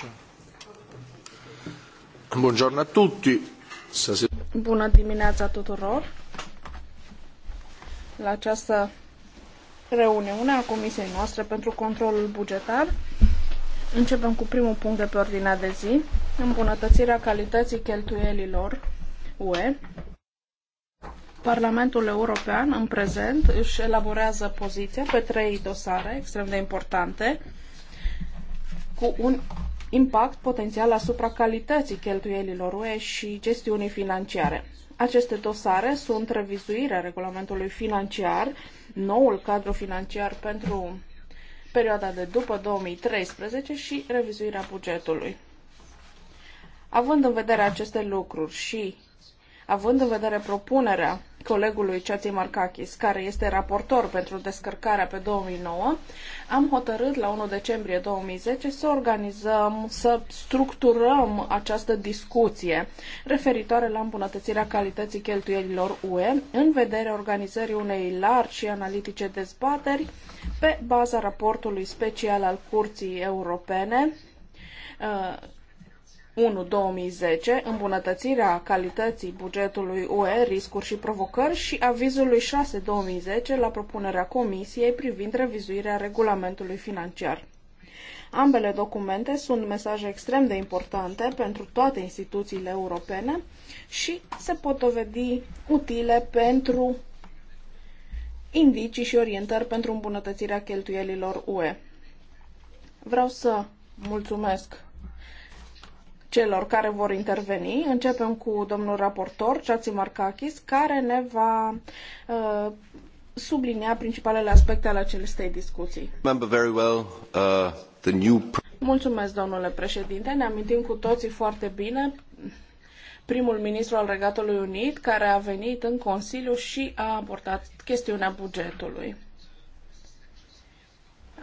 Deci, uh, Buongiorno a tutti. Bună dimineața tuturor. La această reuniune a Comisiei noastre pentru controlul bugetar începem cu primul punct de pe ordinea de zi, îmbunătățirea calității cheltuielilor UE. Parlamentul European în prezent își elaborează poziția pe trei dosare extrem de importante cu un impact potențial asupra calității cheltuielilor UE și gestiunii financiare. Aceste dosare sunt revizuirea regulamentului financiar, noul cadru financiar pentru perioada de după 2013 și revizuirea bugetului. Având în vedere aceste lucruri și având în vedere propunerea colegului Ceații Marcachis, care este raportor pentru descărcarea pe 2009, am hotărât la 1 decembrie 2010 să organizăm, să structurăm această discuție referitoare la îmbunătățirea calității cheltuielilor UE în vederea organizării unei largi și analitice dezbateri pe baza raportului special al Curții Europene 1-2010, îmbunătățirea calității bugetului UE, riscuri și provocări și avizului 6-2010 la propunerea Comisiei privind revizuirea regulamentului financiar. Ambele documente sunt mesaje extrem de importante pentru toate instituțiile europene și se pot dovedi utile pentru indicii și orientări pentru îmbunătățirea cheltuielilor UE. Vreau să mulțumesc celor care vor interveni. Începem cu domnul raportor, Ceații Marcachis, care ne va uh, sublinia principalele aspecte ale acestei discuții. Uh, Mulțumesc, domnule președinte. Ne amintim cu toții foarte bine primul ministru al Regatului Unit, care a venit în Consiliu și a abordat chestiunea bugetului.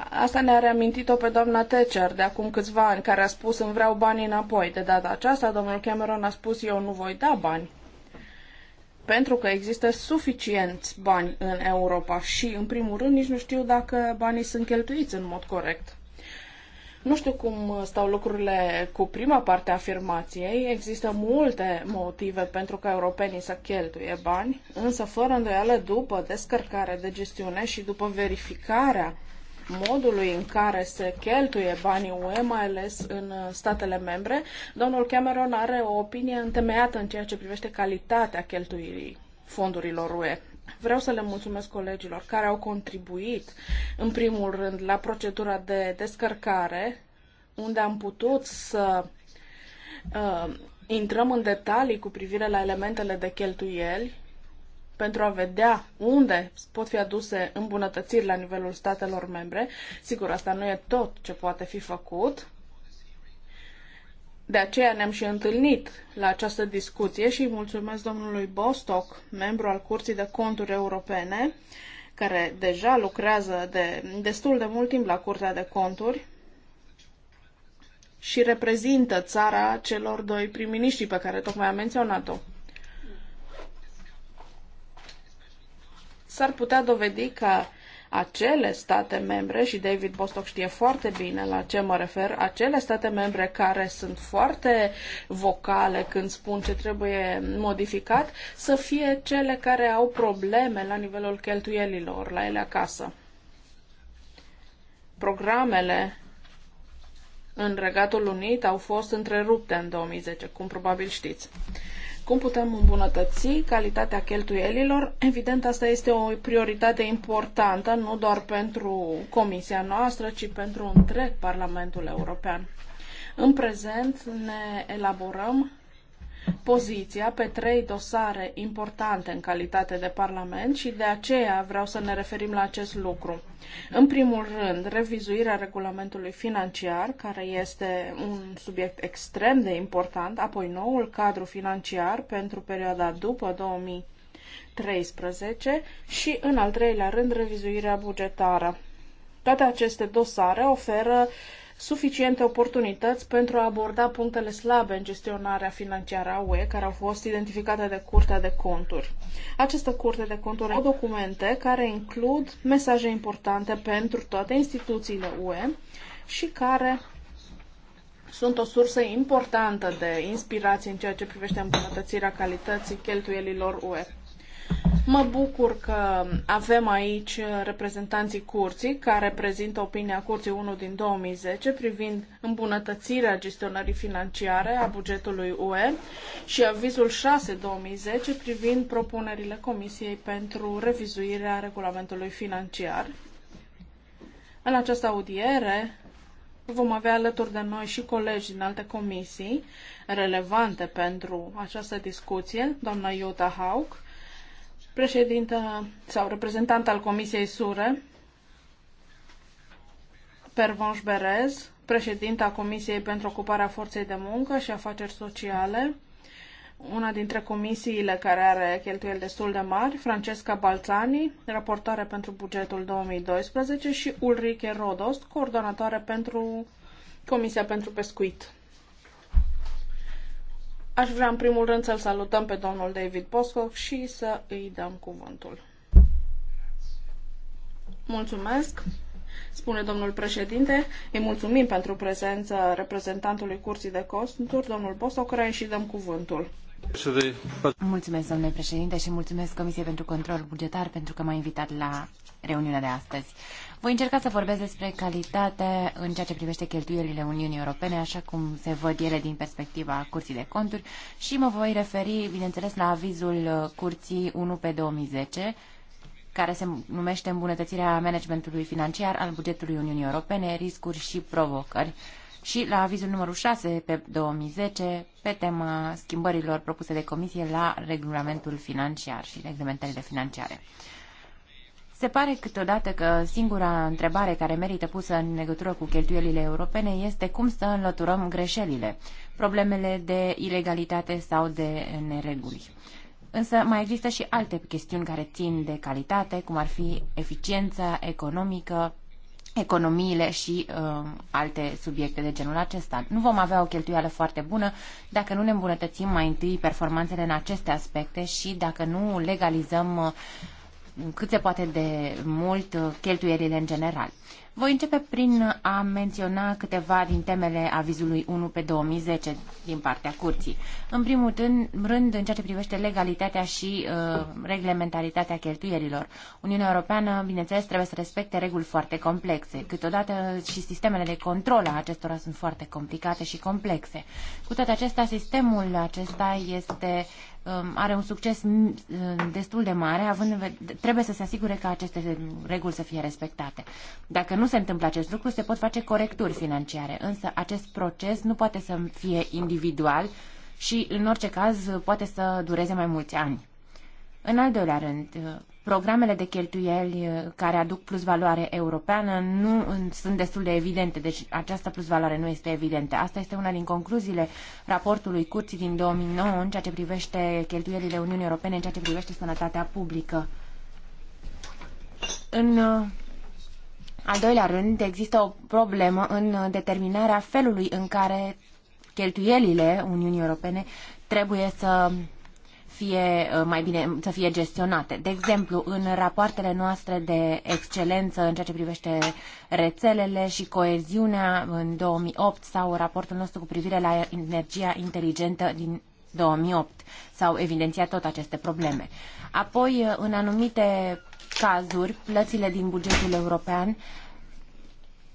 Asta ne-a reamintit-o pe doamna Thatcher de acum câțiva ani, care a spus îmi vreau banii înapoi. De data aceasta, domnul Cameron a spus eu nu voi da bani. Pentru că există suficienți bani în Europa și, în primul rând, nici nu știu dacă banii sunt cheltuiți în mod corect. Nu știu cum stau lucrurile cu prima parte a afirmației. Există multe motive pentru ca europenii să cheltuie bani, însă, fără îndoială, după descărcarea de gestiune și după verificarea modului în care se cheltuie banii UE, mai ales în uh, statele membre, domnul Cameron are o opinie întemeiată în ceea ce privește calitatea cheltuirii fondurilor UE. Vreau să le mulțumesc colegilor care au contribuit, în primul rând, la procedura de descărcare, unde am putut să uh, intrăm în detalii cu privire la elementele de cheltuieli pentru a vedea unde pot fi aduse îmbunătățiri la nivelul statelor membre. Sigur, asta nu e tot ce poate fi făcut. De aceea ne-am și întâlnit la această discuție și mulțumesc domnului Bostock, membru al Curții de Conturi Europene, care deja lucrează de destul de mult timp la Curtea de Conturi și reprezintă țara celor doi prim-miniștri pe care tocmai am menționat-o. s-ar putea dovedi că acele state membre, și David Bostock știe foarte bine la ce mă refer, acele state membre care sunt foarte vocale când spun ce trebuie modificat, să fie cele care au probleme la nivelul cheltuielilor, la ele acasă. Programele în Regatul Unit au fost întrerupte în 2010, cum probabil știți. Cum putem îmbunătăți calitatea cheltuielilor? Evident, asta este o prioritate importantă, nu doar pentru Comisia noastră, ci pentru întreg Parlamentul European. În prezent ne elaborăm poziția pe trei dosare importante în calitate de Parlament și de aceea vreau să ne referim la acest lucru. În primul rând, revizuirea regulamentului financiar, care este un subiect extrem de important, apoi noul cadru financiar pentru perioada după 2013 și, în al treilea rând, revizuirea bugetară. Toate aceste dosare oferă uh, suficiente oportunități pentru a aborda punctele slabe în gestionarea financiară a UE, care au fost identificate de Curtea de Conturi. Această Curte de Conturi au documente care includ mesaje importante pentru toate instituțiile UE și care sunt o sursă importantă de inspirație în ceea ce privește îmbunătățirea calității cheltuielilor UE. Mă bucur că avem aici reprezentanții curții, care prezintă opinia curții 1 din 2010 privind îmbunătățirea gestionării financiare a bugetului UE și avizul 6 2010 privind propunerile Comisiei pentru revizuirea regulamentului financiar. În această audiere vom avea alături de noi și colegi din alte comisii relevante pentru această discuție, doamna Iuta Hauk, Președintă sau reprezentant al Comisiei SURE, Pervonș Berez, președinta Comisiei pentru Ocuparea Forței de Muncă și Afaceri Sociale, una dintre comisiile care are cheltuieli destul de mari, Francesca Balzani, raportoare pentru bugetul 2012 și Ulrike Rodost, coordonatoare pentru Comisia pentru Pescuit. Aș vrea în primul rând să-l salutăm pe domnul David Poscov și să îi dăm cuvântul. Mulțumesc, spune domnul președinte. Îi mulțumim pentru prezența reprezentantului Curții de Costuri, domnul Poscov, care și dăm cuvântul. Mulțumesc, domnule președinte, și mulțumesc Comisiei pentru Control Bugetar pentru că m-a invitat la reuniunea de astăzi. Voi încerca să vorbesc despre calitate în ceea ce privește cheltuielile Uniunii Europene, așa cum se văd ele din perspectiva Curții de Conturi și mă voi referi, bineînțeles, la avizul uh, Curții 1 pe 2010, care se numește îmbunătățirea managementului financiar al bugetului Uniunii Europene, riscuri și provocări și la avizul numărul 6 pe 2010 pe tema schimbărilor propuse de comisie la regulamentul financiar și reglementările financiare. Se pare câteodată că singura întrebare care merită pusă în legătură cu cheltuielile europene este cum să înlăturăm greșelile, problemele de ilegalitate sau de nereguli. Însă mai există și alte chestiuni care țin de calitate, cum ar fi eficiența economică, economiile și uh, alte subiecte de genul acesta. Nu vom avea o cheltuială foarte bună dacă nu ne îmbunătățim mai întâi performanțele în aceste aspecte și dacă nu legalizăm uh, cât se poate de mult uh, cheltuielile în general. Voi începe prin a menționa câteva din temele avizului 1 pe 2010 din partea curții. În primul rând, în ceea ce privește legalitatea și uh, reglementaritatea cheltuierilor. Uniunea Europeană, bineînțeles, trebuie să respecte reguli foarte complexe. Câteodată și sistemele de control a acestora sunt foarte complicate și complexe. Cu toate acestea, sistemul acesta este Um, are un succes mm, uh, destul de mare, având trebuie să se asigure că aceste mm, reguli să fie respectate. Dacă nu se întâmplă acest lucru, se pot face corecturi financiare, însă acest proces nu poate să fie individual și, în orice caz, poate să dureze mai mulți ani. În al doilea rând, uh, programele de cheltuieli uh, care aduc plus valoare europeană nu sunt destul de evidente, deci această plus valoare nu este evidentă. Asta este una din concluziile raportului Curții din 2009 în ceea ce privește cheltuielile Uniunii Europene, în ceea ce privește sănătatea publică. În uh, al doilea rând, există o problemă în determinarea felului în care cheltuielile Uniunii Europene trebuie să fie uh, mai bine să fie gestionate. De exemplu, în rapoartele noastre de excelență în ceea ce privește rețelele și coeziunea în 2008 sau raportul nostru cu privire la energia inteligentă din 2008 s-au evidențiat tot aceste probleme. Apoi, uh, în anumite cazuri, plățile din bugetul european uh,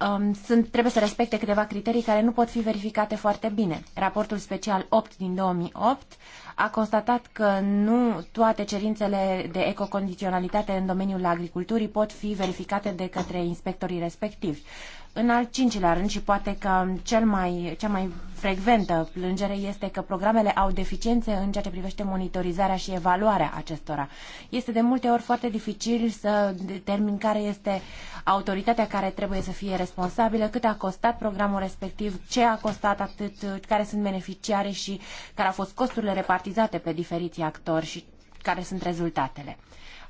um, sunt, trebuie să respecte câteva criterii care nu pot fi verificate foarte bine. Raportul special 8 din 2008 a constatat că nu toate cerințele de ecocondiționalitate în domeniul agriculturii pot fi verificate de către inspectorii respectivi. În al cincilea rând și poate că cel mai, cea mai frecventă plângere este că programele au deficiențe în ceea ce privește monitorizarea și evaluarea acestora. Este de multe ori foarte dificil să determin care este autoritatea care trebuie să fie responsabilă, cât a costat programul respectiv, ce a costat atât, care sunt beneficiarii și care au fost costurile repartizate pe diferiții actori și care sunt rezultatele.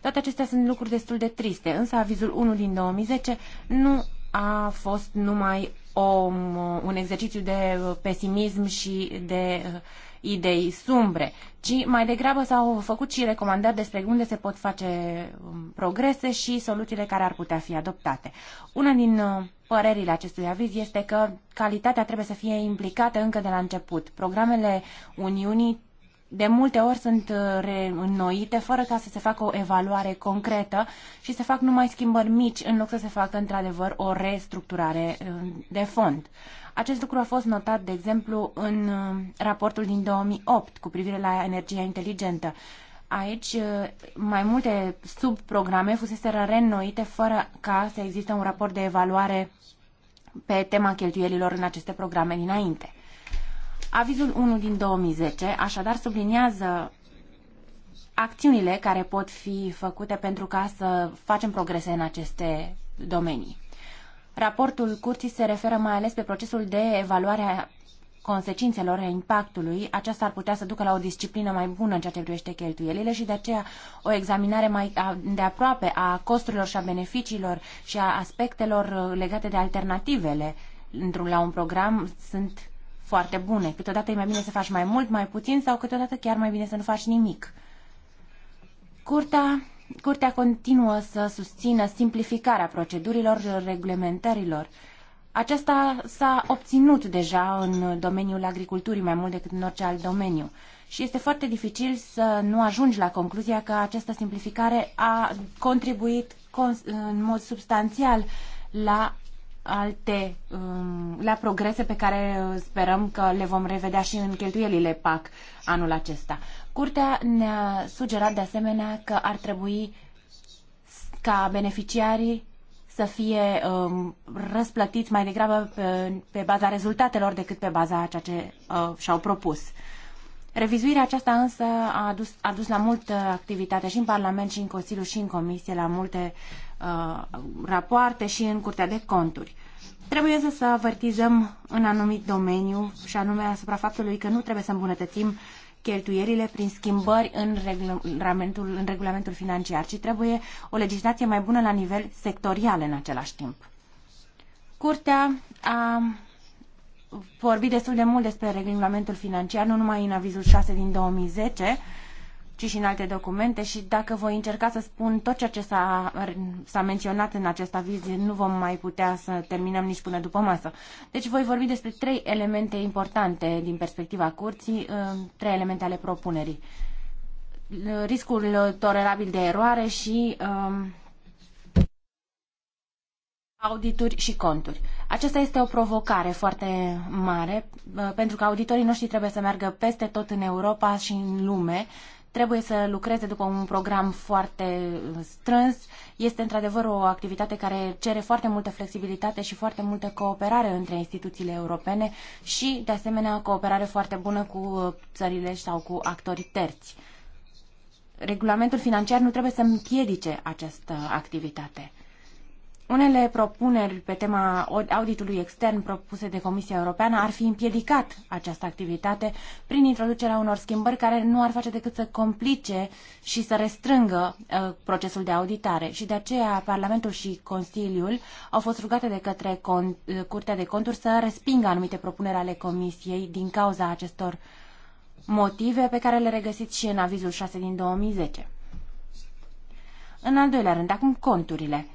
Toate acestea sunt lucruri destul de triste, însă avizul 1 din 2010 nu a fost numai o, un exercițiu de pesimism și de idei sumbre, ci mai degrabă s-au făcut și recomandări despre unde se pot face um, progrese și soluțiile care ar putea fi adoptate. Una din uh, părerile acestui aviz este că calitatea trebuie să fie implicată încă de la început. Programele Uniunii de multe ori sunt uh, reînnoite fără ca să se facă o evaluare concretă și se fac numai schimbări mici în loc să se facă într-adevăr o restructurare uh, de fond. Acest lucru a fost notat, de exemplu, în uh, raportul din 2008 cu privire la energia inteligentă. Aici mai multe subprograme fuseseră reînnoite fără ca să existe un raport de evaluare pe tema cheltuielilor în aceste programe dinainte. Avizul 1 din 2010 așadar subliniază acțiunile care pot fi făcute pentru ca să facem progrese în aceste domenii. Raportul curții se referă mai ales pe procesul de evaluare a consecințelor, a impactului. Aceasta ar putea să ducă la o disciplină mai bună în ceea ce privește cheltuielile și de aceea o examinare mai de aproape a costurilor și a beneficiilor și a aspectelor legate de alternativele într-un la un program sunt foarte bune. Câteodată e mai bine să faci mai mult, mai puțin sau câteodată chiar mai bine să nu faci nimic. Curtea, curtea continuă să susțină simplificarea procedurilor, reglementărilor. Acesta s-a obținut deja în domeniul agriculturii mai mult decât în orice alt domeniu și este foarte dificil să nu ajungi la concluzia că această simplificare a contribuit în mod substanțial la alte, um, la progrese pe care uh, sperăm că le vom revedea și în cheltuielile PAC anul acesta. Curtea ne-a sugerat de asemenea că ar trebui ca beneficiarii să fie um, răsplătiți mai degrabă pe, pe baza rezultatelor decât pe baza ceea ce uh, și-au propus. Revizuirea aceasta însă a dus a dus la multă activitate și în Parlament, și în Consiliu, și în Comisie, la multe uh, rapoarte și în Curtea de Conturi. Trebuie însă să avertizăm în anumit domeniu și anume asupra faptului că nu trebuie să îmbunătățim cheltuierile prin schimbări în regulamentul, în regulamentul financiar, ci trebuie o legislație mai bună la nivel sectorial în același timp. Curtea a vorbit destul de mult despre regulamentul financiar, nu numai în avizul 6 din 2010, ci și în alte documente și dacă voi încerca să spun tot ceea ce s-a, menționat în acest aviz, nu vom mai putea să terminăm nici până după masă. Deci voi vorbi despre trei elemente importante din perspectiva curții, uh, trei elemente ale propunerii. Riscul tolerabil de eroare și um, audituri și conturi. Aceasta este o provocare foarte mare, uh, pentru că auditorii noștri trebuie să meargă peste tot în Europa și în lume trebuie să lucreze după un program foarte uh, strâns. Este într-adevăr o activitate care cere foarte multă flexibilitate și foarte multă cooperare între instituțiile europene și, de asemenea, cooperare foarte bună cu uh, țările sau cu actorii terți. Regulamentul financiar nu trebuie să împiedice această activitate. Unele propuneri pe tema auditului extern propuse de Comisia Europeană ar fi împiedicat această activitate prin introducerea unor schimbări care nu ar face decât să complice și să restrângă uh, procesul de auditare. Și de aceea Parlamentul și Consiliul au fost rugate de către con- uh, Curtea de Conturi să respingă anumite propuneri ale Comisiei din cauza acestor motive pe care le regăsiți și în avizul 6 din 2010. În al doilea rând, acum conturile –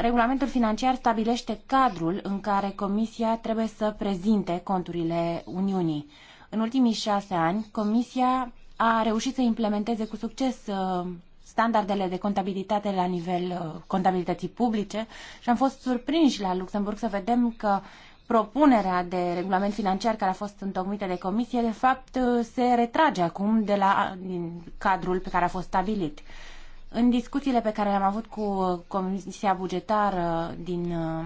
Regulamentul financiar stabilește cadrul în care Comisia trebuie să prezinte conturile Uniunii. În ultimii șase ani, Comisia a reușit să implementeze cu succes uh, standardele de contabilitate la nivel uh, contabilității publice și am fost surprinși la Luxemburg să vedem că propunerea de regulament financiar care a fost întocmită de comisie, de fapt, uh, se retrage acum de la din cadrul pe care a fost stabilit. În discuțiile pe care le-am avut cu uh, Comisia Bugetară din uh,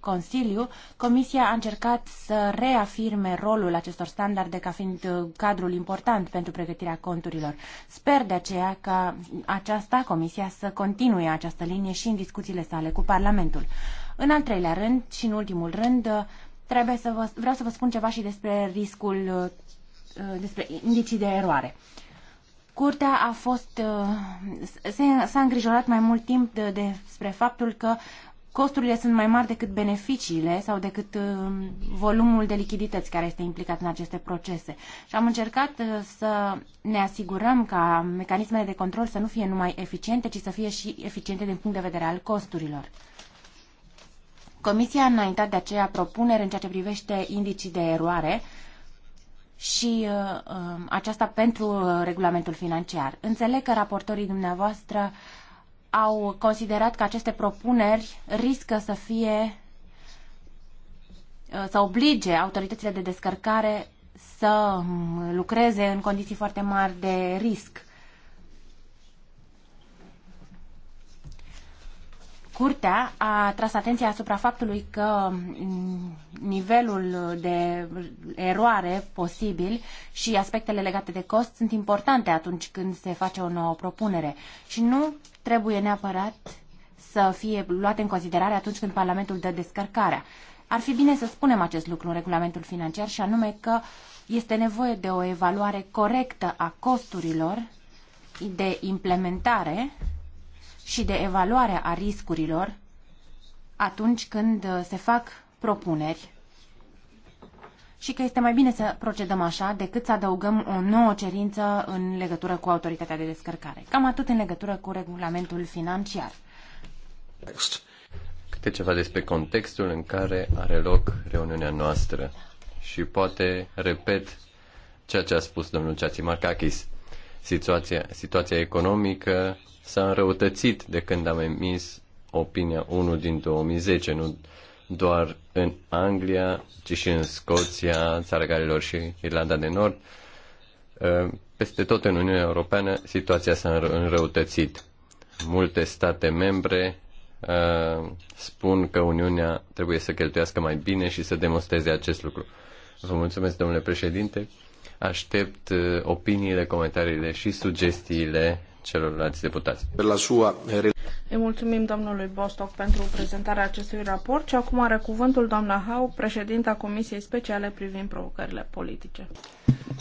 Consiliu, Comisia a încercat să reafirme rolul acestor standarde ca fiind uh, cadrul important pentru pregătirea conturilor. Sper de aceea ca aceasta, Comisia, să continue această linie și în discuțiile sale cu Parlamentul. În al treilea rând și în ultimul rând, trebuie să vă, vreau să vă spun ceva și despre riscul, despre indicii de eroare. Uh, Curtea a fost, uh, s-a îngrijorat mai mult timp de, despre faptul că costurile sunt mai mari decât beneficiile sau decât uh, volumul de lichidități care este implicat în aceste procese. Și am încercat uh, să ne asigurăm ca mecanismele de control să nu fie numai eficiente, ci să fie și eficiente din punct de vedere al costurilor. Comisia a înaintat de aceea propuneri în ceea ce privește indicii de eroare, și uh, um, aceasta pentru uh, regulamentul financiar. Înțeleg că raportorii dumneavoastră au considerat că aceste propuneri riscă să fie uh, să oblige autoritățile de descărcare să um, lucreze în condiții foarte mari de risc. Curtea a tras atenția asupra faptului că mm, nivelul de eroare posibil și aspectele legate de cost sunt importante atunci când se face o nouă propunere și nu trebuie neapărat să fie luate în considerare atunci când Parlamentul dă descărcarea. Ar fi bine să spunem acest lucru în regulamentul financiar și anume că este nevoie de o evaluare corectă a costurilor de implementare și de evaluare a riscurilor atunci când uh, se fac propuneri și că este mai bine să procedăm așa decât să adăugăm o nouă cerință în legătură cu autoritatea de descărcare. Cam atât în legătură cu regulamentul financiar. Next. Câte ceva despre contextul în care are loc reuniunea noastră și poate repet ceea ce a spus domnul Cachis. Situația, situația economică s-a înrăutățit de când am emis opinia 1 din 2010, nu doar în Anglia, ci și în Scoția, Țara Galilor și Irlanda de Nord. Ă, peste tot în Uniunea Europeană situația s-a înrăutățit. Multe state membre ă, spun că Uniunea trebuie să cheltuiască mai bine și să demonstreze acest lucru. Vă mulțumesc, domnule președinte. Aștept uh, opiniile, comentariile și sugestiile celorlalți deputați. La sua... Eh, Îi mulțumim domnului Bostock pentru prezentarea acestui raport și acum are cuvântul doamna Hau, președinta Comisiei Speciale privind provocările politice.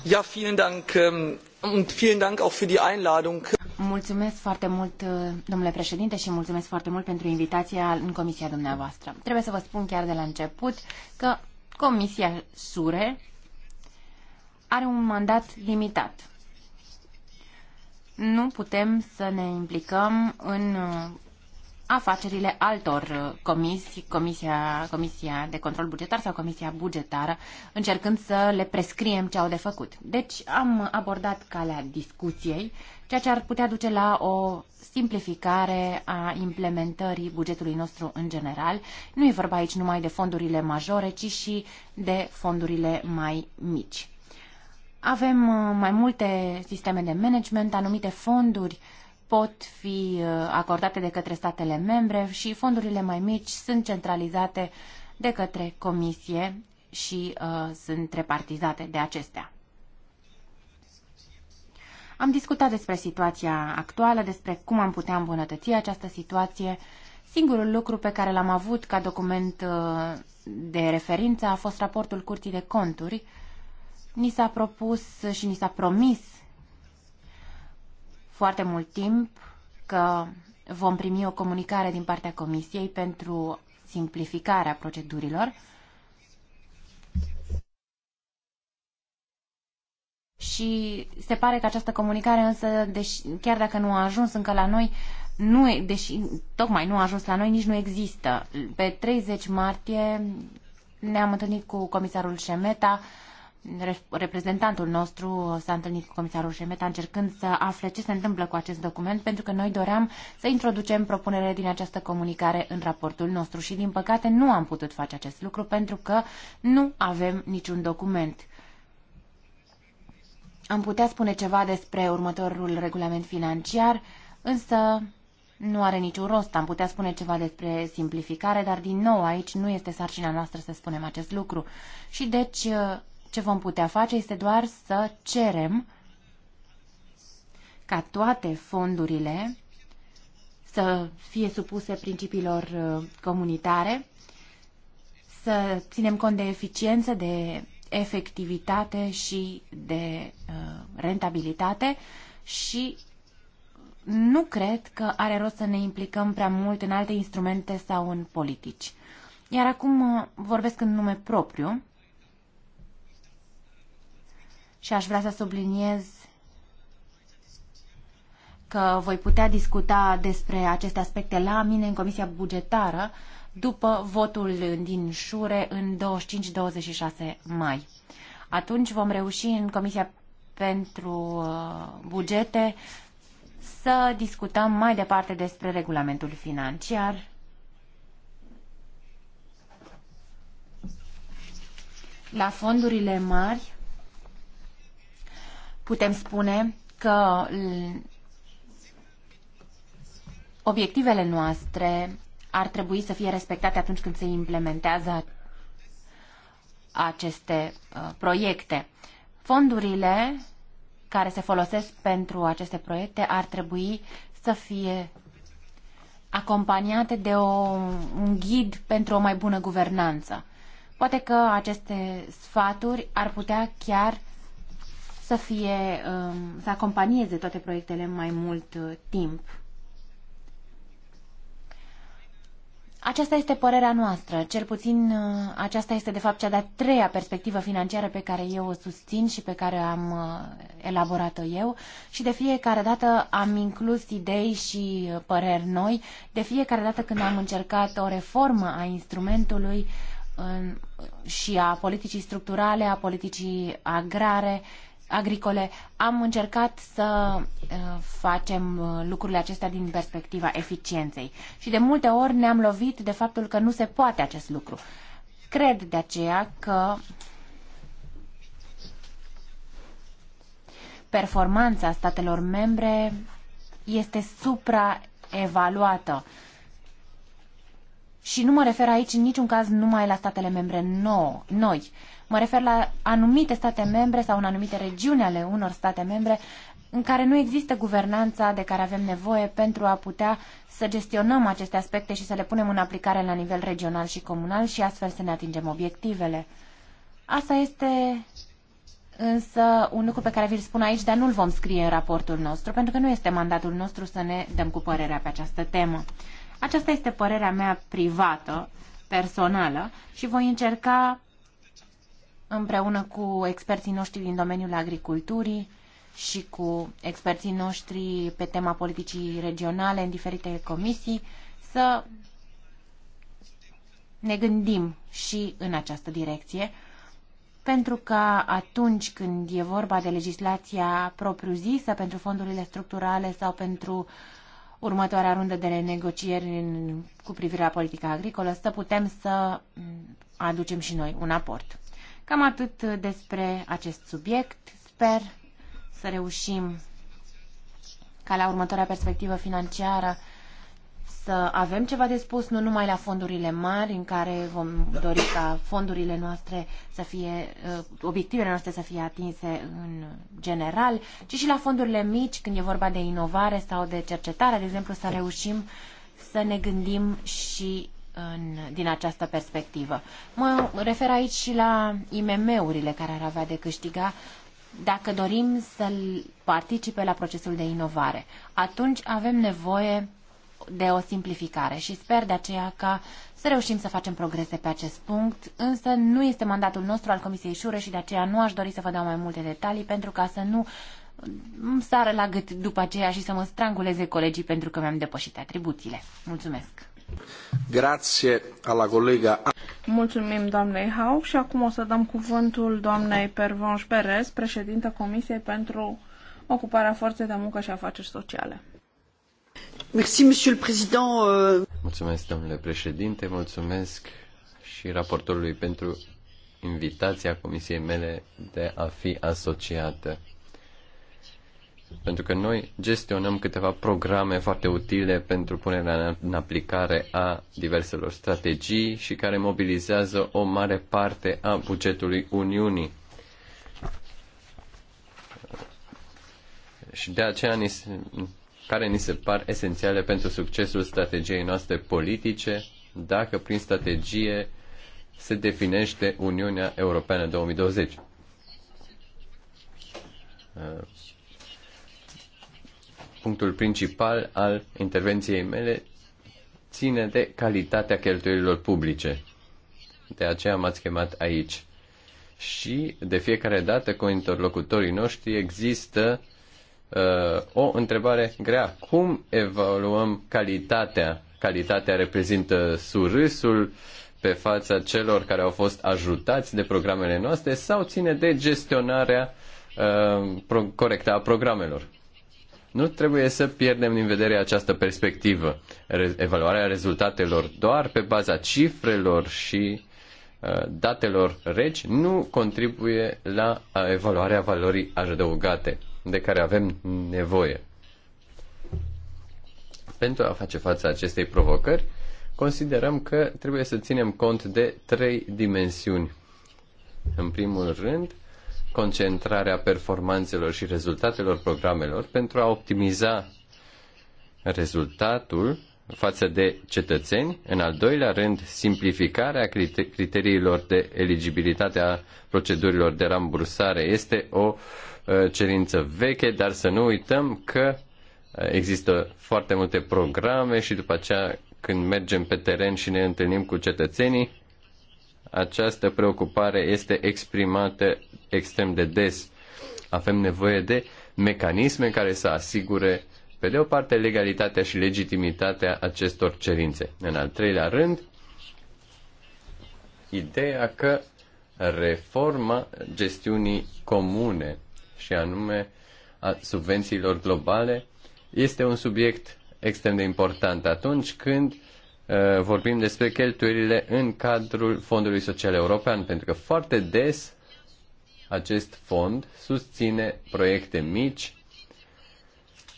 Ja, vielen Dank ähm, und vielen Dank auch für die Einladung. Mulțumesc foarte mult, uh, domnule președinte, și mulțumesc foarte mult pentru invitația în comisia dumneavoastră. Trebuie să vă spun chiar de la început că Comisia SURE are un mandat limitat. Nu putem să ne implicăm în uh, afacerile altor uh, comisii, comisia, comisia de control bugetar sau comisia bugetară, încercând să le prescriem ce au de făcut. Deci am abordat calea discuției, ceea ce ar putea duce la o simplificare a implementării bugetului nostru în general. Nu e vorba aici numai de fondurile majore, ci și de fondurile mai mici. Avem uh, mai multe sisteme de management, anumite fonduri pot fi uh, acordate de către statele membre și fondurile mai mici sunt centralizate de către comisie și uh, sunt repartizate de acestea. Am discutat despre situația actuală, despre cum am putea îmbunătăți această situație. Singurul lucru pe care l-am avut ca document uh, de referință a fost raportul Curții de Conturi, uh, Ni s-a propus și ni s-a promis foarte mult timp că vom primi o comunicare din partea Comisiei pentru simplificarea procedurilor și se pare că această comunicare însă, deși, chiar dacă nu a ajuns încă la noi, nu, deși tocmai nu a ajuns la noi, nici nu există. Pe 30 martie ne-am întâlnit cu comisarul Șemeta, uh, reprezentantul nostru s-a întâlnit cu comisarul Șemeta încercând să afle ce se întâmplă cu acest document, pentru că noi doream să introducem propunere din această comunicare în raportul nostru și, din păcate, nu am putut face acest lucru pentru că nu avem niciun document. Am putea spune ceva despre următorul regulament financiar, însă nu are niciun rost. Am putea spune ceva despre simplificare, dar din nou aici nu este sarcina noastră să spunem acest lucru. Și deci ce vom putea face este doar să cerem ca toate fondurile să fie supuse principiilor uh, comunitare, să ținem cont de eficiență, de efectivitate și de uh, rentabilitate și nu cred că are rost să ne implicăm prea mult în alte instrumente sau în politici. Iar acum uh, vorbesc în nume propriu și aș vrea să subliniez că voi putea discuta despre aceste aspecte la mine în Comisia Bugetară după votul din Șure în 25-26 mai. Atunci vom reuși în Comisia pentru uh, Bugete să discutăm mai departe despre regulamentul financiar. La fondurile mari putem spune că obiectivele noastre ar trebui să fie respectate atunci când se implementează aceste uh, proiecte. Fondurile care se folosesc pentru aceste proiecte ar trebui să fie acompaniate de o, un ghid pentru o mai bună guvernanță. Poate că aceste sfaturi ar putea chiar să fie, um, să acompanieze toate proiectele mai mult uh, timp. Aceasta este părerea noastră, cel puțin uh, aceasta este de fapt cea de-a treia perspectivă financiară pe care eu o susțin și pe care am uh, elaborat-o eu și de fiecare dată am inclus idei și păreri noi, de fiecare dată când am încercat o reformă a instrumentului și a politicii structurale, a politicii agrare agricole, am încercat să uh, facem uh, lucrurile acestea din perspectiva eficienței și de multe ori ne-am lovit de faptul că nu se poate acest lucru. Cred de aceea că performanța statelor membre este supraevaluată. Și nu mă refer aici în niciun caz numai la statele membre nou, noi. Mă refer la anumite state membre sau în anumite regiuni ale unor state membre în care nu există guvernanța de care avem nevoie pentru a putea să gestionăm aceste aspecte și să le punem în aplicare la nivel regional și comunal și astfel să ne atingem obiectivele. Asta este însă un lucru pe care vi-l spun aici, dar nu-l vom scrie în raportul nostru, pentru că nu este mandatul nostru să ne dăm cu părerea pe această temă. Aceasta este părerea mea privată, personală, și voi încerca împreună cu experții noștri din domeniul agriculturii și cu experții noștri pe tema politicii regionale în diferite comisii să ne gândim și în această direcție, pentru că atunci când e vorba de legislația propriu-zisă pentru fondurile structurale sau pentru următoarea rundă de negocieri în, cu privire la politica agricolă, să putem să aducem și noi un aport. Cam atât despre acest subiect. Sper să reușim ca la următoarea perspectivă financiară să avem ceva de spus, nu numai la fondurile mari, în care vom dori ca fondurile noastre să fie, uh, obiectivele noastre să fie atinse în general, ci și la fondurile mici, când e vorba de inovare sau de cercetare, de exemplu, să reușim să ne gândim și în, din această perspectivă. Mă refer aici și la IMM-urile care ar avea de câștiga dacă dorim să participe la procesul de inovare. Atunci avem nevoie de o simplificare și sper de aceea ca să reușim să facem progrese pe acest punct, însă nu este mandatul nostru al Comisiei Șure și de aceea nu aș dori să vă dau mai multe detalii pentru ca să nu îmi sară la gât după aceea și să mă stranguleze colegii pentru că mi-am depășit atribuțiile. Mulțumesc! Grație alla colega. Mulțumim doamnei Hau și acum o să dăm cuvântul doamnei Pervonș Perez, președintă Comisiei pentru Ocuparea Forței de Muncă și Afaceri Sociale. Merci, monsieur le président. Euh. Mulțumesc, domnule președinte, mulțumesc și raportorului pentru invitația comisiei mele de a fi asociată pentru că noi gestionăm câteva programe foarte utile pentru punerea în aplicare a diverselor strategii și care mobilizează o mare parte a bugetului Uniunii. Și de aceea ni se, care ni se par esențiale pentru succesul strategiei noastre politice, dacă prin strategie se definește Uniunea Europeană 2020 punctul principal al intervenției mele ține de calitatea cheltuielilor publice. De aceea m-ați chemat aici. Și de fiecare dată cu interlocutorii noștri există uh, o întrebare grea. Cum evaluăm calitatea? Calitatea reprezintă surâsul pe fața celor care au fost ajutați de programele noastre sau ține de gestionarea uh, corectă a programelor? Nu trebuie să pierdem din vedere această perspectivă. evaluarea rezultatelor doar pe baza cifrelor și uh, datelor reci nu contribuie la uh, evaluarea valorii adăugate de care avem nevoie. Pentru a face față acestei provocări, considerăm că trebuie să ținem cont de trei dimensiuni. În primul rând, concentrarea performanțelor și rezultatelor programelor pentru a optimiza rezultatul față de cetățeni, în al doilea rând simplificarea criteriilor de eligibilitate a procedurilor de rambursare este o uh, cerință veche, dar să nu uităm că există foarte multe programe și după aceea când mergem pe teren și ne întâlnim cu cetățenii, această preocupare este exprimată extrem de des. Avem nevoie de mecanisme care să asigure, pe de o parte, legalitatea și legitimitatea acestor cerințe. În al treilea rând, ideea că reforma gestiunii comune și anume a subvențiilor globale este un subiect extrem de important atunci când Eh, vorbim despre cheltuielile în cadrul Fondului Social European, pentru că foarte des acest fond susține proiecte mici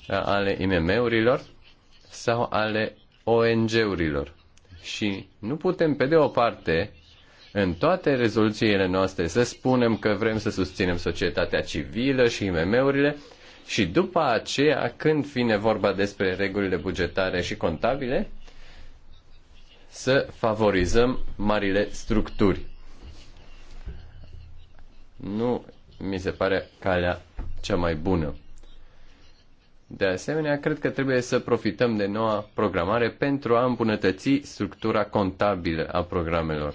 eh, ale IMM-urilor sau ale ONG-urilor. Și nu putem, pe de o parte, în toate rezoluțiile noastre să spunem că vrem să susținem societatea civilă și IMM-urile și după aceea, când vine vorba despre regulile bugetare și contabile, să favorizăm marile structuri. Nu mi se pare calea cea mai bună. De asemenea, cred că trebuie să profităm de noua programare pentru a îmbunătăți structura contabilă a programelor,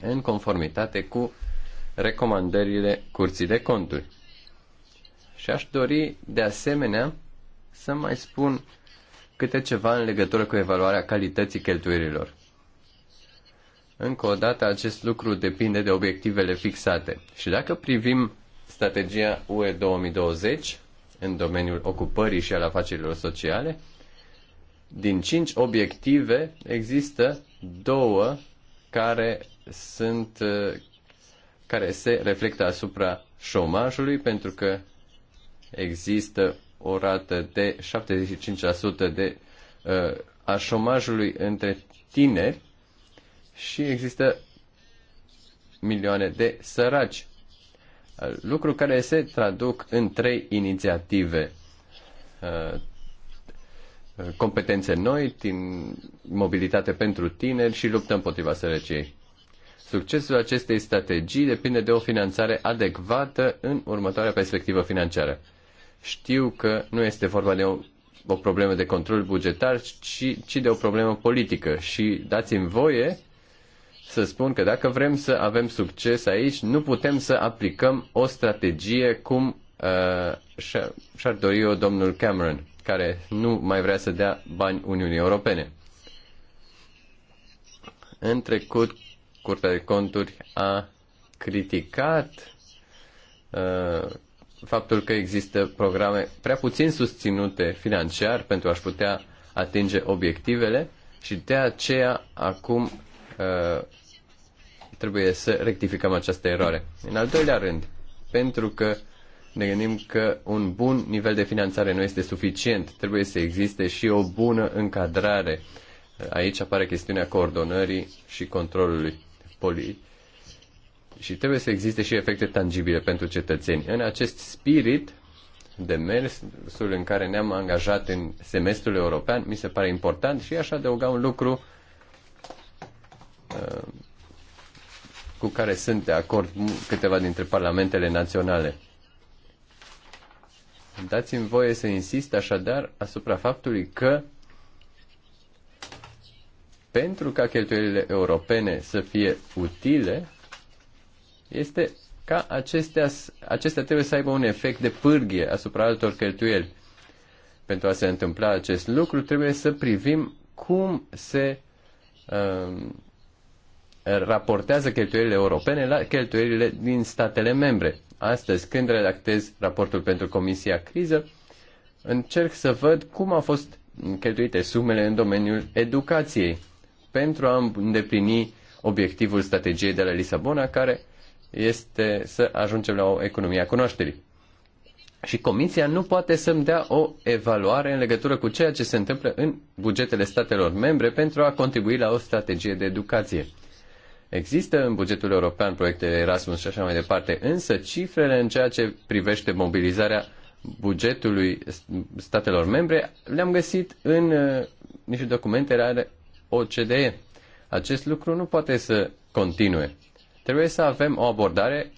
în conformitate cu recomandările Curții de Conturi. Și aș dori, de asemenea, să mai spun câte ceva în legătură cu evaluarea calității cheltuierilor. Încă o dată, acest lucru depinde de obiectivele fixate. Și dacă privim strategia UE 2020 în domeniul ocupării și al afacerilor sociale, din cinci obiective există două care sunt care se reflectă asupra șomajului pentru că există o rată de 75% de uh, a șomajului între tineri și există milioane de săraci. Uh, lucru care se traduc în trei inițiative. Uh, uh, competențe noi, tin, mobilitate pentru tineri și luptă împotriva sărăciei. Succesul acestei strategii depinde de o finanțare adecvată în următoarea perspectivă financiară. Știu că nu este vorba de o, o problemă de control bugetar, ci, ci de o problemă politică. Și dați-mi voie să spun că dacă vrem să avem succes aici, nu putem să aplicăm o strategie cum uh, și-ar dori-o domnul Cameron, care nu mai vrea să dea bani Uniunii Europene. În trecut, Curtea de Conturi a criticat uh, faptul că există programe prea puțin susținute financiar pentru a-și putea atinge obiectivele și de aceea acum uh, trebuie să rectificăm această eroare. În al doilea rând, pentru că ne gândim că un bun nivel de finanțare nu este suficient, trebuie să existe și o bună încadrare. Aici apare chestiunea coordonării și controlului. Poli- și trebuie să existe și efecte tangibile pentru cetățeni. În acest spirit, de mersul în care ne-am angajat în semestrul european mi se pare important și aș adăuga un lucru uh, cu care sunt de acord câteva dintre parlamentele naționale. Dați-mi voie să insist așadar asupra faptului că pentru ca cheltuielile europene să fie utile, este ca acestea, acestea trebuie să aibă un efect de pârghie asupra altor cheltuieli. Pentru a se întâmpla acest lucru, trebuie să privim cum se uh, raportează cheltuielile europene la cheltuielile din statele membre. Astăzi, când redactez raportul pentru Comisia Criză, încerc să văd cum au fost cheltuite sumele în domeniul educației pentru a îndeplini obiectivul strategiei de la Lisabona, care uh, este să ajungem la o economie a cunoașterii. Și Comisia nu poate să-mi dea o evaluare în legătură cu ceea ce se întâmplă în bugetele statelor membre pentru a contribui la o strategie de educație. Există în bugetul european proiectele Erasmus și așa mai departe, însă cifrele în ceea ce privește mobilizarea bugetului statelor membre le-am găsit în uh, niște documente ale OCDE. Acest lucru nu poate să continue. Trebuie să avem o abordare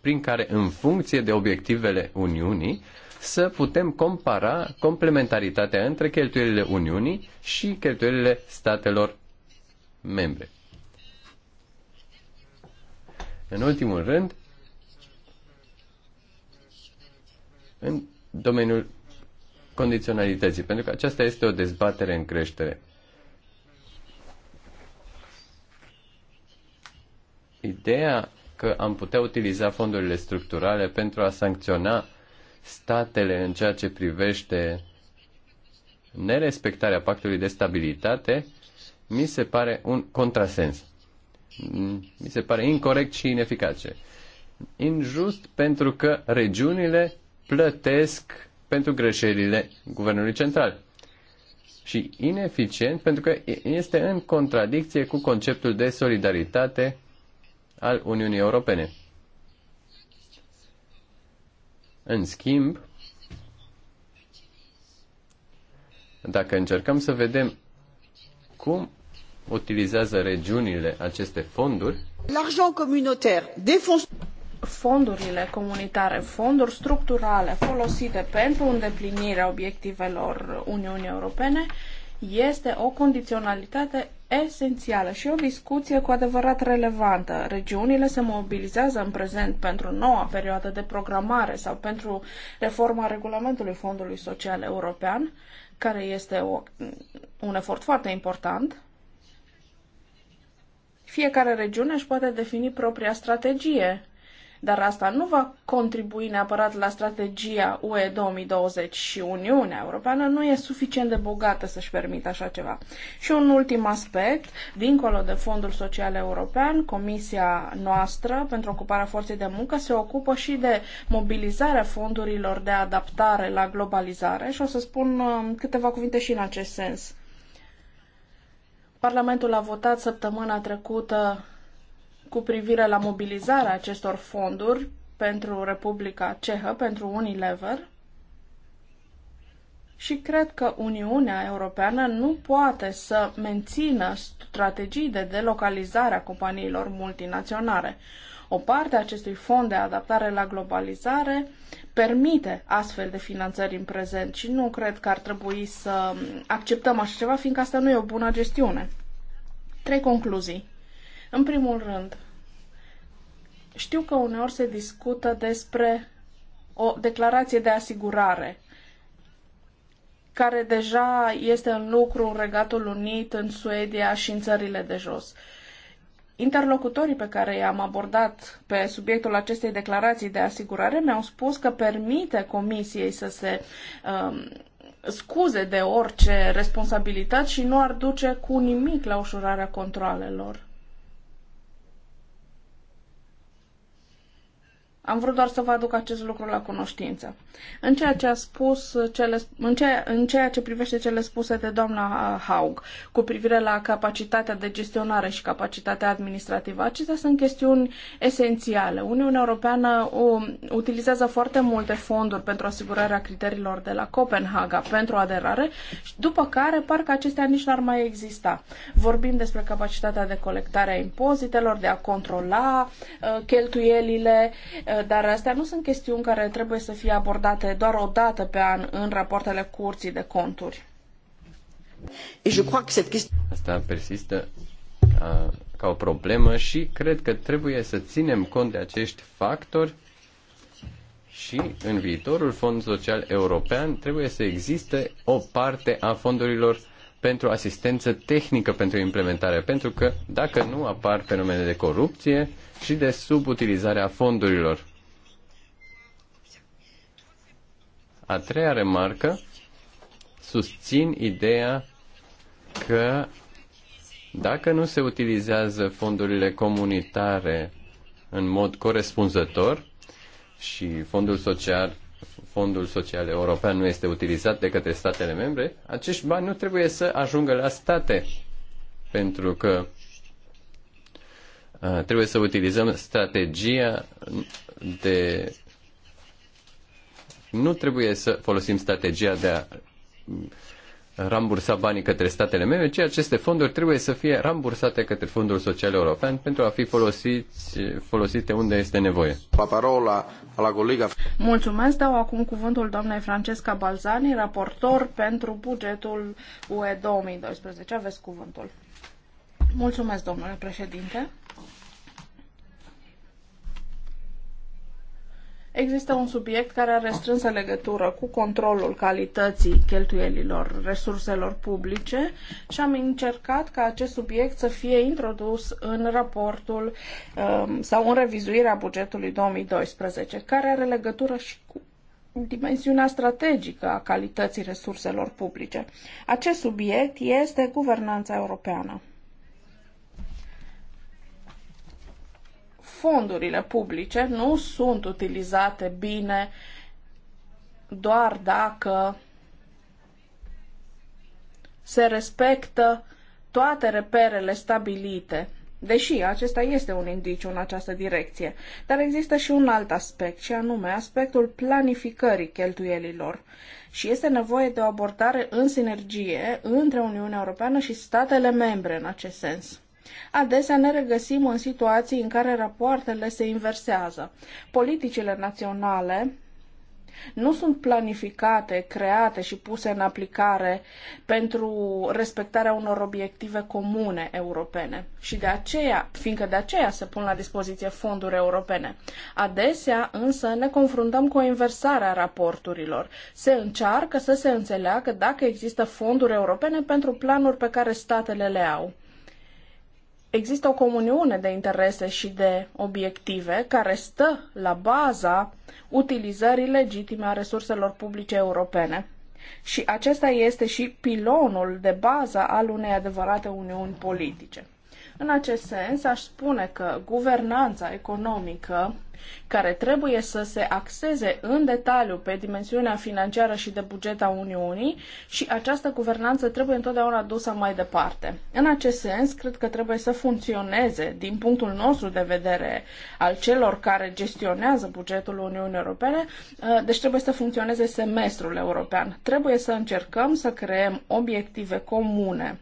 prin care, în funcție de obiectivele Uniunii, să putem compara complementaritatea între cheltuielile Uniunii și cheltuielile statelor membre. În ultimul rând, în domeniul condiționalității, pentru că aceasta este o dezbatere în creștere. Ideea că am putea utiliza fondurile structurale pentru a sancționa statele în ceea ce privește nerespectarea pactului de stabilitate, mi se pare un contrasens. Mm, mi se pare incorrect și ineficace. Injust pentru că regiunile plătesc pentru greșelile guvernului central. Și ineficient pentru că este în contradicție cu conceptul de solidaritate al Uniunii Europene. În schimb, dacă încercăm să vedem cum utilizează regiunile aceste fonduri, l'argent communautaire fondurile comunitare, fonduri structurale folosite pentru îndeplinirea obiectivelor Uniunii Europene este o condiționalitate esențială și o discuție cu adevărat relevantă. Regiunile se mobilizează în prezent pentru noua perioadă de programare sau pentru reforma regulamentului Fondului Social European, care este o, un efort foarte important. Fiecare regiune își poate defini propria strategie dar asta nu va contribui neapărat la strategia UE 2020 și Uniunea Europeană nu e suficient de bogată să-și permită așa ceva. Și un ultim aspect, dincolo de Fondul Social European, Comisia noastră pentru ocuparea forței de muncă se ocupă și de mobilizarea fondurilor de adaptare la globalizare și o să spun um, câteva cuvinte și în acest sens. Parlamentul a votat săptămâna trecută cu privire la mobilizarea acestor fonduri pentru Republica Cehă, pentru Unilever. Și cred că Uniunea Europeană nu poate să mențină strategii de delocalizare a companiilor multinaționale. O parte a acestui fond de adaptare la globalizare permite astfel de finanțări în prezent și nu cred că ar trebui să acceptăm așa ceva, fiindcă asta nu e o bună gestiune. Trei concluzii. În primul rând, știu că uneori se discută despre o declarație de asigurare care deja este în lucru în Regatul Unit, în Suedia și în țările de jos. Interlocutorii pe care i-am abordat pe subiectul acestei declarații de asigurare mi-au spus că permite comisiei să se um, scuze de orice responsabilitate și nu ar duce cu nimic la ușurarea controalelor. Am vrut doar să vă aduc acest lucru la cunoștință. În ceea ce a spus cele, în, ceea, în ceea ce privește cele spuse de doamna uh, Haug cu privire la capacitatea de gestionare și capacitatea administrativă, acestea sunt chestiuni esențiale. Uniunea Europeană o, utilizează foarte multe fonduri pentru asigurarea criteriilor de la Copenhaga pentru aderare, după care parcă acestea nici n-ar mai exista. Vorbim despre capacitatea de colectare a impozitelor, de a controla uh, cheltuielile, uh, dar astea nu sunt chestiuni care trebuie să fie abordate doar o dată pe an în rapoartele curții de conturi. Asta persistă ca o problemă și cred că trebuie să ținem cont de acești factori și în viitorul Fond Social European trebuie să existe o parte a fondurilor pentru asistență tehnică pentru implementare, pentru că dacă nu apar fenomene de corupție, și de subutilizarea fondurilor. A treia remarcă, susțin ideea că dacă nu se utilizează fondurile comunitare în mod corespunzător și fondul social, fondul social european nu este utilizat de către statele membre, acești bani nu trebuie să ajungă la state, pentru că Uh, trebuie să utilizăm strategia de. Nu trebuie să folosim strategia de a rambursa banii către statele membre, ci aceste fonduri trebuie să fie rambursate către Fondul Social European pentru a fi folosiți, folosite unde este nevoie. Parola la colega. Mulțumesc, dau acum cuvântul doamnei Francesca Balzani, raportor pentru bugetul UE 2012. Aveți cuvântul. Mulțumesc, domnule președinte. Există un subiect care are strânsă legătură cu controlul calității cheltuielilor resurselor publice și am încercat ca acest subiect să fie introdus în raportul um, sau în revizuirea bugetului 2012, care are legătură și cu dimensiunea strategică a calității resurselor publice. Acest subiect este guvernanța europeană. fondurile publice nu sunt utilizate bine doar dacă se respectă toate reperele stabilite, deși acesta este un indiciu în această direcție. Dar există și un alt aspect, și anume aspectul planificării cheltuielilor. Și este nevoie de o abordare în sinergie între Uniunea Europeană și statele membre în acest sens. Adesea ne regăsim în situații în care rapoartele se inversează. Politicile naționale nu sunt planificate, create și puse în aplicare pentru respectarea unor obiective comune europene. Și de aceea, fiindcă de aceea se pun la dispoziție fonduri europene. Adesea, însă, ne confruntăm cu o inversare a raporturilor. Se încearcă să se înțeleagă dacă există fonduri europene pentru planuri pe care statele le au există o comuniune de interese și de obiective care stă la baza utilizării legitime a resurselor publice europene. Și acesta este și pilonul de bază al unei adevărate uniuni politice. În acest sens, aș spune că guvernanța economică, care trebuie să se axeze în detaliu pe dimensiunea financiară și de buget a Uniunii, și această guvernanță trebuie întotdeauna dusă mai departe. În acest sens, cred că trebuie să funcționeze, din punctul nostru de vedere, al celor care gestionează bugetul Uniunii Europene, uh, deci trebuie să funcționeze semestrul european. Trebuie să încercăm să creăm obiective comune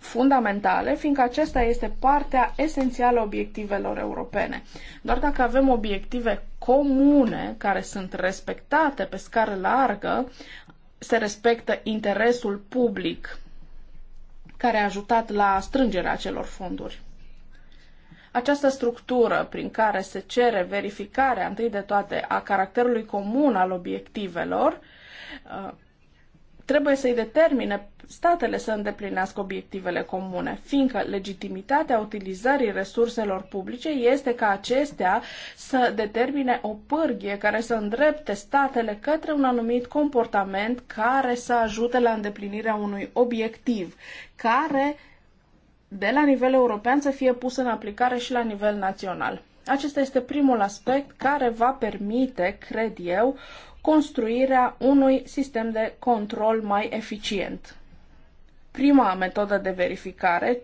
fundamentale, fiindcă acesta este partea esențială a obiectivelor europene. Doar dacă avem obiective comune care sunt respectate pe scară largă, se respectă interesul public care a ajutat la strângerea acelor fonduri. Această structură prin care se cere verificarea întâi de toate a caracterului comun al obiectivelor uh, trebuie să-i determine statele să îndeplinească obiectivele comune, fiindcă legitimitatea utilizării resurselor publice este ca acestea să determine o pârghie care să îndrepte statele către un anumit comportament care să ajute la îndeplinirea unui obiectiv, care de la nivel european să fie pus în aplicare și la nivel național. Acesta este primul aspect care va permite, cred eu, construirea unui sistem de control mai eficient. Prima metodă de verificare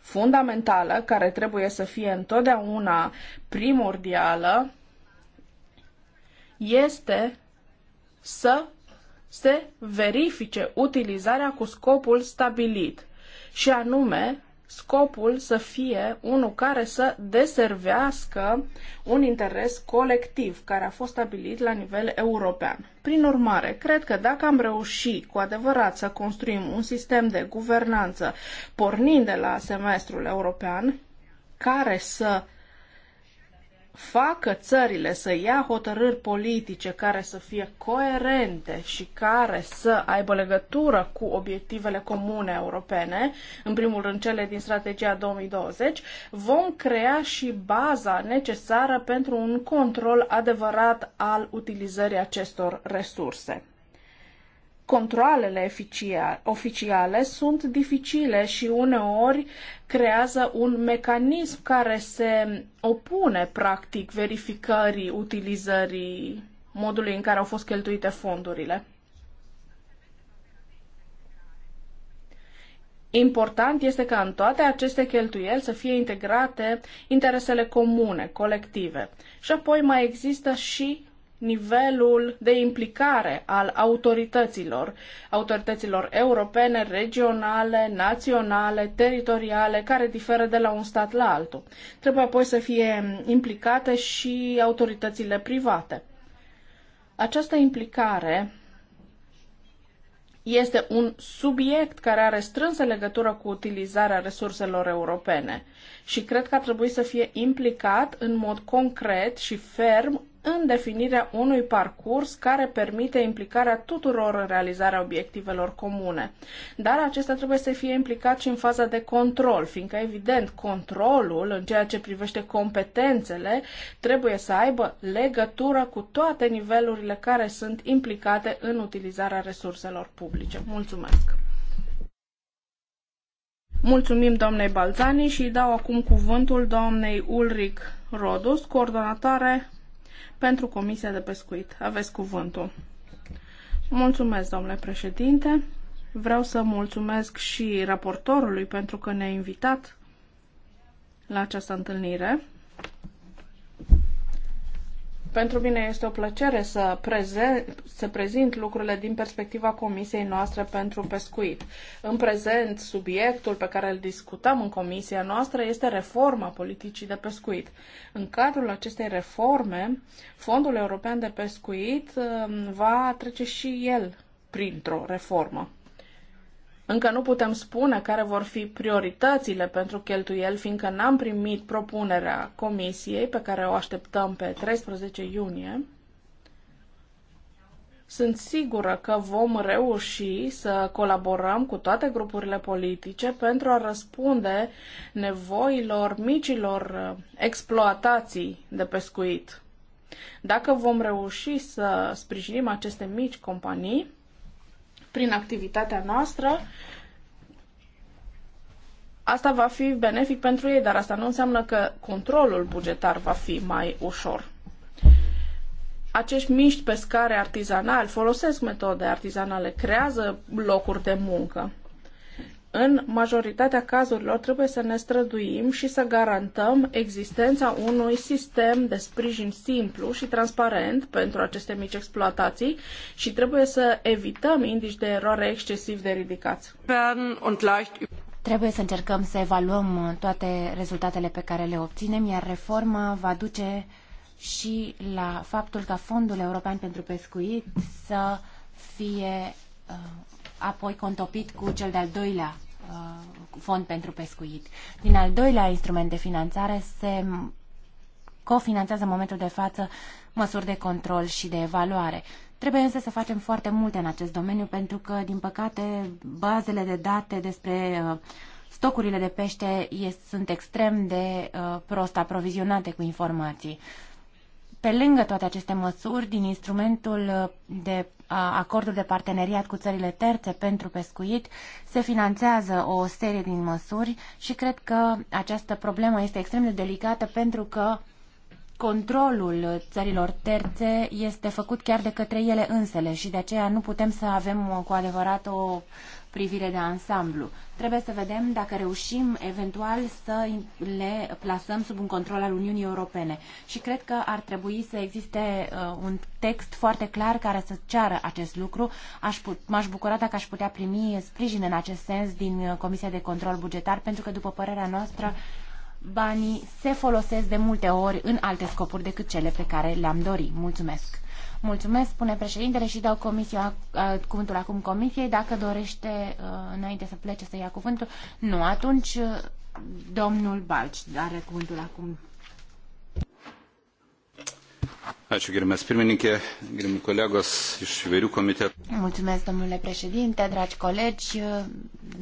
fundamentală, care trebuie să fie întotdeauna primordială, este să se verifice utilizarea cu scopul stabilit, și anume scopul să fie unul care să deservească un interes colectiv care a fost stabilit la nivel european. Prin urmare, cred că dacă am reușit cu adevărat să construim un sistem de guvernanță pornind de la semestrul european, care să facă țările să ia hotărâri politice care să fie coerente și care să aibă legătură cu obiectivele comune europene, în primul rând cele din strategia 2020, vom crea și baza necesară pentru un control adevărat al utilizării acestor resurse controlele oficiale sunt dificile și uneori creează un mecanism care se opune practic verificării utilizării modului în care au fost cheltuite fondurile. Important este ca în toate aceste cheltuieli să fie integrate interesele comune, colective. Și apoi mai există și nivelul de implicare al autorităților, autorităților europene, regionale, naționale, teritoriale, care diferă de la un stat la altul. Trebuie apoi să fie implicate și autoritățile private. Această implicare este un subiect care are strânsă legătură cu utilizarea resurselor europene și cred că ar trebui să fie implicat în mod concret și ferm în definirea unui parcurs care permite implicarea tuturor în realizarea obiectivelor comune. Dar acesta trebuie să fie implicat și în faza de control, fiindcă, evident, controlul, în ceea ce privește competențele, trebuie să aibă legătură cu toate nivelurile care sunt implicate în utilizarea resurselor publice. Mulțumesc! Mulțumim doamnei Balzani și dau acum cuvântul doamnei Ulric Rodus, coordonatoare pentru Comisia de Pescuit. Aveți cuvântul. Mulțumesc, domnule președinte. Vreau să mulțumesc și raportorului pentru că ne-a invitat la această întâlnire. Pentru mine este o plăcere să, să prezint lucrurile din perspectiva Comisiei noastre pentru pescuit. În prezent, subiectul pe care îl discutăm în Comisia noastră este reforma politicii de pescuit. În cadrul acestei reforme, Fondul European de Pescuit um, va trece și el printr-o reformă. Încă nu putem spune care vor fi prioritățile pentru cheltuieli, fiindcă n-am primit propunerea comisiei pe care o așteptăm pe 13 iunie. Sunt sigură că vom reuși să colaborăm cu toate grupurile politice pentru a răspunde nevoilor micilor exploatații de pescuit. Dacă vom reuși să sprijinim aceste mici companii, prin activitatea noastră, asta va fi benefic pentru ei, dar asta nu înseamnă că controlul bugetar va fi mai ușor. Acești miști pescare artizanali folosesc metode artizanale, creează locuri de muncă în majoritatea cazurilor trebuie să ne străduim și să garantăm existența unui sistem de sprijin simplu și transparent pentru aceste mici exploatații și trebuie să evităm indici de eroare excesiv de ridicați. Trebuie să încercăm să evaluăm uh, toate rezultatele pe care le obținem, iar reforma va duce și la faptul ca Fondul European pentru Pescuit să fie uh, apoi contopit cu cel de-al doilea uh, fond pentru pescuit. Din al doilea instrument de finanțare se cofinanțează în momentul de față măsuri de control și de evaluare. Trebuie însă să facem foarte multe în acest domeniu pentru că, din păcate, bazele de date despre uh, stocurile de pește sunt extrem de uh, prost aprovizionate cu informații pe lângă toate aceste măsuri, din instrumentul uh, de acordul de parteneriat cu țările terțe pentru pescuit, se finanțează o serie din măsuri și cred că această problemă este extrem de delicată pentru că controlul țărilor terțe este făcut chiar de către ele însele și de aceea nu putem să avem uh, cu adevărat o privire de ansamblu. Trebuie să vedem dacă reușim eventual să le plasăm sub un control al Uniunii Europene. Și cred că ar trebui să existe uh, un text foarte clar care să ceară acest lucru. Aș put, m-aș bucura dacă aș putea primi sprijin în acest sens din uh, Comisia de Control Bugetar, pentru că, după părerea noastră, uh, banii se folosesc de multe ori în alte scopuri decât cele pe care le-am dorit. Mulțumesc! Mulțumesc, spune președintele și dau comisia, cuvântul acum comisiei. Dacă dorește, înainte să plece, să ia cuvântul. Nu, atunci domnul Balci are cuvântul acum. Ačiū, gerbiamas pirmininkė, gerbiami kolegos iš įvairių komitetų. Mulțumesc, domnule președinte, dragi colegi,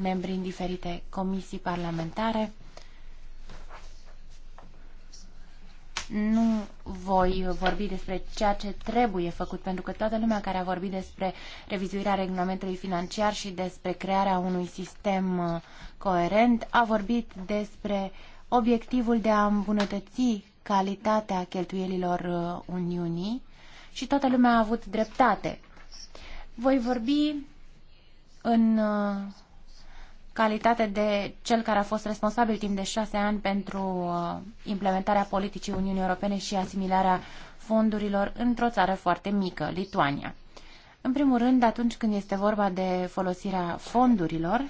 membri în diferite comisii parlamentare. Nu voi vorbi despre ceea ce trebuie făcut, pentru că toată lumea care a vorbit despre revizuirea regulamentului financiar și despre crearea unui sistem uh, coerent a vorbit despre obiectivul de a îmbunătăți calitatea cheltuielilor uh, Uniunii și toată lumea a avut dreptate. Voi vorbi în uh, calitate de cel care a fost responsabil timp de șase ani pentru uh, implementarea politicii Uniunii Europene și asimilarea fondurilor într-o țară foarte mică, Lituania. În primul rând, atunci când este vorba de folosirea fondurilor,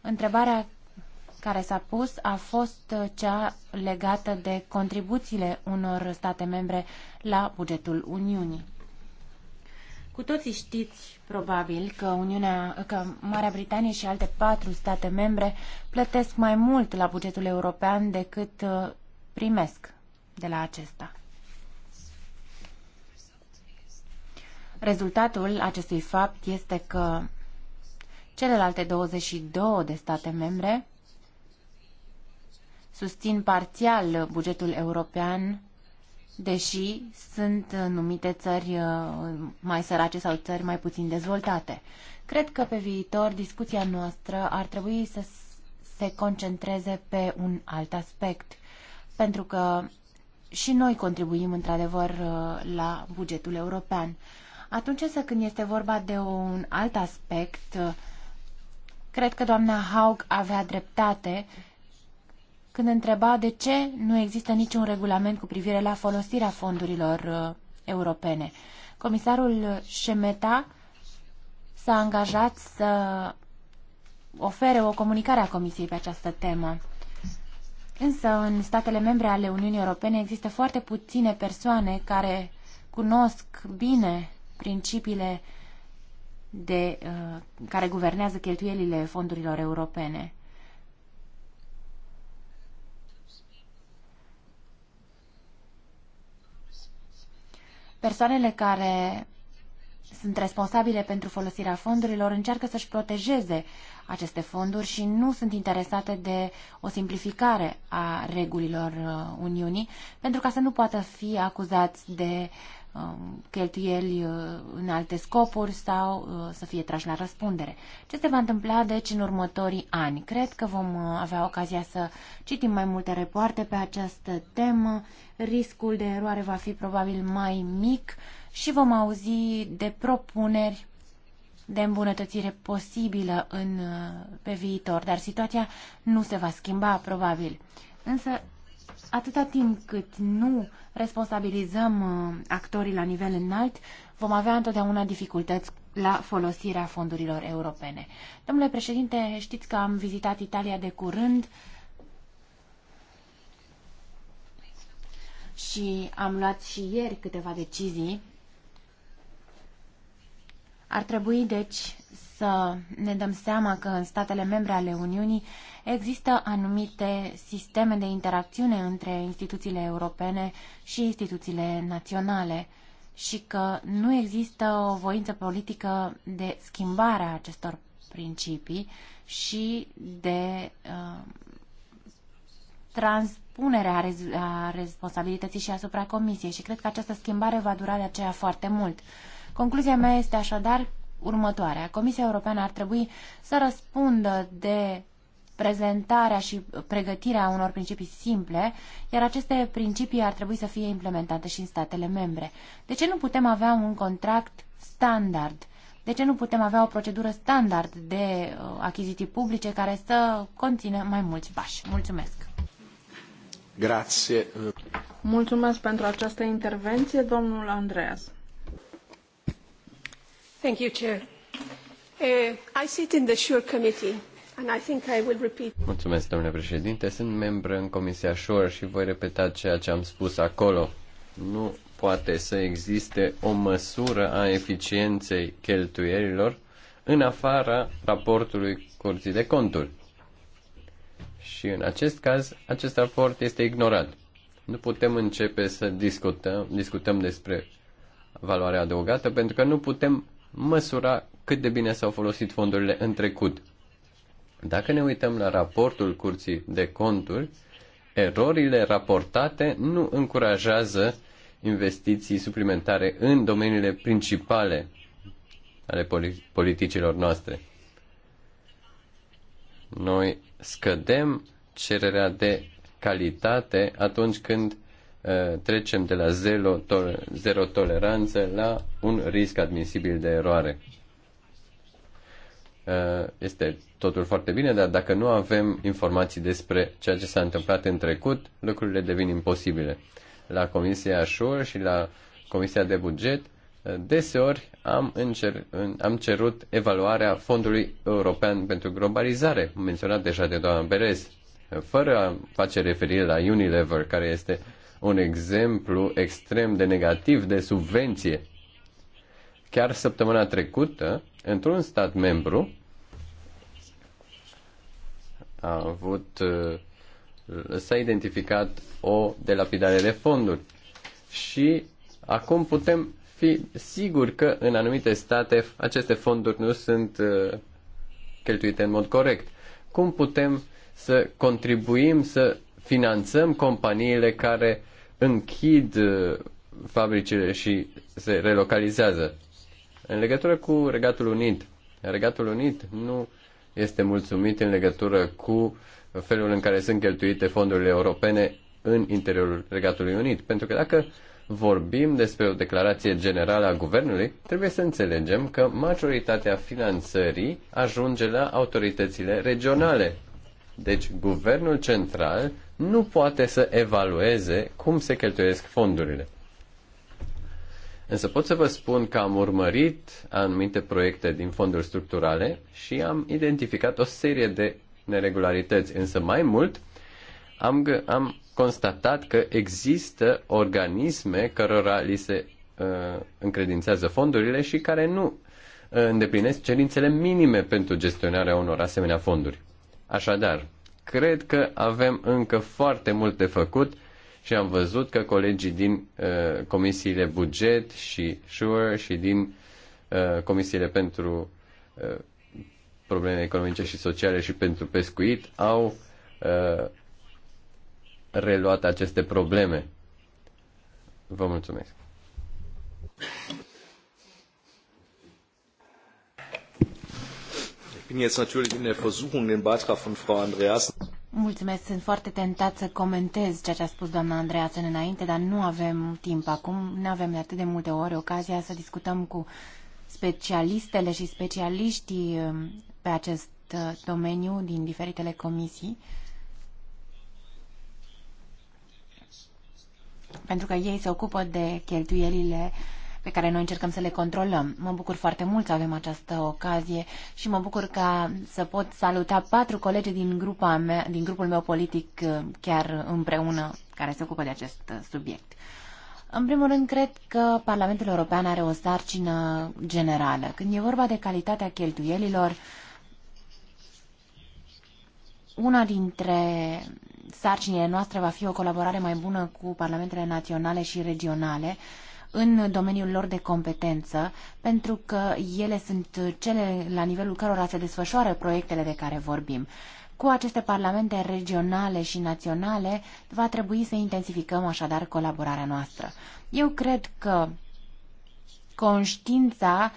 întrebarea care s-a pus a fost cea legată de contribuțiile unor state membre la bugetul Uniunii. Cu toții știți probabil că Uniunea, că Marea Britanie și alte patru state membre plătesc mai mult la bugetul european decât uh, primesc de la acesta. Rezultatul acestui fapt este că celelalte 22 de state membre susțin parțial bugetul european deși sunt uh, numite țări uh, mai sărace sau țări mai puțin dezvoltate. Cred că pe viitor discuția noastră ar trebui să se concentreze pe un alt aspect, pentru că și noi contribuim într-adevăr uh, la bugetul european. Atunci însă când este vorba de un alt aspect, cred că doamna Haug avea dreptate când întreba de ce nu există niciun regulament cu privire la folosirea fondurilor uh, europene. Comisarul Șemeta s-a angajat să ofere o comunicare a Comisiei pe această temă. Însă, în statele membre ale Uniunii Europene există foarte puține persoane care cunosc bine principiile de, uh, care guvernează cheltuielile fondurilor europene. Persoanele care sunt responsabile pentru folosirea fondurilor încearcă să-și protejeze aceste fonduri și nu sunt interesate de o simplificare a regulilor uh, Uniunii pentru ca să nu poată fi acuzați de Um, cheltuieli uh, în alte scopuri sau uh, să fie trași la răspundere. Ce se va întâmpla, deci, în următorii ani? Cred că vom uh, avea ocazia să citim mai multe repoarte pe această temă. Riscul de eroare va fi probabil mai mic și vom auzi de propuneri de îmbunătățire posibilă în, pe viitor, dar situația nu se va schimba, probabil. Însă atâta timp cât nu responsabilizăm uh, actorii la nivel înalt, vom avea întotdeauna dificultăți la folosirea fondurilor europene. Domnule președinte, știți că am vizitat Italia de curând și am luat și ieri câteva decizii. Ar trebui, deci, să ne dăm seama că în statele membre ale Uniunii există anumite sisteme de interacțiune între instituțiile europene și instituțiile naționale și că nu există o voință politică de schimbare a acestor principii și de uh, transpunere rez- a responsabilității și asupra Comisiei și cred că această schimbare va dura de aceea foarte mult. Concluzia mea este așadar următoarea. Comisia Europeană ar trebui să răspundă de prezentarea și pregătirea unor principii simple, iar aceste principii ar trebui să fie implementate și în statele membre. De ce nu putem avea un contract standard? De ce nu putem avea o procedură standard de uh, achiziții publice care să conțină mai mulți pași? Mulțumesc! Grazie. Mulțumesc pentru această intervenție, domnul Andreas. Mulțumesc, domnule președinte. Sunt membră în Comisia Shore și voi repeta ceea ce am spus acolo. Nu poate să existe o măsură a eficienței cheltuierilor în afara raportului Curții de Conturi. Și în acest caz, acest raport este ignorat. Nu putem începe să discutăm, discutăm despre valoarea adăugată pentru că nu putem măsura cât de bine s-au folosit fondurile în trecut. Dacă ne uităm la raportul Curții de Conturi, erorile raportate nu încurajează investiții suplimentare în domeniile principale ale politicilor noastre. Noi scădem cererea de calitate atunci când Eh, trecem de la zero, to- zero toleranță la un risc admisibil de eroare. Eh, este totul foarte bine, dar dacă nu avem informații despre ceea ce s-a întâmplat în trecut, lucrurile devin imposibile. La Comisia Șur și la Comisia de Buget, eh, deseori am, încer- am cerut evaluarea Fondului European pentru Globalizare, menționat deja de doamna Berez, fără a face referire la Unilever, care este uh, un exemplu extrem de negativ de subvenție. Chiar săptămâna trecută, într-un stat membru, a avut, uh, s-a identificat o delapidare de fonduri. Și acum putem fi siguri că în anumite state aceste fonduri nu sunt uh, cheltuite în mod corect. Cum putem să contribuim să finanțăm companiile care închid uh, fabricile și se relocalizează. În legătură cu Regatul Unit, Regatul Unit nu este mulțumit în legătură cu felul în care sunt cheltuite fondurile europene în interiorul Regatului Unit. Pentru că dacă vorbim despre o declarație generală a guvernului, trebuie să înțelegem că majoritatea finanțării ajunge la autoritățile regionale deci, guvernul central nu poate să evalueze cum se cheltuiesc fondurile. Însă pot să vă spun că am urmărit anumite proiecte din fonduri structurale și am identificat o serie de neregularități. Însă mai mult am, am constatat că există organisme cărora li se uh, încredințează fondurile și care nu uh, îndeplinesc cerințele minime pentru gestionarea unor asemenea fonduri. Așadar, cred că avem încă foarte mult de făcut și am văzut că colegii din uh, comisiile buget și SURE și din uh, comisiile pentru uh, probleme economice și sociale și pentru pescuit au uh, reluat aceste probleme. Vă mulțumesc. Mulțumesc, sunt foarte tentat să comentez ceea ce a spus doamna Andreasen înainte, dar nu avem timp acum, nu avem de atât de multe ori ocazia să discutăm cu specialistele și specialiștii um, pe acest uh, domeniu din diferitele comisii. Pentru că ei se ocupă de cheltuielile uh, pe care noi încercăm să le controlăm. Mă bucur foarte mult să avem această ocazie și mă bucur ca să pot saluta patru colegi din, grupa mea, din grupul meu politic uh, chiar împreună care se ocupă de acest uh, subiect. În primul rând, cred că Parlamentul European are o sarcină generală. Când e vorba de calitatea cheltuielilor, una dintre sarcinile noastre va fi o colaborare mai bună cu parlamentele naționale și regionale în domeniul lor de competență, pentru că ele sunt cele la nivelul cărora se desfășoară proiectele de care vorbim. Cu aceste parlamente regionale și naționale va trebui să intensificăm așadar colaborarea noastră. Eu cred că conștiința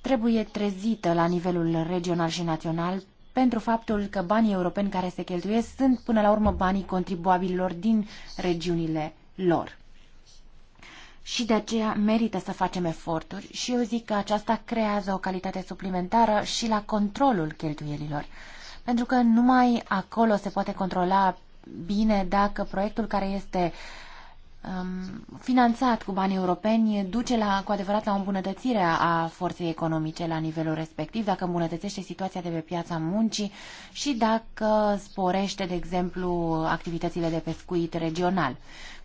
trebuie trezită la nivelul regional și național pentru faptul că banii europeni care se cheltuiesc sunt până la urmă banii contribuabililor din regiunile lor și de aceea merită să facem eforturi și eu zic că aceasta creează o calitate suplimentară și la controlul cheltuielilor. Pentru că numai acolo se poate controla bine dacă proiectul care este um, finanțat cu bani europeni duce la, cu adevărat la o îmbunătățire a forței economice la nivelul respectiv, dacă îmbunătățește situația de pe piața muncii și dacă sporește, de exemplu, activitățile de pescuit regional.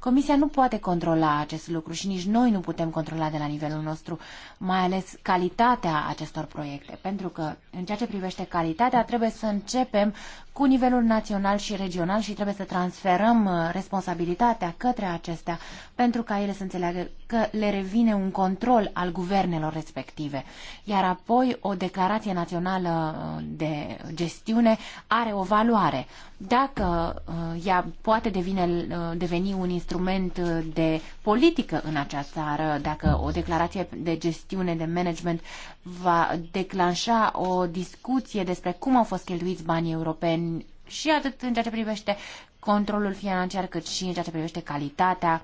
Comisia nu poate controla acest lucru și nici noi nu putem controla de la nivelul nostru, mai ales calitatea acestor proiecte, pentru că în ceea ce privește calitatea trebuie să începem cu nivelul național și regional și trebuie să transferăm uh, responsabilitatea către acestea pentru ca ele să înțeleagă că le revine un control al guvernelor respective. Iar apoi o declarație națională uh, de gestiune are o valoare. Dacă uh, ea poate devine, deveni un instrument instrument de politică în acea țară, dacă o declarație de gestiune, de management va declanșa o discuție despre cum au fost cheltuiți banii europeni și atât în ceea ce privește controlul financiar, cât și în ceea ce privește calitatea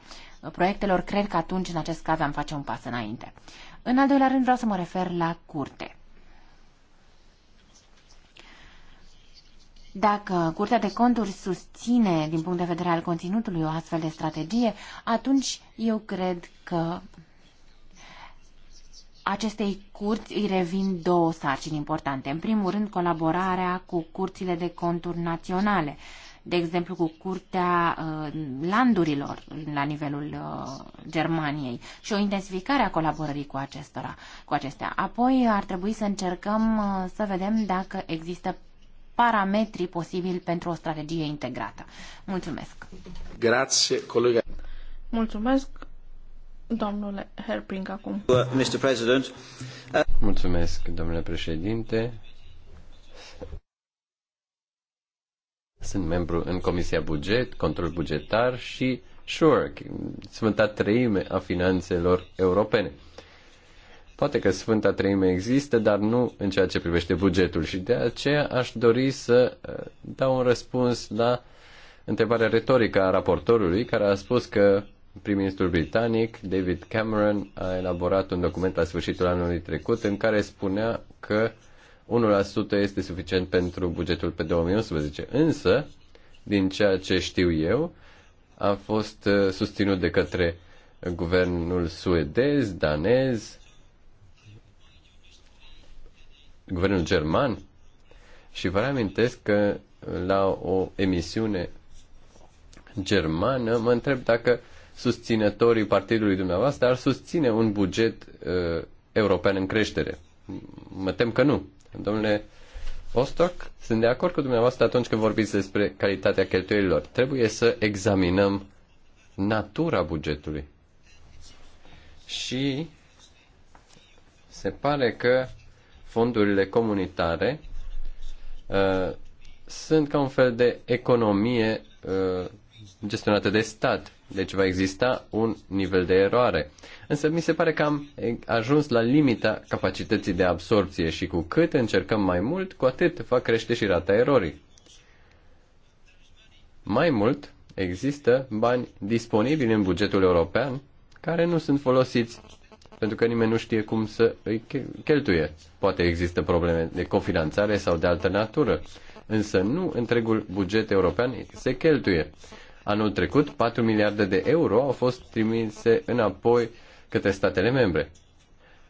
proiectelor, cred că atunci, în acest caz, am face un pas înainte. În al doilea rând, vreau să mă refer la curte. Dacă Curtea de Conturi susține, din punct de vedere al conținutului, o astfel de strategie, atunci eu cred că acestei curți îi revin două sarcini importante. În primul rând, colaborarea cu curțile de conturi naționale, de exemplu cu curtea uh, landurilor la nivelul uh, Germaniei și o intensificare a colaborării cu, acestora, cu acestea. Apoi ar trebui să încercăm uh, să vedem dacă există parametri posibili pentru o strategie integrată. Mulțumesc! Grazie, colega. Mulțumesc, domnule Herping, acum. Uh, Mr. President. Uh, Mulțumesc, domnule președinte. Sunt membru în Comisia Buget, Control Bugetar și, sure, sunt a treime a finanțelor europene. Poate că Sfânta Treime există, dar nu în ceea ce privește bugetul și de aceea aș dori să uh, dau un răspuns la întrebarea retorică a raportorului care a spus că prim-ministrul britanic David Cameron a elaborat un document la sfârșitul anului trecut în care spunea că 1% este suficient pentru bugetul pe 2011. Însă, din ceea ce știu eu, a fost uh, susținut de către guvernul suedez, danez, guvernul german și vă reamintesc că la o emisiune germană mă întreb dacă susținătorii partidului dumneavoastră ar susține un buget uh, european în creștere. Mă tem că nu. Domnule Ostoc, sunt de acord cu dumneavoastră atunci când vorbiți despre calitatea cheltuielilor. Trebuie să examinăm natura bugetului. Și se pare că fondurile comunitare uh, sunt ca un fel de economie uh, gestionată de stat. Deci va exista un nivel de eroare. Însă mi se pare că am ajuns la limita capacității de absorpție și cu cât încercăm mai mult, cu atât va crește și rata erorii. Mai mult, există bani disponibili în bugetul european care nu sunt folosiți pentru că nimeni nu știe cum să îi cheltuie. Poate există probleme de cofinanțare sau de altă natură, însă nu întregul buget european se cheltuie. Anul trecut, 4 miliarde de euro au fost trimise înapoi către statele membre.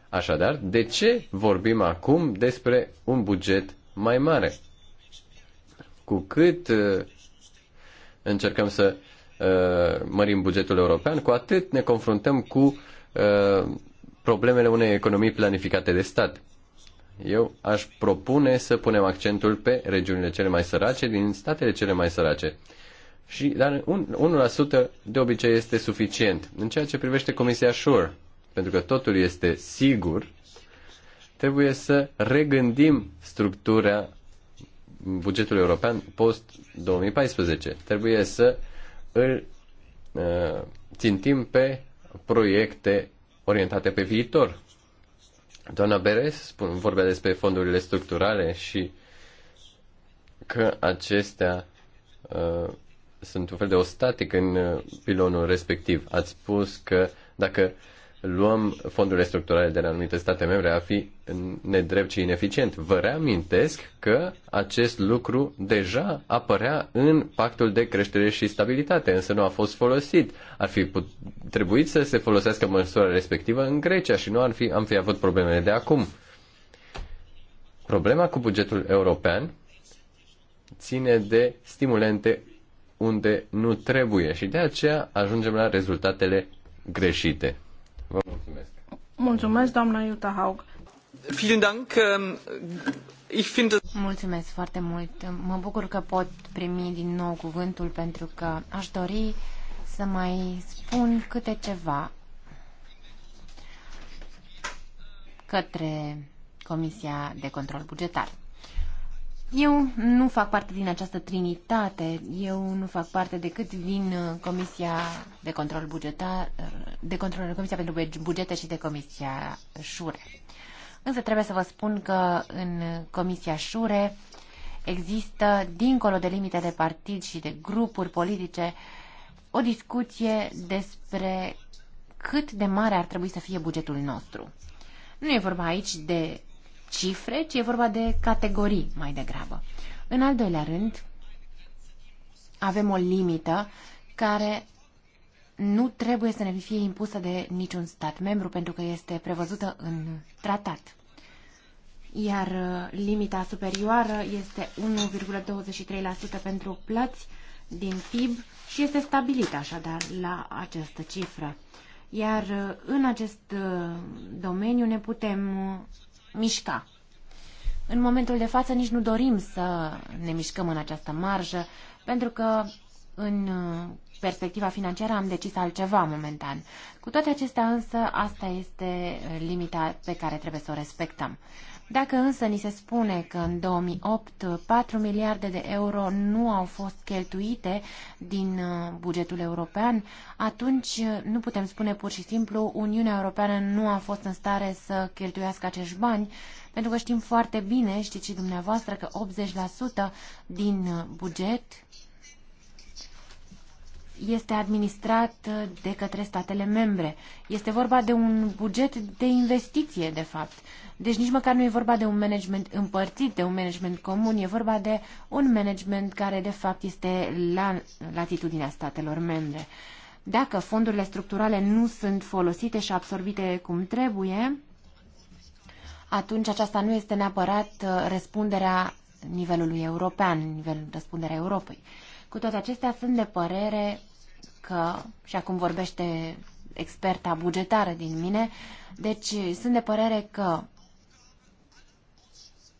Așadar, de ce vorbim acum despre un buget mai mare? Cu cât uh, încercăm să uh, mărim bugetul european, cu atât ne confruntăm cu uh, problemele unei economii planificate de stat. Eu aș propune să punem accentul pe regiunile cele mai sărace din statele cele mai sărace. Și, dar un, 1% de obicei este suficient. În ceea ce privește Comisia Sure, pentru că totul este sigur, trebuie să regândim structura bugetului european post-2014. Trebuie să îl uh, țintim pe proiecte orientate pe viitor. Doamna Beres spun, vorbea despre fondurile structurale și că acestea uh, sunt un fel de ostatic în uh, pilonul respectiv. Ați spus că dacă uh, luăm fondurile structurale de la anumite state membre a fi nedrept și ineficient. Vă reamintesc că acest lucru deja apărea în pactul de creștere și stabilitate, însă nu a fost folosit. Ar fi put- trebuit să se folosească măsura respectivă în Grecia și nu ar fi, am fi avut problemele de acum. Problema cu bugetul european ține de stimulente unde nu trebuie și de aceea ajungem la rezultatele greșite. Vă mulțumesc. Mulțumesc, doamna Iuta Haug. Vielen Dank. Ähm, ich finde... Mulțumesc foarte mult. Mă bucur că pot primi din nou cuvântul pentru că aș dori să mai spun câte ceva către Comisia de Control Bugetar. Eu nu fac parte din această trinitate, eu nu fac parte decât din uh, Comisia de Control Bugetar, uh, de Control, Comisia pentru Bugete și de Comisia Șure. Însă trebuie să vă spun că în Comisia Șure există, dincolo de limite de partid și de grupuri politice, o discuție despre cât de mare ar trebui să fie bugetul nostru. Nu e vorba aici de cifre, ci e vorba de categorii mai degrabă. În al doilea rând, avem o limită care nu trebuie să ne fie impusă de niciun stat membru pentru că este prevăzută în tratat. Iar uh, limita superioară este 1,23% pentru plăți din PIB și este stabilită așadar la această cifră. Iar uh, în acest uh, domeniu ne putem mișca. În momentul de față nici nu dorim să ne mișcăm în această marjă, pentru că în uh, perspectiva financiară am decis altceva momentan. Cu toate acestea însă, asta este limita pe care trebuie să o respectăm. Dacă însă ni se spune că în 2008 4 miliarde de euro nu au fost cheltuite din uh, bugetul european, atunci uh, nu putem spune pur și simplu Uniunea Europeană nu a fost în stare să cheltuiască acești bani, pentru că știm foarte bine, știți și dumneavoastră, că 80% din uh, buget este administrat uh, de către statele membre. Este vorba de un buget de investiție, de fapt. Deci nici măcar nu e vorba de un management împărțit, de un management comun, e vorba de un management care, de fapt, este la latitudinea statelor membre. Dacă fondurile structurale nu sunt folosite și absorbite cum trebuie, atunci aceasta nu este neapărat uh, răspunderea nivelului european, nivelul răspunderea Europei. Cu toate acestea, sunt de părere că, și acum vorbește experta bugetară din mine, deci sunt de părere că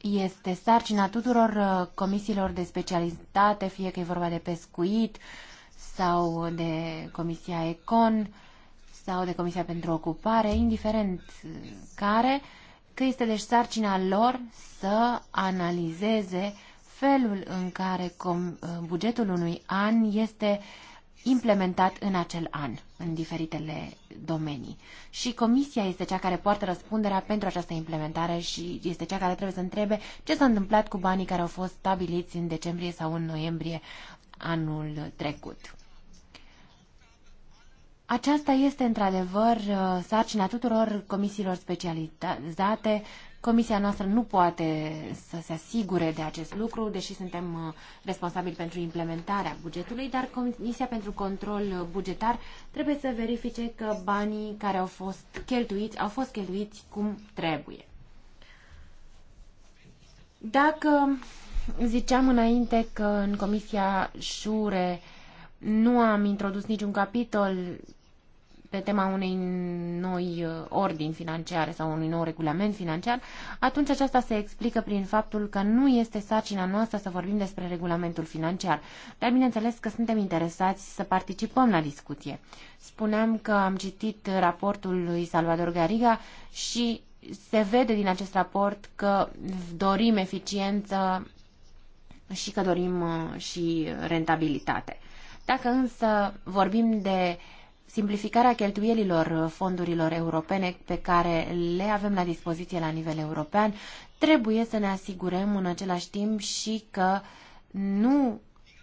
este sarcina tuturor uh, comisiilor de specialitate, fie că e vorba de pescuit sau de Comisia Econ sau de Comisia pentru Ocupare, indiferent uh, care, că este deci sarcina lor să analizeze felul în care uh, bugetul unui an este uh, implementat în acel an, în diferitele domenii. Și comisia este cea care poartă răspunderea pentru această implementare și este cea care trebuie să întrebe ce s-a întâmplat cu banii care au fost stabiliți în decembrie sau în noiembrie anul trecut. Aceasta este într-adevăr sarcina tuturor comisiilor specializate Comisia noastră nu poate să se asigure de acest lucru, deși suntem uh, responsabili pentru implementarea bugetului, dar Comisia pentru Control Bugetar trebuie să verifice că banii care au fost cheltuiți au fost cheltuiți cum trebuie. Dacă ziceam înainte că în Comisia Șure nu am introdus niciun capitol pe tema unei noi uh, ordini financiare sau unui nou regulament financiar, atunci aceasta se explică prin faptul că nu este sarcina noastră să vorbim despre regulamentul financiar. Dar bineînțeles că suntem interesați să participăm la discuție. Spuneam că am citit raportul lui Salvador Gariga și se vede din acest raport că dorim eficiență și că dorim uh, și rentabilitate. Dacă însă vorbim de uh, simplificarea cheltuielilor uh, fondurilor europene pe care le avem la dispoziție la nivel european, trebuie să ne asigurăm în același timp și că nu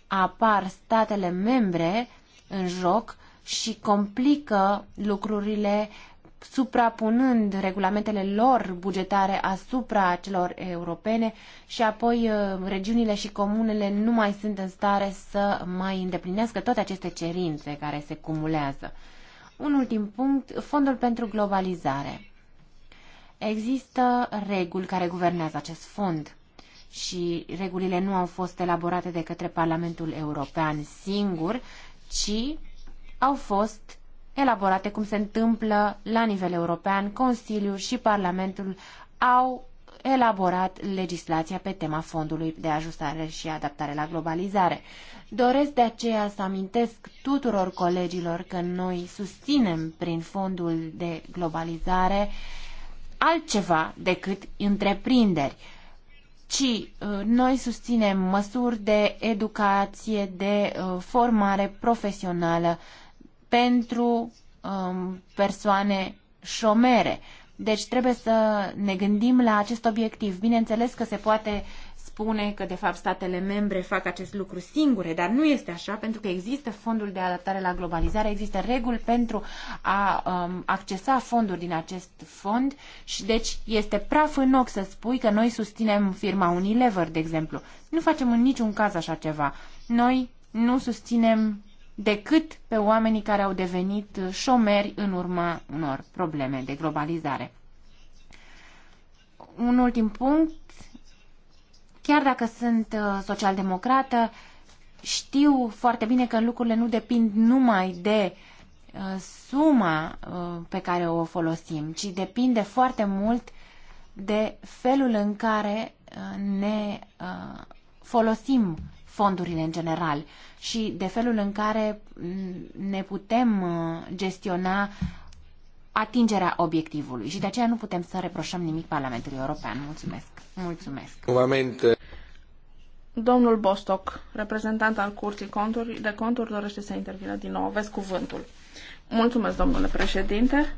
apar statele membre în joc și complică lucrurile suprapunând regulamentele lor bugetare asupra celor europene și apoi uh, regiunile și comunele nu mai sunt în stare să mai îndeplinească toate aceste cerințe care se cumulează. Un ultim punct, fondul pentru globalizare. Există reguli care guvernează acest fond și regulile nu au fost elaborate de către Parlamentul European singur, ci au fost elaborate, cum se întâmplă la nivel european. Consiliul și Parlamentul au elaborat legislația pe tema Fondului de Ajustare și Adaptare la Globalizare. Doresc de aceea să amintesc tuturor colegilor că noi susținem prin Fondul de Globalizare altceva decât întreprinderi, ci uh, noi susținem măsuri de educație, de uh, formare profesională pentru um, persoane șomere. Deci trebuie să ne gândim la acest obiectiv. Bineînțeles că se poate spune că de fapt statele membre fac acest lucru singure, dar nu este așa pentru că există fondul de adaptare la globalizare, există reguli pentru a um, accesa fonduri din acest fond și deci este praf în ochi să spui că noi susținem firma Unilever, de exemplu. Nu facem în niciun caz așa ceva. Noi nu susținem decât pe oamenii care au devenit șomeri în urma unor probleme de globalizare. Un ultim punct, chiar dacă sunt uh, socialdemocrată, știu foarte bine că lucrurile nu depind numai de uh, suma uh, pe care o folosim, ci depinde foarte mult de felul în care ne folosim fondurile în general și de felul în care mm, ne putem uh, gestiona atingerea obiectivului și de aceea nu putem să reproșăm nimic Parlamentului European. Mulțumesc. Mulțumesc. Momente. Domnul Bostock, reprezentant al Curții Conturi, de Conturi, dorește să intervină din nou. Aveți cuvântul. Mulțumesc, domnule președinte.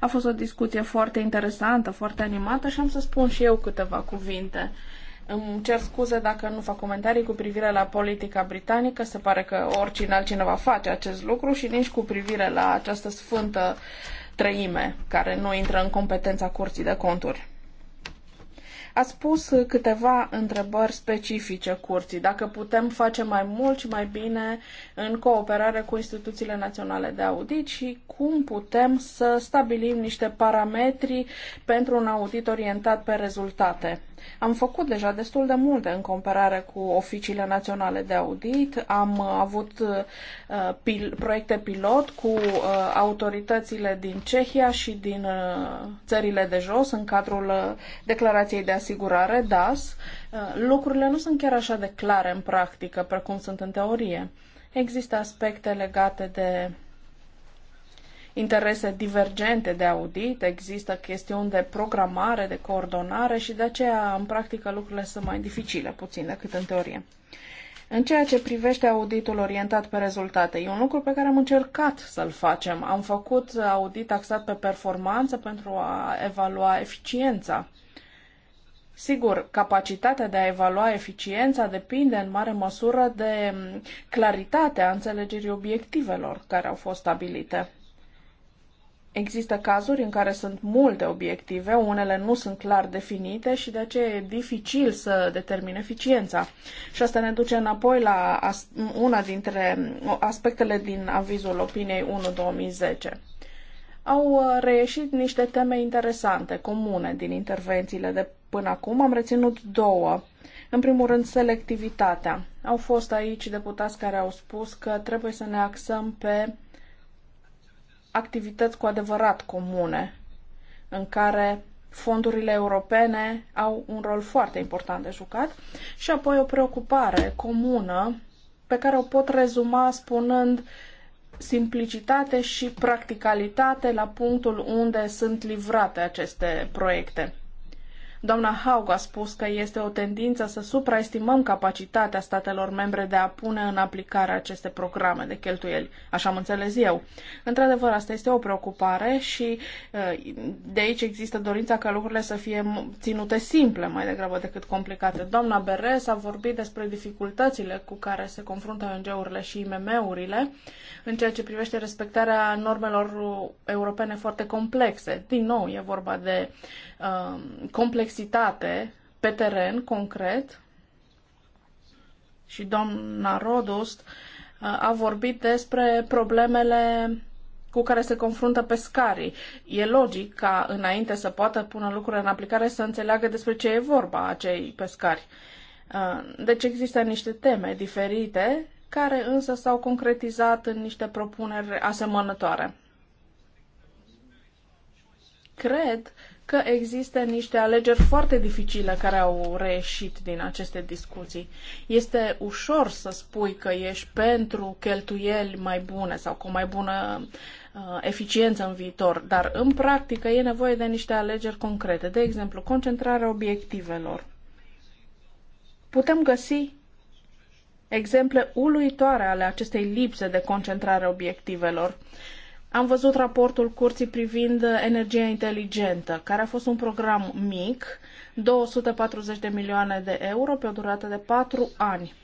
A fost o discuție foarte interesantă, foarte animată și am să spun și eu câteva cuvinte. Uh, îmi cer scuze dacă nu fac comentarii cu privire la politica britanică. Se pare că oricine altcineva face acest lucru și nici cu privire la această sfântă trăime care nu intră în competența curții de conturi. A spus câteva întrebări specifice curții, dacă putem face mai mult și mai bine în cooperare cu instituțiile naționale de audit și cum putem să stabilim niște parametri pentru un audit orientat pe rezultate. Am făcut deja destul de multe în comparare cu oficiile naționale de audit. Am uh, avut uh, pil- proiecte pilot cu uh, autoritățile din Cehia și din uh, țările de jos în cadrul uh, declarației de asigurare DAS. Uh, lucrurile nu sunt chiar așa de clare în practică precum sunt în teorie. Există aspecte legate de interese divergente de audit, există chestiuni de programare, de coordonare și de aceea în practică lucrurile sunt mai dificile puțin decât în teorie. În ceea ce privește auditul orientat pe rezultate, e un lucru pe care am încercat să-l facem. Am făcut audit axat pe performanță pentru a evalua eficiența. Sigur, capacitatea de a evalua eficiența depinde în mare măsură de claritatea înțelegerii obiectivelor care au fost stabilite. Există cazuri în care sunt multe obiective, unele nu sunt clar definite și de aceea e dificil să determine eficiența. Și asta ne duce înapoi la una dintre aspectele din avizul opiniei 1-2010. Au uh, reieșit niște teme interesante, comune din intervențiile de până acum. Am reținut două. În primul rând, selectivitatea. Au fost aici deputați care au spus că trebuie să ne axăm pe activități cu adevărat comune, în care fondurile europene au un rol foarte important de jucat și apoi o preocupare comună pe care o pot rezuma spunând simplicitate și practicalitate la punctul unde sunt livrate aceste proiecte. Doamna Haug a spus că este o tendință să supraestimăm capacitatea statelor membre de a pune în aplicare aceste programe de cheltuieli. Așa am înțeles eu. Într-adevăr, asta este o preocupare și eh, de aici există dorința ca lucrurile să fie ținute simple mai degrabă decât complicate. Doamna Beres a vorbit despre dificultățile cu care se confruntă ONG-urile și IMM-urile în ceea ce privește respectarea normelor europene foarte complexe. Din nou, e vorba de uh, eh, complex complexitate pe teren, concret, și doamna Rodust uh, a vorbit despre problemele cu care se confruntă pescarii. E logic ca înainte să poată pune lucrurile în aplicare să înțeleagă despre ce e vorba acei pescari. Uh, deci există niște teme diferite care însă s-au concretizat în niște propuneri asemănătoare. Cred că există niște alegeri foarte dificile care au reieșit din aceste discuții. Este ușor să spui că ești pentru cheltuieli mai bune sau cu mai bună uh, eficiență în viitor, dar în practică e nevoie de niște alegeri concrete, de exemplu, concentrarea obiectivelor. Putem găsi exemple uluitoare ale acestei lipse de concentrare obiectivelor. Am văzut raportul curții privind energia inteligentă, care a fost un program mic, 240 de milioane de euro pe o durată de 4 ani.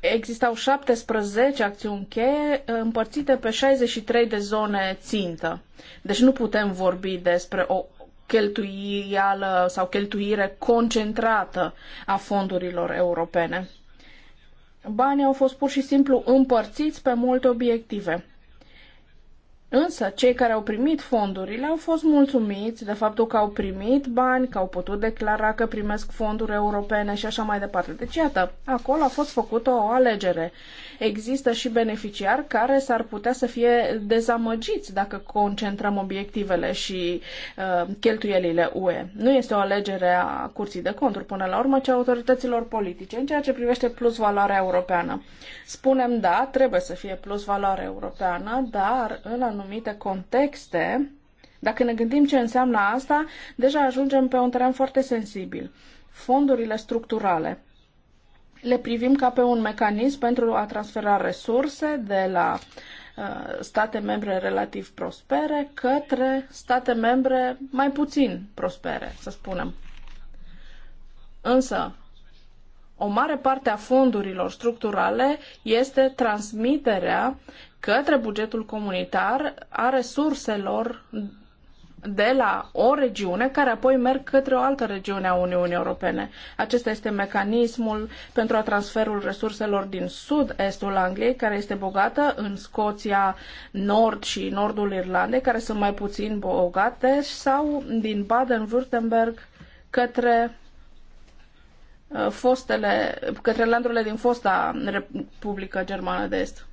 Existau 17 acțiuni cheie împărțite pe 63 de zone țintă. Deci nu putem vorbi despre o cheltuială sau cheltuire concentrată a fondurilor europene. Banii au fost pur și simplu împărțiți pe multe obiective. Însă, cei care au primit fondurile au fost mulțumiți de faptul că au primit bani, că au putut declara că primesc fonduri europene și așa mai departe. Deci, iată, acolo a fost făcută o alegere. Există și beneficiari care s-ar putea să fie dezamăgiți dacă concentrăm obiectivele și uh, cheltuielile UE. Nu este o alegere a curții de conturi, până la urmă, ci a autorităților politice, în ceea ce privește plus valoarea europeană. Spunem, da, trebuie să fie plus valoare europeană, dar în anumite anumite contexte, dacă ne gândim ce înseamnă asta, deja ajungem pe un teren foarte sensibil. Fondurile structurale. Le privim ca pe un mecanism pentru a transfera resurse de la uh, state membre relativ prospere către state membre mai puțin prospere, să spunem. Însă, o mare parte a fondurilor structurale este transmiterea către bugetul comunitar a resurselor de la o regiune care apoi merg către o altă regiune a Uniunii Europene. Acesta este mecanismul pentru a transferul resurselor din sud-estul Angliei, care este bogată în Scoția Nord și Nordul Irlandei, care sunt mai puțin bogate, sau din Baden-Württemberg către uh, fostele, către landurile din fosta Republică Germană de Est.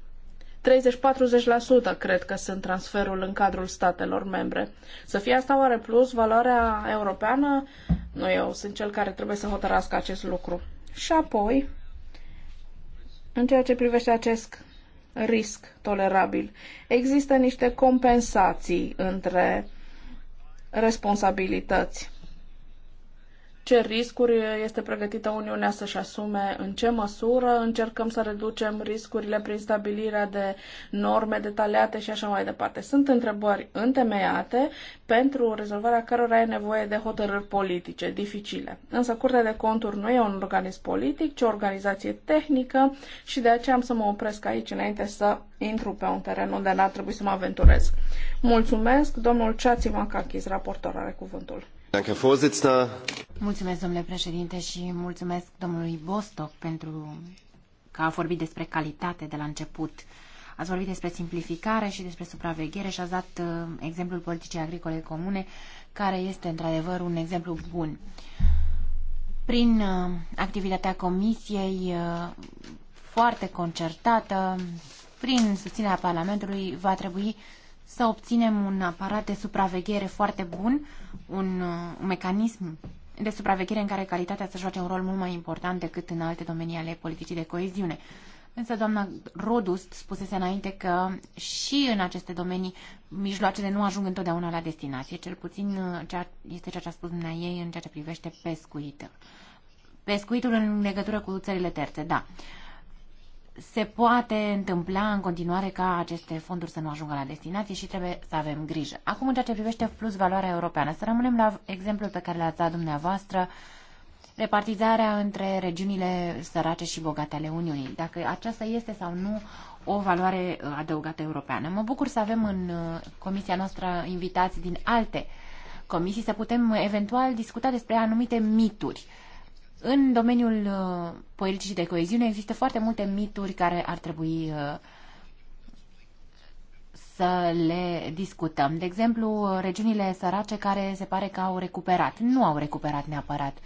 30-40% cred că sunt transferul în cadrul statelor membre. Să fie asta oare plus valoarea europeană? Nu eu, sunt cel care trebuie să hotărască acest lucru. Și apoi, în ceea ce privește acest risc tolerabil, există niște compensații între responsabilități ce riscuri este pregătită Uniunea să-și asume, în ce măsură încercăm să reducem riscurile prin stabilirea de norme detaliate și așa mai departe. Sunt întrebări întemeiate pentru rezolvarea cărora e nevoie de hotărâri politice dificile. Însă Curtea de Conturi nu e un organism politic, ci o organizație tehnică și de aceea am să mă opresc aici înainte să intru pe un teren unde n-ar trebui să mă aventurez. Mulțumesc, domnul Ceații Macachis, raportor, are cuvântul. Mulțumesc, domnule președinte, și mulțumesc domnului Bostock pentru că a vorbit despre calitate de la început. Ați vorbit despre simplificare și despre supraveghere și ați dat uh, exemplul politicii agricole comune, care este într-adevăr un exemplu bun. Prin uh, activitatea comisiei uh, foarte concertată, prin susținerea Parlamentului, va trebui să obținem un aparat de supraveghere foarte bun, un, uh, un mecanism de supraveghere în care calitatea să joace un rol mult mai important decât în alte domenii ale politicii de coeziune. Însă doamna Rodust spusese înainte că și în aceste domenii mijloacele nu ajung întotdeauna la destinație, cel puțin uh, cea, este ceea ce a spus ei în ceea ce privește pescuitul. Pescuitul în legătură cu țările terțe, da. Uh, se poate întâmpla în continuare ca aceste fonduri să nu ajungă la destinație și trebuie să avem grijă. Acum, în ceea ce privește plus valoarea europeană, să rămânem la exemplul pe care l-ați dat dumneavoastră, repartizarea între regiunile sărace și bogate ale Uniunii, dacă aceasta este sau nu o valoare uh, adăugată europeană. Mă bucur să avem în uh, comisia noastră invitați din alte comisii, să putem eventual discuta despre anumite mituri în domeniul uh, politicii de coeziune există foarte multe mituri care ar trebui uh, să le discutăm. De exemplu, regiunile sărace care se pare că au recuperat. Nu au recuperat neapărat. Uh,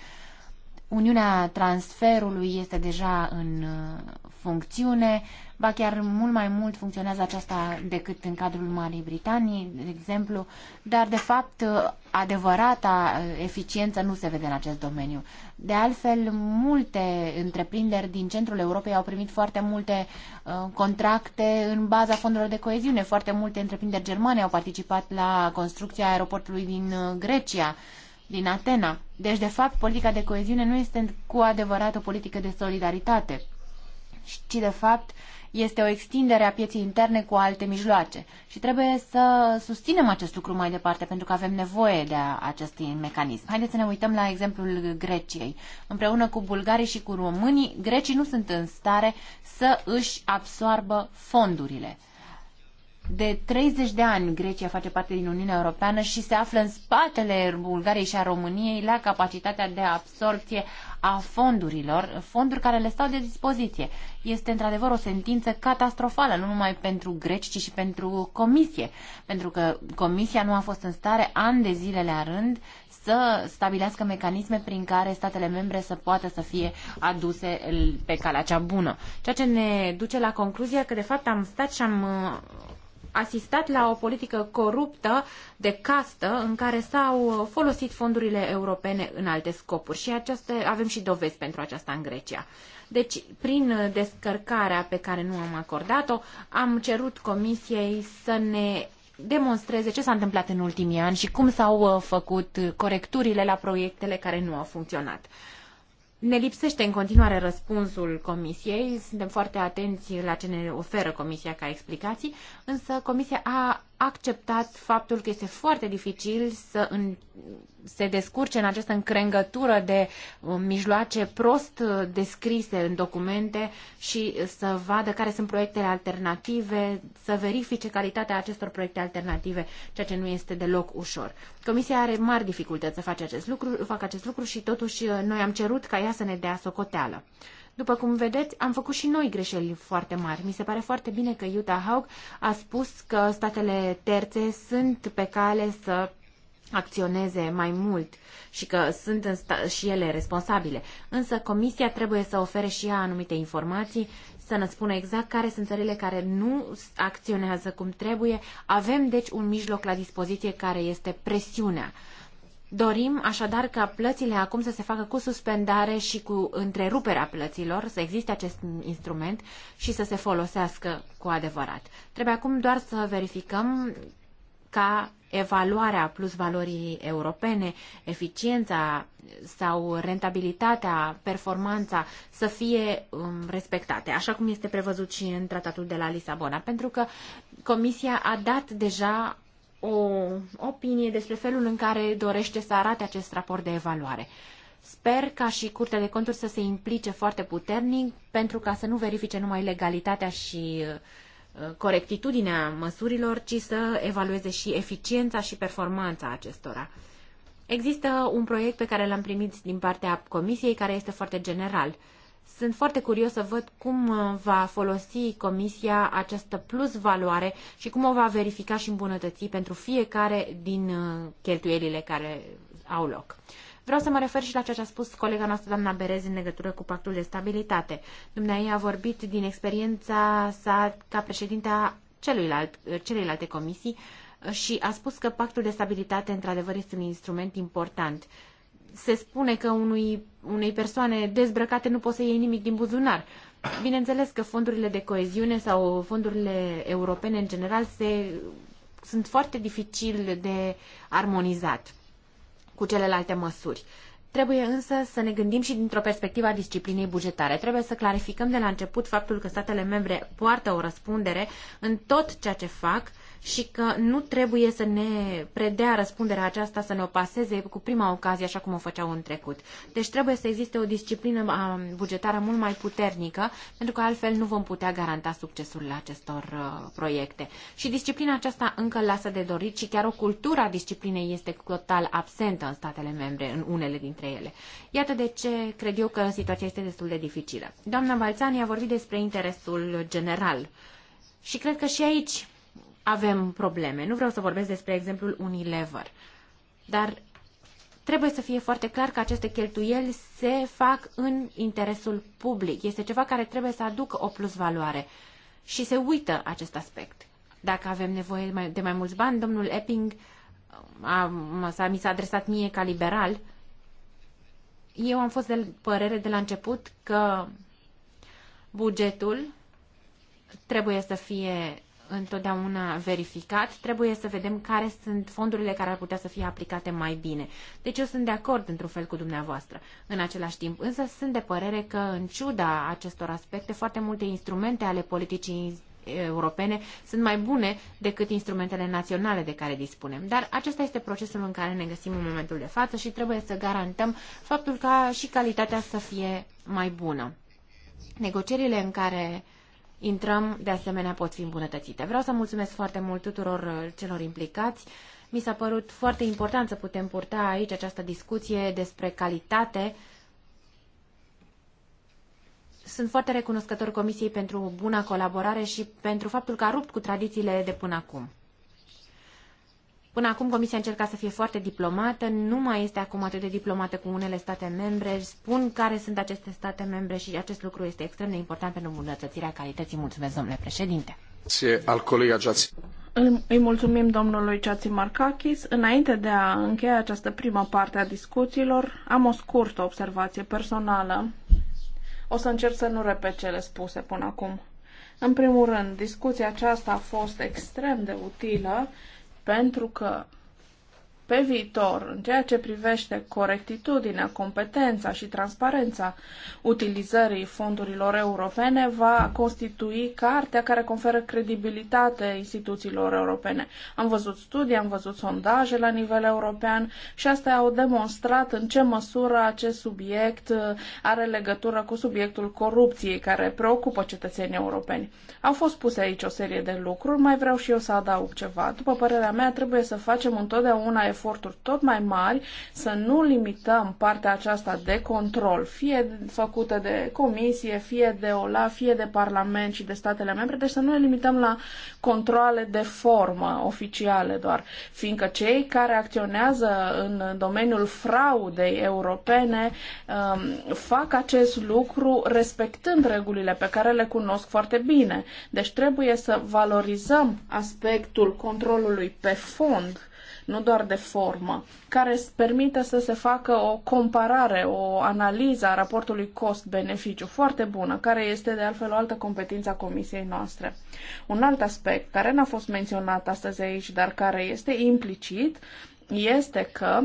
Uniunea transferului este deja în uh, funcțiune, ba chiar mult mai mult funcționează aceasta decât în cadrul Marii Britanii, de exemplu, dar de fapt adevărata uh, eficiență nu se vede în acest domeniu. De altfel, multe întreprinderi din centrul Europei au primit foarte multe uh, contracte în baza fondurilor de coeziune, foarte multe întreprinderi germane au participat la construcția aeroportului din Grecia din Atena. Deci, de fapt, politica de coeziune nu este cu adevărat o politică de solidaritate, ci, de fapt, este o extindere a pieții interne cu alte mijloace. Și trebuie să susținem acest lucru mai departe, pentru că avem nevoie de acest mecanism. Haideți să ne uităm la exemplul Greciei. Împreună cu bulgarii și cu românii, grecii nu sunt în stare să își absoarbă fondurile. De 30 de ani Grecia face parte din Uniunea Europeană și se află în spatele Bulgariei și a României la capacitatea de absorpție a fondurilor, fonduri care le stau de dispoziție. Este într-adevăr o sentință catastrofală, nu numai pentru greci, ci și pentru comisie, pentru că comisia nu a fost în stare ani de zile la rând să stabilească mecanisme prin care statele membre să poată să fie aduse pe calea cea bună. Ceea ce ne duce la concluzia că de fapt am stat și am asistat la o politică coruptă de castă în care s-au folosit fondurile europene în alte scopuri și aceste, avem și dovezi pentru aceasta în Grecia. Deci, prin descărcarea pe care nu am acordat-o, am cerut Comisiei să ne demonstreze ce s-a întâmplat în ultimii ani și cum s-au uh, făcut corecturile la proiectele care nu au funcționat ne lipsește în continuare răspunsul Comisiei, suntem foarte atenți la ce ne oferă Comisia ca explicații, însă Comisia a acceptat faptul că este foarte dificil să în, se descurce în această încrengătură de uh, mijloace prost uh, descrise în documente și uh, să vadă care sunt proiectele alternative, să verifice calitatea acestor proiecte alternative, ceea ce nu este deloc ușor. Comisia are mari dificultăți să face acest lucru, fac acest lucru și totuși noi am cerut ca ea să ne dea socoteală. Uh, după cum vedeți, am făcut și noi greșeli foarte mari. Mi se pare foarte bine că Utah Hawk a spus că statele terțe sunt pe cale să acționeze mai mult și că sunt în sta- și ele responsabile. Însă comisia trebuie să ofere și ea anumite informații, să ne spună exact care sunt țările care nu acționează cum trebuie. Avem deci un mijloc la dispoziție care este presiunea. Dorim așadar ca plățile acum să se facă cu suspendare și cu întreruperea plăților, să existe acest instrument și să se folosească cu adevărat. Trebuie acum doar să verificăm ca evaluarea plus valorii europene, eficiența sau rentabilitatea, performanța să fie um, respectate, așa cum este prevăzut și în tratatul de la Lisabona, pentru că Comisia a dat deja o opinie despre felul în care dorește să arate acest raport de evaluare. Sper ca și Curtea de Conturi să se implice foarte puternic pentru ca să nu verifice numai legalitatea și uh, uh, corectitudinea măsurilor, ci să evalueze și eficiența și performanța acestora. Există un proiect pe care l-am primit din partea Comisiei, care este foarte general. Sunt foarte curios să văd cum uh, va folosi Comisia această plus valoare și cum o va verifica și îmbunătăți pentru fiecare din uh, cheltuielile care au loc. Vreau să mă refer și la ceea ce a spus colega noastră, doamna Berez, în legătură cu pactul de stabilitate. Dumnezeu a vorbit din experiența sa ca președintea celuilalt, uh, celuilalte comisii și a spus că pactul de stabilitate, într-adevăr, este un instrument important se spune că unui, unei persoane dezbrăcate nu poți să iei nimic din buzunar. Bineînțeles că fondurile de coeziune sau fondurile europene în general se, sunt foarte dificil de armonizat cu celelalte măsuri. Trebuie însă să ne gândim și dintr-o perspectivă a disciplinei bugetare. Trebuie să clarificăm de la început faptul că statele membre poartă o răspundere în tot ceea ce fac uh, și că nu trebuie să ne predea răspunderea aceasta să ne o paseze cu prima ocazie, așa cum o făceau în trecut. Deci trebuie să existe o disciplină bugetară mult mai puternică, pentru că altfel nu vom putea garanta succesul acestor uh, proiecte. Și disciplina aceasta încă lasă de dorit și chiar o cultură a disciplinei este total absentă în statele membre, în unele dintre ele. Iată de ce cred eu că situația este destul de dificilă. Doamna Balțani a vorbit despre interesul general. Și cred că și aici avem probleme. Nu vreau să vorbesc despre exemplul Unilever, dar trebuie să fie foarte clar că aceste cheltuieli se fac în interesul public. Este ceva care trebuie să aducă o plusvaloare și se uită acest aspect. Dacă avem nevoie de mai mulți bani, domnul Epping um, a, a, mi s-a adresat mie ca liberal. Eu am fost de părere de la început că bugetul trebuie să fie întotdeauna verificat. Trebuie să vedem care sunt fondurile care ar putea să fie aplicate mai bine. Deci eu sunt de acord într-un fel cu dumneavoastră. În același timp, însă sunt de părere că, în ciuda acestor aspecte, foarte multe instrumente ale politicii europene sunt mai bune decât instrumentele naționale de care dispunem. Dar acesta este procesul în care ne găsim în momentul de față și trebuie să garantăm faptul ca și calitatea să fie mai bună. Negocierile în care intrăm, de asemenea, pot fi îmbunătățite. Vreau să mulțumesc foarte mult tuturor uh, celor implicați. Mi s-a părut foarte important să putem purta aici această discuție despre calitate. Sunt foarte recunoscător Comisiei pentru buna colaborare și pentru faptul că a rupt cu tradițiile de până acum. Până acum Comisia încerca să fie foarte diplomată, nu mai este acum atât de diplomată cu unele state membre, spun care sunt aceste state membre și acest lucru este extrem de important pentru îmbunătățirea calității. Mulțumesc, domnule președinte. Al colega Giați. Îi mulțumim domnului Ceații Marcachis. Înainte de a încheia această primă parte a discuțiilor, am o scurtă observație personală. O să încerc să nu repet cele spuse până acum. În primul rând, discuția aceasta a fost extrem de utilă pentru că pe viitor, în ceea ce privește corectitudinea, competența și transparența utilizării fondurilor europene, va constitui cartea care conferă credibilitate instituțiilor europene. Am văzut studii, am văzut sondaje la nivel european și astea au demonstrat în ce măsură acest subiect uh, are legătură cu subiectul corupției care preocupă cetățenii europeni. Au fost puse aici o serie de lucruri, mai vreau și eu să adaug ceva. După părerea mea, trebuie să facem întotdeauna eforturi tot mai mari să nu limităm partea aceasta de control, fie făcută de comisie, fie de OLA, fie de Parlament și de statele membre, deci să nu ne limităm la controle de formă oficiale doar, fiindcă cei care acționează în domeniul fraudei europene um, fac acest lucru respectând regulile pe care le cunosc foarte bine. Deci trebuie să valorizăm aspectul controlului pe fond nu doar de formă, care permite să se facă o comparare, o analiză a raportului cost-beneficiu foarte bună, care este de altfel o altă competință a comisiei noastre. Un alt aspect care n-a fost menționat astăzi aici, dar care este implicit, este că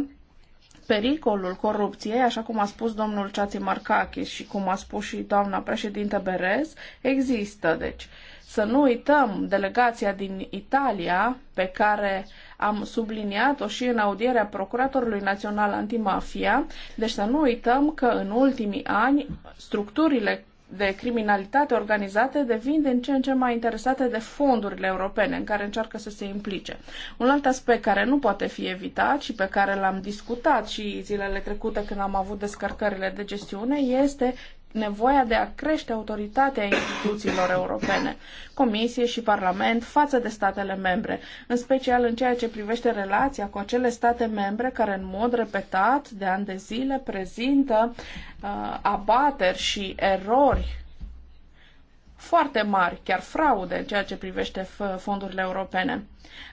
pericolul corupției, așa cum a spus domnul Ceații Marcachis și cum a spus și doamna președinte Berez, există. Deci, să nu uităm delegația din Italia pe care am subliniat-o și în audierea Procuratorului Național Antimafia, deci să nu uităm că în ultimii ani structurile de criminalitate organizate devin din ce în ce mai interesate de fondurile europene în care încearcă să se implice. Un alt aspect care nu poate fi evitat și pe care l-am discutat și zilele trecute când am avut descărcările de gestiune este nevoia de a crește autoritatea instituțiilor europene, Comisie și Parlament, față de statele membre, în special în ceea ce privește relația cu acele state membre care în mod repetat de ani de zile prezintă uh, abateri și erori foarte mari, chiar fraude în ceea ce privește fondurile europene.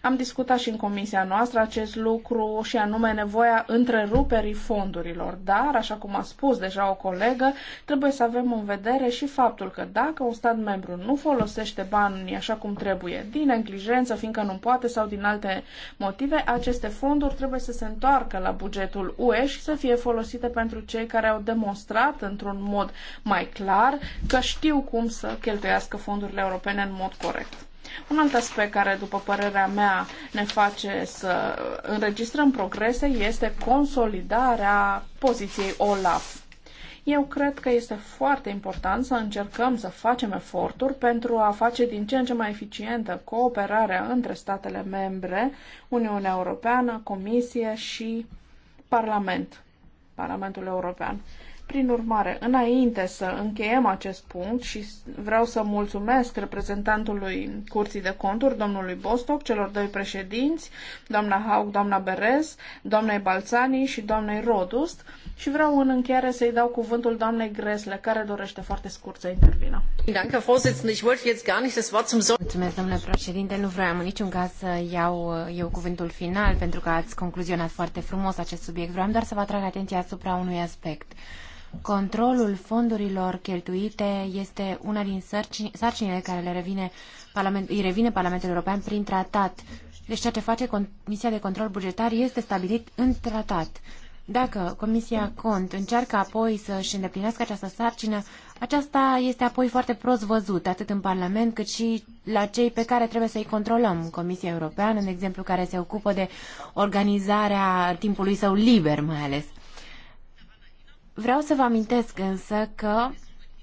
Am discutat și în comisia noastră acest lucru și anume nevoia întreruperii fondurilor, dar, așa cum a spus deja o colegă, trebuie să avem în vedere și faptul că dacă un stat membru nu folosește banii așa cum trebuie, din neglijență, fiindcă nu poate sau din alte motive, aceste fonduri trebuie să se întoarcă la bugetul UE și să fie folosite pentru cei care au demonstrat într-un mod mai clar că știu cum să cheltuiască fondurile europene în mod corect. Un alt aspect care, după părerea mea, ne face să înregistrăm progrese este consolidarea poziției OLAF. Eu cred că este foarte important să încercăm să facem eforturi pentru a face din ce în ce mai eficientă cooperarea între statele membre, Uniunea Europeană, Comisie și Parlament, Parlamentul European. Prin urmare, înainte să încheiem acest punct și vreau să mulțumesc reprezentantului Curții de Conturi, domnului Bostock, celor doi președinți, doamna Haug, doamna Berez, doamnei Balțani și doamnei Rodust și vreau în încheiere să-i dau cuvântul doamnei Gresle, care dorește foarte scurt să intervină. Mulțumesc, domnule președinte. Nu vreau în niciun caz să iau eu cuvântul final, pentru că ați concluzionat foarte frumos acest subiect. Vreau doar să vă atrag atenția asupra unui aspect. Controlul fondurilor cheltuite este una din sarcinile care le revine Parlament, îi revine Parlamentul European prin tratat. Deci ceea ce face Comisia de Control Bugetar este stabilit în tratat. Dacă Comisia Cont încearcă apoi să-și îndeplinească această sarcină, aceasta este apoi foarte prost văzut, atât în Parlament cât și la cei pe care trebuie să-i controlăm. Comisia Europeană, în exemplu, care se ocupă de organizarea timpului său liber, mai ales. Vreau să vă amintesc însă că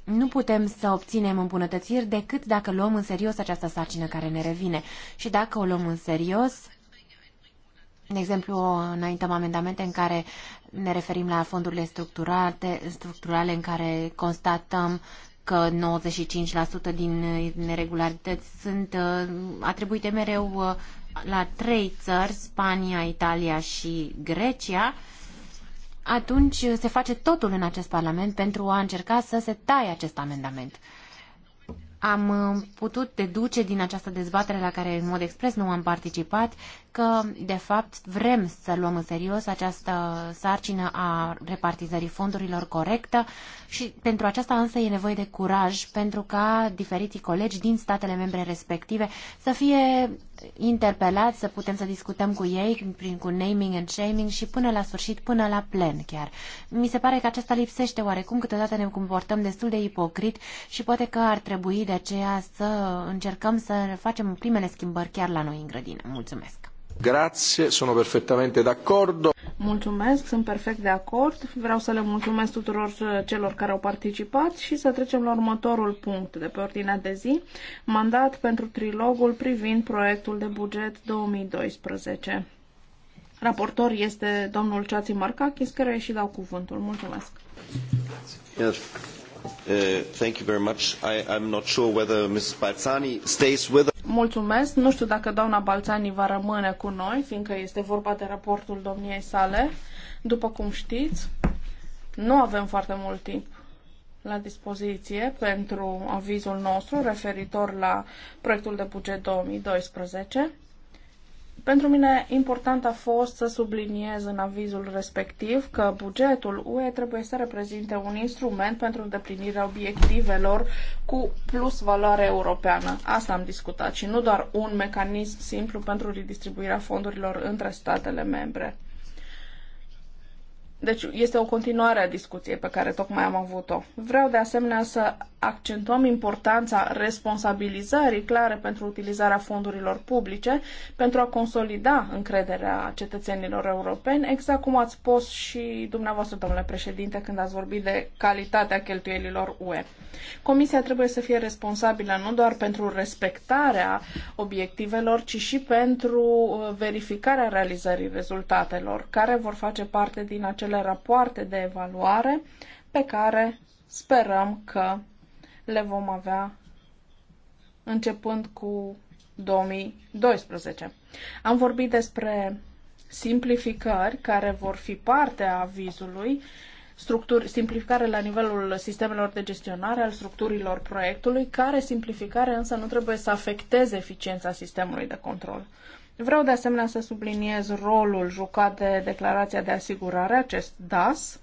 nu putem să obținem îmbunătățiri decât dacă luăm în serios această sarcină care ne revine. Și dacă o luăm în serios, de exemplu, înaintăm amendamente în care ne referim la fondurile structurate, structurale în care constatăm că 95% din neregularități sunt uh, atribuite mereu uh, la trei țări, Spania, Italia și Grecia, atunci se face totul în acest Parlament pentru a încerca să se taie acest amendament. Am uh, putut deduce din această dezbatere la care în mod expres nu am participat că, de fapt, vrem să luăm în serios această sarcină a repartizării fondurilor corectă și pentru aceasta însă e nevoie de curaj pentru ca diferiții colegi din statele membre respective să fie interpelați, să putem să discutăm cu ei prin cu naming and shaming și până la sfârșit, până la plen chiar. Mi se pare că aceasta lipsește oarecum, câteodată ne comportăm destul de ipocrit și poate că ar trebui de aceea să încercăm să facem primele schimbări chiar la noi în grădină. Mulțumesc! Grazie, sono perfettamente d'accordo. Mulțumesc, sunt perfect de acord. Vreau să le mulțumesc tuturor uh, celor care au participat și să trecem la următorul punct de pe ordinea de zi, mandat pentru trilogul privind proiectul de buget 2012. Raportor este domnul Ceații Marcachis, care și dau cuvântul. Mulțumesc. Yes. Mulțumesc. Nu știu dacă doamna Balzani va rămâne cu noi, fiindcă este vorba de raportul domniei sale. După cum știți, nu avem foarte mult timp la dispoziție pentru avizul nostru referitor la proiectul de buget 2012. Pentru mine important a fost să subliniez în avizul respectiv că bugetul UE trebuie să reprezinte un instrument pentru îndeplinirea obiectivelor cu plus valoare europeană. Asta am discutat și nu doar un mecanism simplu pentru redistribuirea fondurilor între statele membre. Deci este o continuare a discuției pe care tocmai am avut-o. Vreau de asemenea să accentuăm importanța responsabilizării clare pentru utilizarea fondurilor publice pentru a consolida încrederea cetățenilor europeni, exact cum ați spus și dumneavoastră, domnule președinte, când ați vorbit de calitatea cheltuielilor UE. Comisia trebuie să fie responsabilă nu doar pentru respectarea obiectivelor, ci și pentru uh, verificarea realizării rezultatelor, care vor face parte din acele rapoarte de evaluare pe care sperăm că le vom avea începând cu 2012. Am vorbit despre simplificări care vor fi parte a avizului structuri, simplificare la nivelul sistemelor de gestionare al structurilor proiectului, care simplificare însă nu trebuie să afecteze eficiența sistemului de control. Vreau de asemenea să subliniez rolul jucat de declarația de asigurare, acest DAS,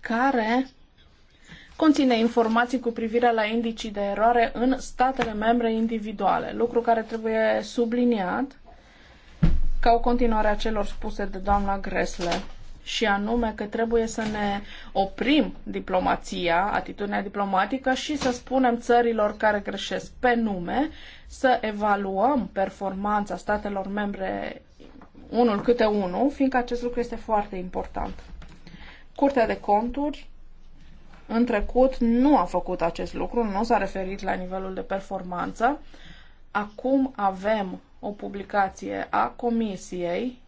care conține informații cu privire la indicii de eroare în statele membre individuale, lucru care trebuie subliniat ca o continuare a celor spuse de doamna Gresle și anume că trebuie să ne oprim diplomația, atitudinea diplomatică și să spunem țărilor care greșesc pe nume, să evaluăm performanța statelor membre unul câte unul, fiindcă acest lucru este foarte important. Curtea de conturi în trecut nu a făcut acest lucru, nu s-a referit la nivelul de performanță. Acum avem o publicație a Comisiei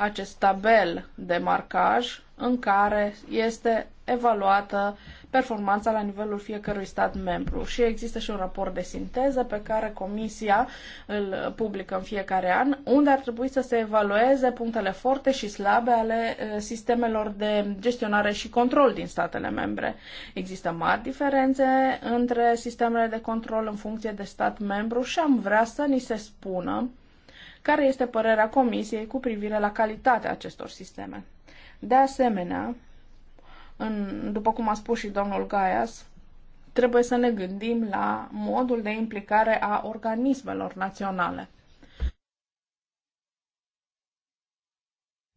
acest tabel de marcaj în care este evaluată performanța la nivelul fiecărui stat membru și există și un raport de sinteză pe care Comisia îl publică în fiecare an, unde ar trebui să se evalueze punctele forte și slabe ale sistemelor de gestionare și control din statele membre. Există mari diferențe între sistemele de control în funcție de stat membru și am vrea să ni se spună care este părerea Comisiei cu privire la calitatea acestor sisteme? De asemenea, în, după cum a spus și domnul Gaias, trebuie să ne gândim la modul de implicare a organismelor naționale.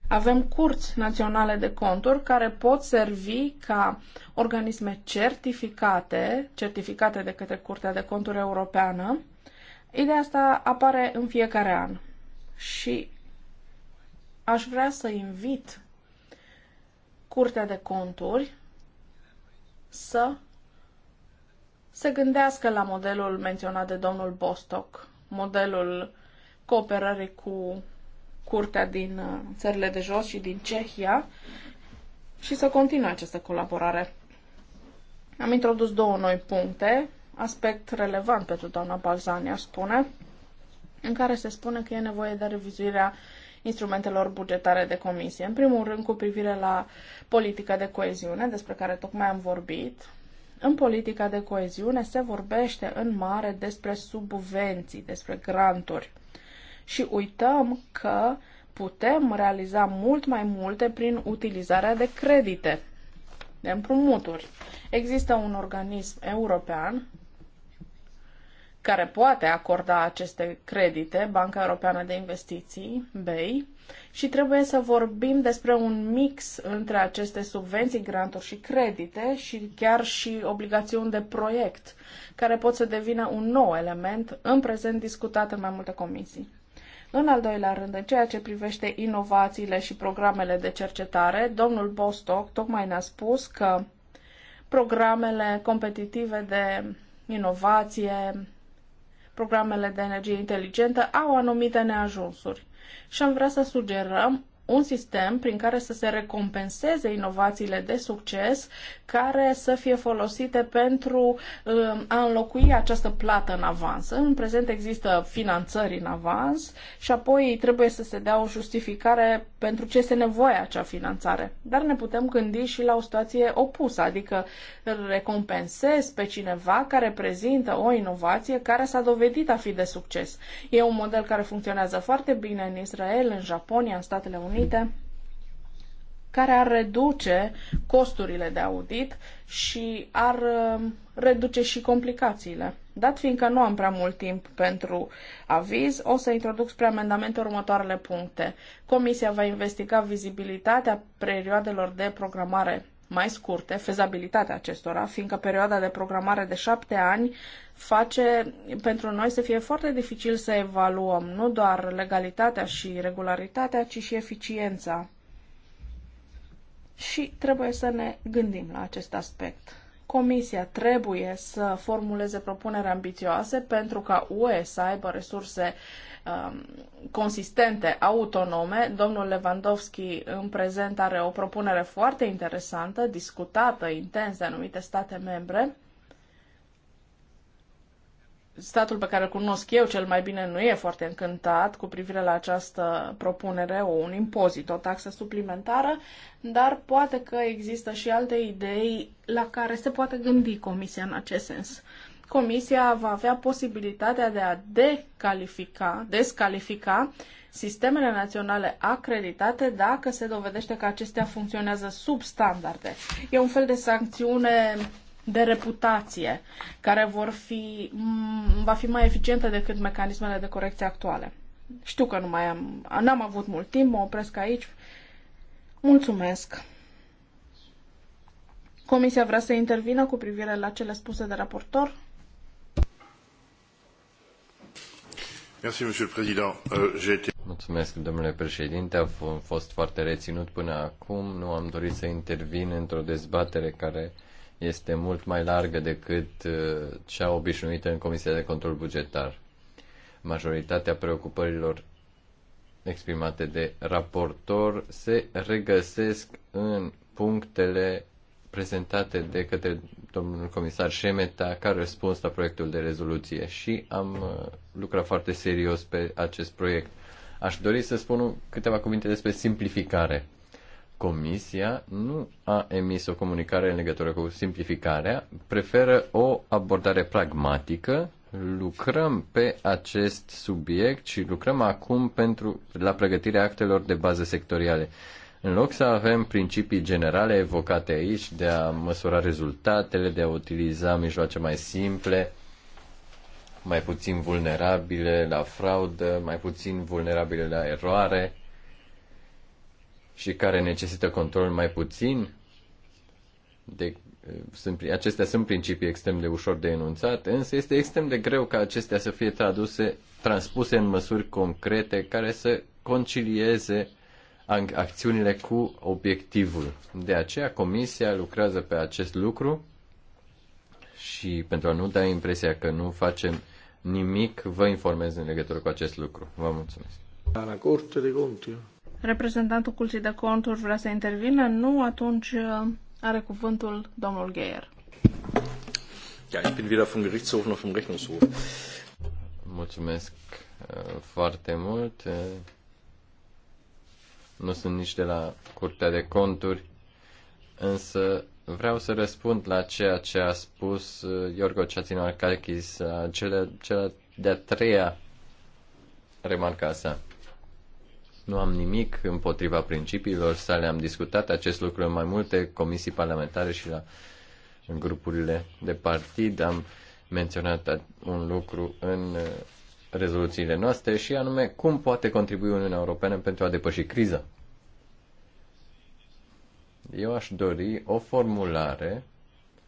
Avem curți naționale de conturi care pot servi ca organisme certificate, certificate de către Curtea de Conturi Europeană. Ideea asta apare în fiecare an și aș vrea să invit Curtea de Conturi să se gândească la modelul menționat de domnul Bostock, modelul cooperării cu curtea din uh, țările de jos și din Cehia și să continue această colaborare. Am introdus două noi puncte, aspect relevant pentru doamna Balzani, aș spune, în care se spune că e nevoie de revizuirea instrumentelor bugetare de comisie. În primul rând, cu privire la politica de coeziune, despre care tocmai am vorbit, în politica de coeziune se vorbește în mare despre subvenții, despre granturi. Și uităm că putem realiza mult mai multe prin utilizarea de credite, de împrumuturi. Există un organism european care poate acorda aceste credite, Banca Europeană de Investiții, BEI, și trebuie să vorbim despre un mix între aceste subvenții, granturi și credite și chiar și obligațiuni de proiect, care pot să devină un nou element în prezent discutat în mai multe comisii. În al doilea rând, în ceea ce privește inovațiile și programele de cercetare, domnul Bostock tocmai ne-a spus că programele competitive de inovație, programele de energie inteligentă au anumite neajunsuri. Și am vrea să sugerăm un sistem prin care să se recompenseze inovațiile de succes care să fie folosite pentru um, a înlocui această plată în avans. În prezent există finanțări în avans și apoi trebuie să se dea o justificare pentru ce este nevoie acea finanțare. Dar ne putem gândi și la o situație opusă, adică recompensez pe cineva care prezintă o inovație care s-a dovedit a fi de succes. E un model care funcționează foarte bine în Israel, în Japonia, în Statele Unite Unite care ar reduce costurile de audit și ar uh, reduce și complicațiile. Dat fiindcă nu am prea mult timp pentru aviz, o să introduc spre amendamente următoarele puncte. Comisia va investiga vizibilitatea perioadelor de programare mai scurte, fezabilitatea acestora, fiindcă perioada de programare de șapte ani face pentru noi să fie foarte dificil să evaluăm nu doar legalitatea și regularitatea, ci și eficiența. Și trebuie să ne gândim la acest aspect. Comisia trebuie să formuleze propuneri ambițioase pentru ca UE să aibă resurse um, consistente, autonome. Domnul Lewandowski în prezent are o propunere foarte interesantă, discutată intens de anumite state membre statul pe care îl cunosc eu cel mai bine nu e foarte încântat cu privire la această propunere, o, un impozit, o taxă suplimentară, dar poate că există și alte idei la care se poate gândi Comisia în acest sens. Comisia va avea posibilitatea de a decalifica, descalifica sistemele naționale acreditate dacă se dovedește că acestea funcționează sub standarde. E un fel de sancțiune de reputație, care vor fi, va fi mai eficientă decât mecanismele de corecție actuale. Știu că nu mai am, n-am avut mult timp, mă opresc aici. Mulțumesc! Comisia vrea să intervină cu privire la cele spuse de raportor? Euh, Mulțumesc, domnule președinte. Am fost foarte reținut până acum. Nu am dorit să intervin într-o dezbatere care este mult mai largă decât uh, cea obișnuită în Comisia de Control Bugetar. Majoritatea preocupărilor exprimate de raportor se regăsesc în punctele prezentate de către domnul comisar Șemeta ca răspuns la proiectul de rezoluție și am uh, lucrat foarte serios pe acest proiect. Aș dori să spun câteva cuvinte despre simplificare. Comisia nu a emis o comunicare în legătură cu simplificarea, preferă o abordare pragmatică. Lucrăm pe acest subiect și lucrăm acum pentru la pregătirea actelor de bază sectoriale. În loc să avem principii generale evocate aici de a măsura rezultatele, de a utiliza mijloace mai simple, mai puțin vulnerabile la fraudă, mai puțin vulnerabile la eroare, și care necesită control mai puțin. De, sunt, acestea sunt principii extrem de ușor de enunțat, însă este extrem de greu ca acestea să fie traduse, transpuse în măsuri concrete care să concilieze acțiunile cu obiectivul. De aceea Comisia lucrează pe acest lucru și pentru a nu da impresia că nu facem nimic, vă informez în legătură cu acest lucru. Vă mulțumesc. La corte de conti reprezentantul Curții de Conturi vrea să intervină, nu, atunci uh, are cuvântul domnul Geier. Ja, ich bin weder vom Gerichtshof noch vom Rechnungshof. Mulțumesc uh, foarte mult. Uh, nu sunt nici de la Curtea de Conturi, însă vreau să răspund la ceea ce a spus Iorgo Ceațin Arcachis, cele, cele de-a treia remarca sa. Nu am nimic împotriva principiilor sale. Am discutat acest lucru în mai multe comisii parlamentare și la în grupurile de partid. Am menționat un lucru în uh, rezoluțiile noastre și anume cum poate contribui Uniunea Europeană pentru a depăși criza. Eu aș dori o formulare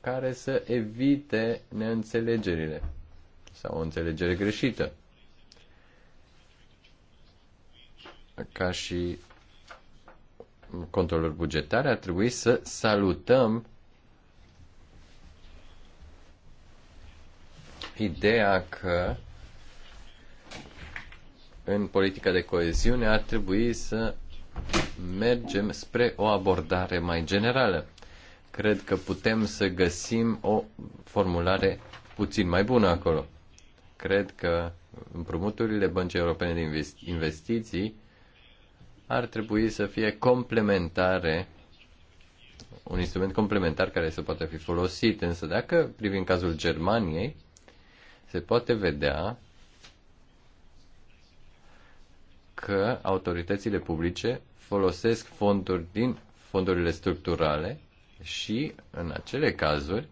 care să evite neînțelegerile sau o înțelegere greșită. ca și controlul bugetare, ar trebui să salutăm ideea că în politica de coeziune ar trebui să mergem spre o abordare mai generală. Cred că putem să găsim o formulare puțin mai bună acolo. Cred că împrumuturile băncii europene de investiții ar trebui să fie complementare, un instrument complementar care să poate fi folosit, însă dacă privim cazul Germaniei, se poate vedea că autoritățile publice folosesc fonduri din fondurile structurale și, în acele cazuri,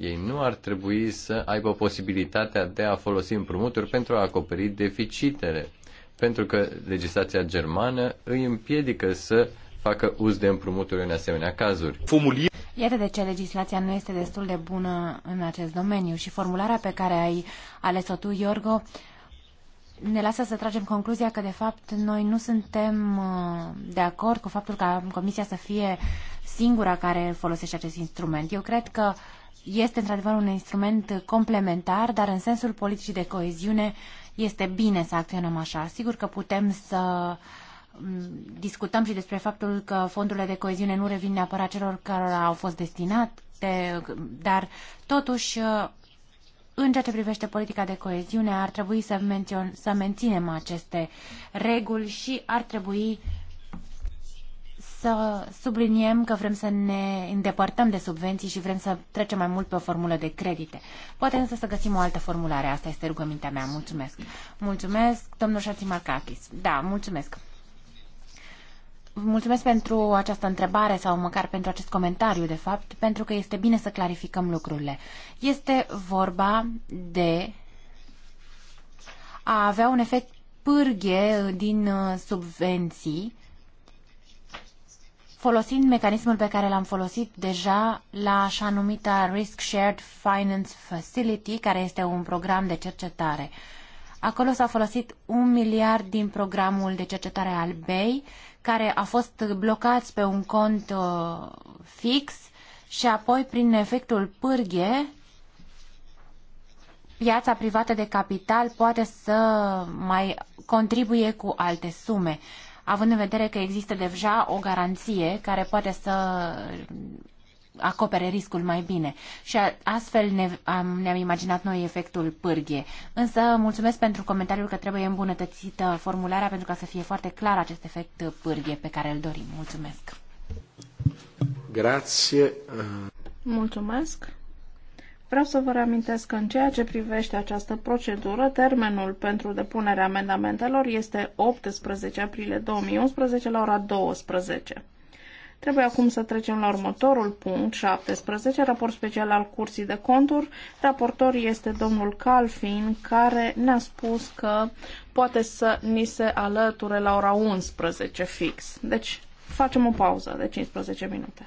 Ei nu ar trebui să aibă posibilitatea de a folosi împrumuturi pentru a acoperi deficitele, pentru că legislația germană îi împiedică să facă uz de împrumuturi în asemenea cazuri. Fumulie. Iată de ce legislația nu este destul de bună în acest domeniu și formularea pe care ai ales-o tu, Iorgo, ne lasă să tragem concluzia că, de fapt, noi nu suntem uh, de acord cu faptul ca Comisia să fie singura care folosește acest instrument. Eu cred că uh, este într-adevăr un instrument complementar, dar în sensul politicii de coeziune este bine să acționăm așa. Sigur că putem să discutăm și despre faptul că fondurile de coeziune nu revin neapărat celor care au fost destinate, dar totuși în ceea ce privește politica de coeziune ar trebui să, mențion, să menținem aceste reguli și ar trebui să subliniem că vrem să ne îndepărtăm de subvenții și vrem să trecem mai mult pe o formulă de credite. Poate însă să găsim o altă formulare. Asta este rugămintea mea. Mulțumesc. Mulțumesc, domnul Șații Marcachis. Da, mulțumesc. Mulțumesc pentru această întrebare sau măcar pentru acest comentariu, de fapt, pentru că este bine să clarificăm lucrurile. Este vorba de a avea un efect pârghe din uh, subvenții folosind mecanismul pe care l-am folosit deja la așa numita Risk Shared Finance Facility, care este un program de cercetare. Acolo s-a folosit un miliard din programul de cercetare al BEI, care a fost blocat pe un cont uh, fix și apoi, prin efectul pârghie, piața privată de capital poate să mai contribuie cu alte sume având în vedere că există deja o garanție care poate să acopere riscul mai bine. Și astfel ne, am, ne-am imaginat noi efectul pârghie. Însă mulțumesc pentru comentariul că trebuie îmbunătățită formularea pentru ca să fie foarte clar acest efect pârghie pe care îl dorim. Mulțumesc! Grazie! Mulțumesc! Vreau să vă reamintesc că în ceea ce privește această procedură, termenul pentru depunerea amendamentelor este 18 aprilie 2011 la ora 12. Trebuie acum să trecem la următorul punct, 17, raport special al Curții de Conturi. Raportor este domnul Calfin, care ne-a spus că poate să ni se alăture la ora 11 fix. Deci facem o pauză de 15 minute.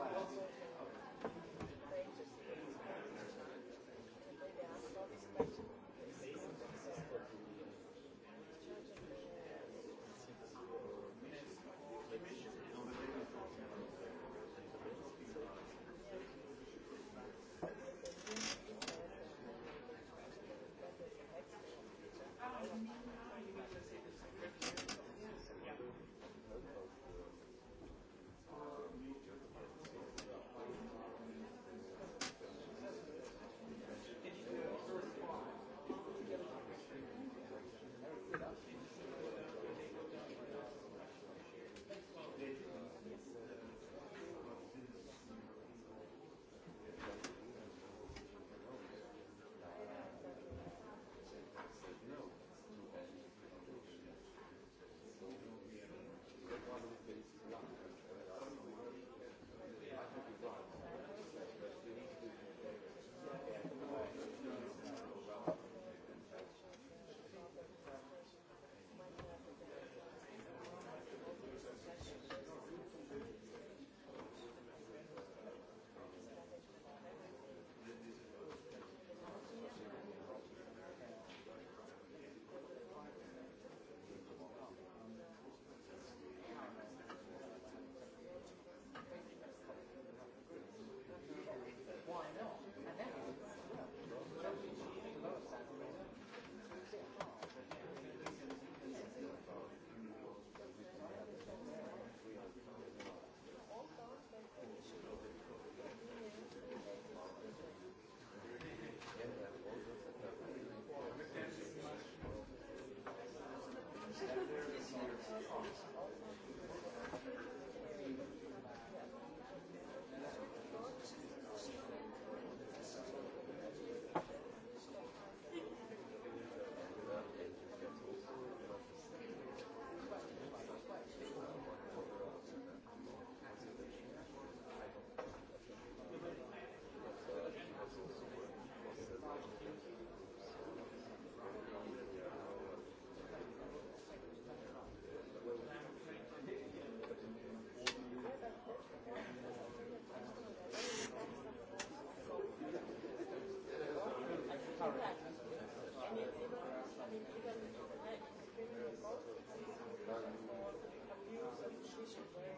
Thank you. Thank you.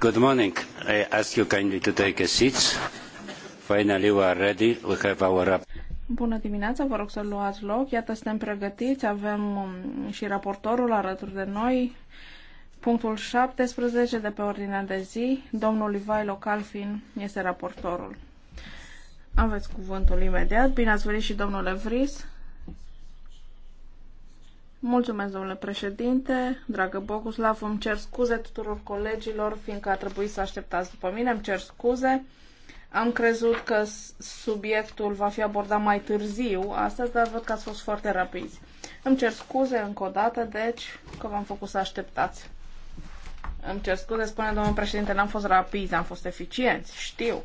Good morning. I ask you kindly to take a seat. Finally, we are ready. We have our Bună dimineața, vă rog să luați loc. Iată, suntem pregătiți, avem um, și raportorul alături de noi. Punctul 17 de pe ordinea de zi, domnul Ivai Localfin este raportorul. Aveți cuvântul imediat. Bine ați venit și domnule Vris. Mulțumesc, domnule președinte, dragă Boguslav, îmi cer scuze tuturor colegilor, fiindcă a trebuit să așteptați după mine, îmi cer scuze. Am crezut că subiectul va fi abordat mai târziu astăzi, dar văd că ați fost foarte rapizi. Îmi cer scuze încă o dată, deci, că v-am făcut să așteptați. Îmi cer scuze, spune domnul președinte, n-am fost rapizi, am fost eficienți, știu,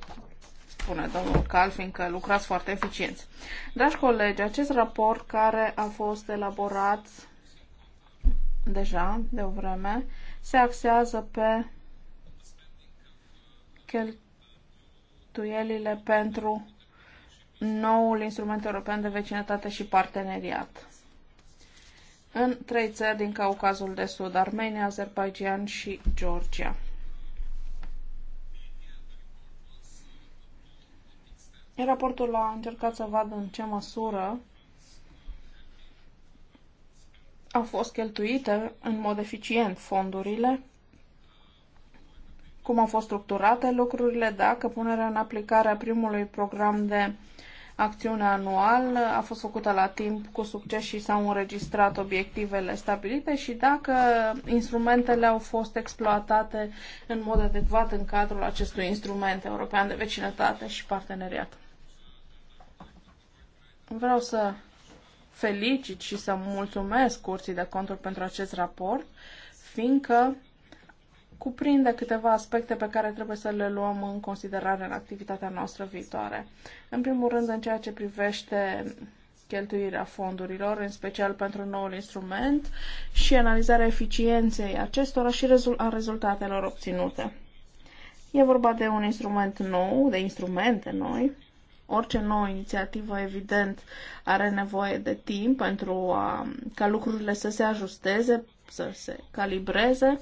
spune domnul Cal, că lucrați foarte eficienți. Dragi colegi, acest raport care a fost elaborat deja de o vreme, se axează pe cheltuielile pentru noul instrument european de vecinătate și parteneriat. În trei țări din Caucazul de Sud, Armenia, Azerbaijan și Georgia. Raportul a încercat să vadă în ce măsură au fost cheltuite în mod eficient fondurile, cum au fost structurate lucrurile, dacă punerea în aplicare a primului program de acțiune anual a fost făcută la timp cu succes și s-au înregistrat obiectivele stabilite și dacă instrumentele au fost exploatate în mod adecvat în cadrul acestui instrument european de vecinătate și parteneriat. Vreau să felicit și să mulțumesc Curții de Conturi pentru acest raport, fiindcă cuprinde câteva aspecte pe care trebuie să le luăm în considerare în activitatea noastră viitoare. În primul rând, în ceea ce privește cheltuirea fondurilor, în special pentru noul instrument, și analizarea eficienței acestora și a rezultatelor obținute. E vorba de un instrument nou, de instrumente noi, Orice nouă inițiativă, evident, are nevoie de timp pentru a, ca lucrurile să se ajusteze, să se calibreze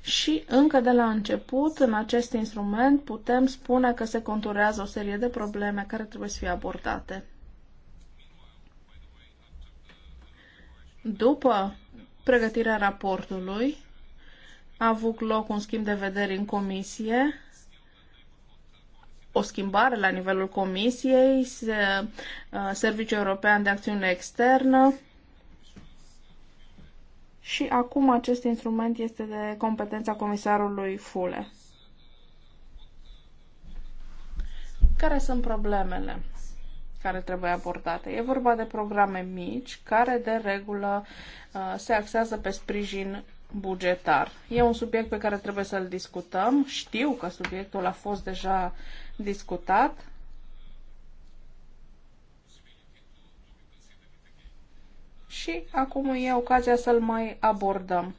și încă de la început, în acest instrument, putem spune că se conturează o serie de probleme care trebuie să fie abordate. După pregătirea raportului, a avut loc un schimb de vederi în comisie o schimbare la nivelul Comisiei, uh, Serviciul European de Acțiune Externă. Și acum acest instrument este de competența comisarului Fule. Care sunt problemele care trebuie abordate? E vorba de programe mici care de regulă uh, se axează pe sprijin bugetar. E un subiect pe care trebuie să-l discutăm. Știu că subiectul a fost deja discutat. Și acum e ocazia să-l mai abordăm.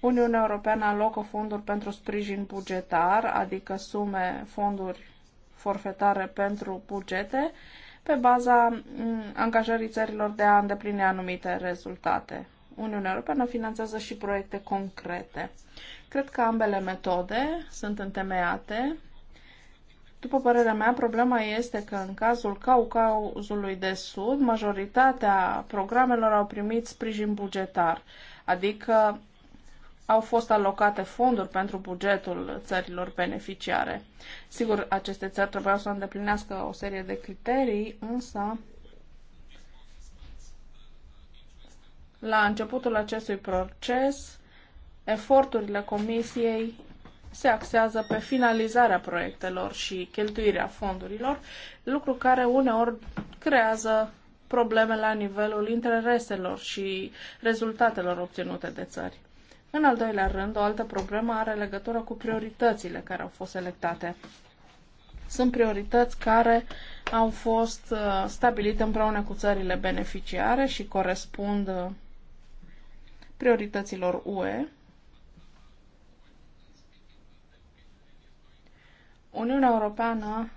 Uniunea Europeană alocă fonduri pentru sprijin bugetar, adică sume, fonduri forfetare pentru bugete, pe baza mm, angajării țărilor de a îndeplini anumite rezultate. Uniunea Europeană finanțează și proiecte concrete. Cred că ambele metode sunt întemeiate după părerea mea, problema este că în cazul caucauzului de Sud, majoritatea programelor au primit sprijin bugetar, adică au fost alocate fonduri pentru bugetul țărilor beneficiare. Sigur, aceste țări trebuiau să îndeplinească o serie de criterii, însă la începutul acestui proces, eforturile Comisiei se axează pe finalizarea proiectelor și cheltuirea fondurilor, lucru care uneori creează probleme la nivelul intereselor și rezultatelor obținute de țări. În al doilea rând, o altă problemă are legătură cu prioritățile care au fost selectate. Sunt priorități care au fost uh, stabilite împreună cu țările beneficiare și corespund uh, priorităților UE, Uniunea Europeană,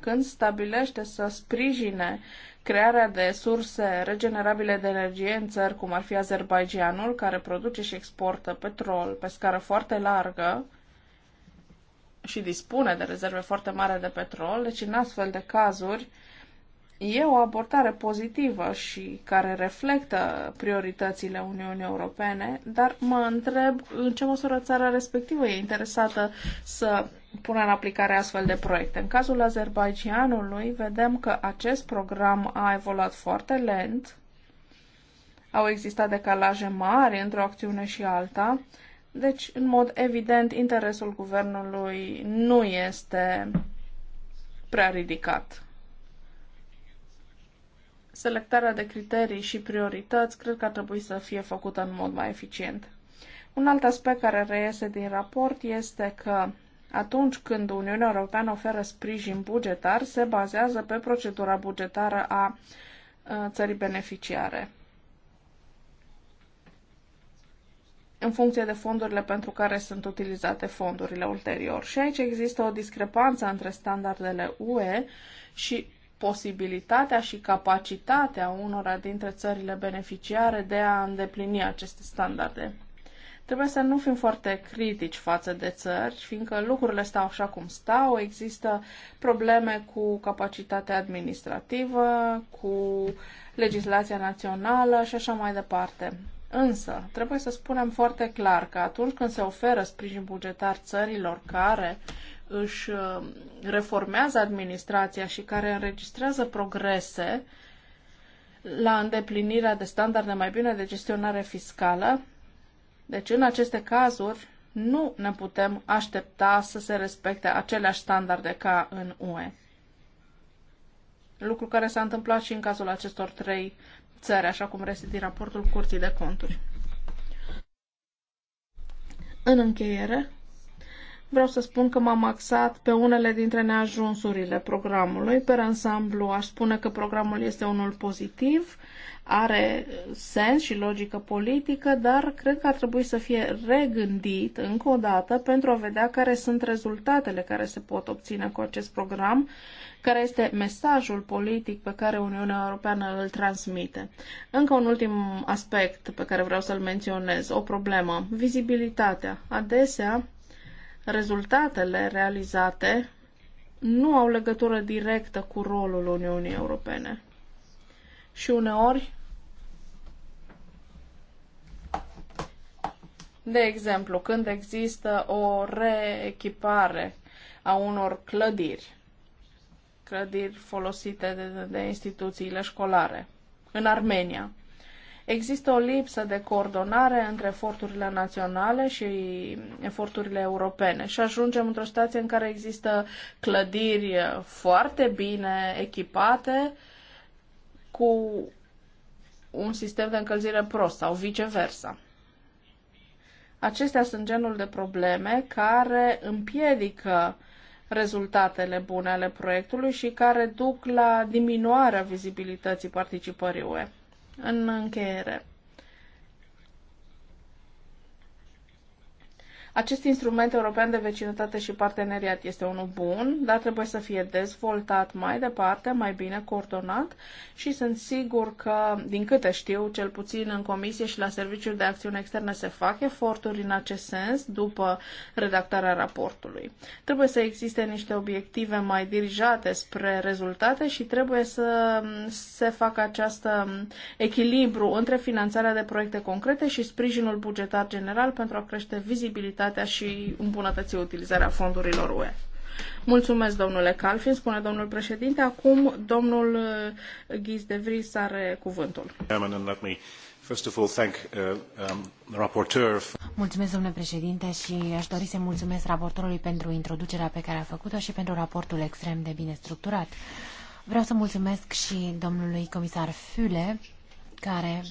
când stabilește să sprijine crearea de surse regenerabile de energie în țări cum ar fi Azerbaijanul, care produce și exportă petrol pe scară foarte largă și dispune de rezerve foarte mari de petrol, deci în astfel de cazuri E o abordare pozitivă și care reflectă prioritățile Uniunii Europene, dar mă întreb în ce măsură țara respectivă e interesată să pună în aplicare astfel de proiecte. În cazul Azerbaijanului, vedem că acest program a evoluat foarte lent, au existat decalaje mari între o acțiune și alta, deci, în mod evident, interesul guvernului nu este prea ridicat selectarea de criterii și priorități cred că ar trebui să fie făcută în mod mai eficient. Un alt aspect care reiese din raport este că atunci când Uniunea Europeană oferă sprijin bugetar, se bazează pe procedura bugetară a țării beneficiare. în funcție de fondurile pentru care sunt utilizate fondurile ulterior. Și aici există o discrepanță între standardele UE și posibilitatea și capacitatea unora dintre țările beneficiare de a îndeplini aceste standarde. Trebuie să nu fim foarte critici față de țări, fiindcă lucrurile stau așa cum stau, există probleme cu capacitatea administrativă, cu legislația națională și așa mai departe. Însă, trebuie să spunem foarte clar că atunci când se oferă sprijin bugetar țărilor care își uh, reformează administrația și care înregistrează progrese la îndeplinirea de standarde mai bine de gestionare fiscală. Deci, în aceste cazuri, nu ne putem aștepta să se respecte aceleași standarde ca în UE. Lucru care s-a întâmplat și în cazul acestor trei țări, așa cum reste din raportul Curții de Conturi. În încheiere, Vreau să spun că m-am axat pe unele dintre neajunsurile programului. Pe ansamblu aș spune că programul este unul pozitiv, are sens și logică politică, dar cred că ar trebui să fie regândit încă o dată pentru a vedea care sunt rezultatele care se pot obține cu acest program, care este mesajul politic pe care Uniunea Europeană îl transmite. Încă un ultim aspect pe care vreau să-l menționez, o problemă, vizibilitatea. Adesea, rezultatele realizate nu au legătură directă cu rolul Uniunii Europene. Și uneori, de exemplu, când există o reechipare a unor clădiri, clădiri folosite de, de instituțiile școlare, în Armenia, Există o lipsă de coordonare între eforturile naționale și eforturile europene și ajungem într-o situație în care există clădiri foarte bine echipate cu un sistem de încălzire prost sau viceversa. Acestea sunt genul de probleme care împiedică rezultatele bune ale proiectului și care duc la diminuarea vizibilității participării UE. În încheiere, Acest instrument european de vecinătate și parteneriat este unul bun, dar trebuie să fie dezvoltat mai departe, mai bine coordonat și sunt sigur că, din câte știu, cel puțin în Comisie și la Serviciul de Acțiune Externă se fac eforturi în acest sens după redactarea raportului. Trebuie să existe niște obiective mai dirijate spre rezultate și trebuie să se facă acest echilibru între finanțarea de proiecte concrete și sprijinul bugetar general pentru a crește vizibilitatea eficacitatea și îmbunătăți utilizarea fondurilor UE. Mulțumesc, domnule Calfin, spune domnul președinte. Acum, domnul uh, Ghiz de Vries are cuvântul. Uh, um, mulțumesc, domnule președinte, și aș dori să mulțumesc raportorului pentru introducerea pe care a făcut-o și pentru raportul extrem de bine structurat. Vreau să mulțumesc și domnului comisar Füle, care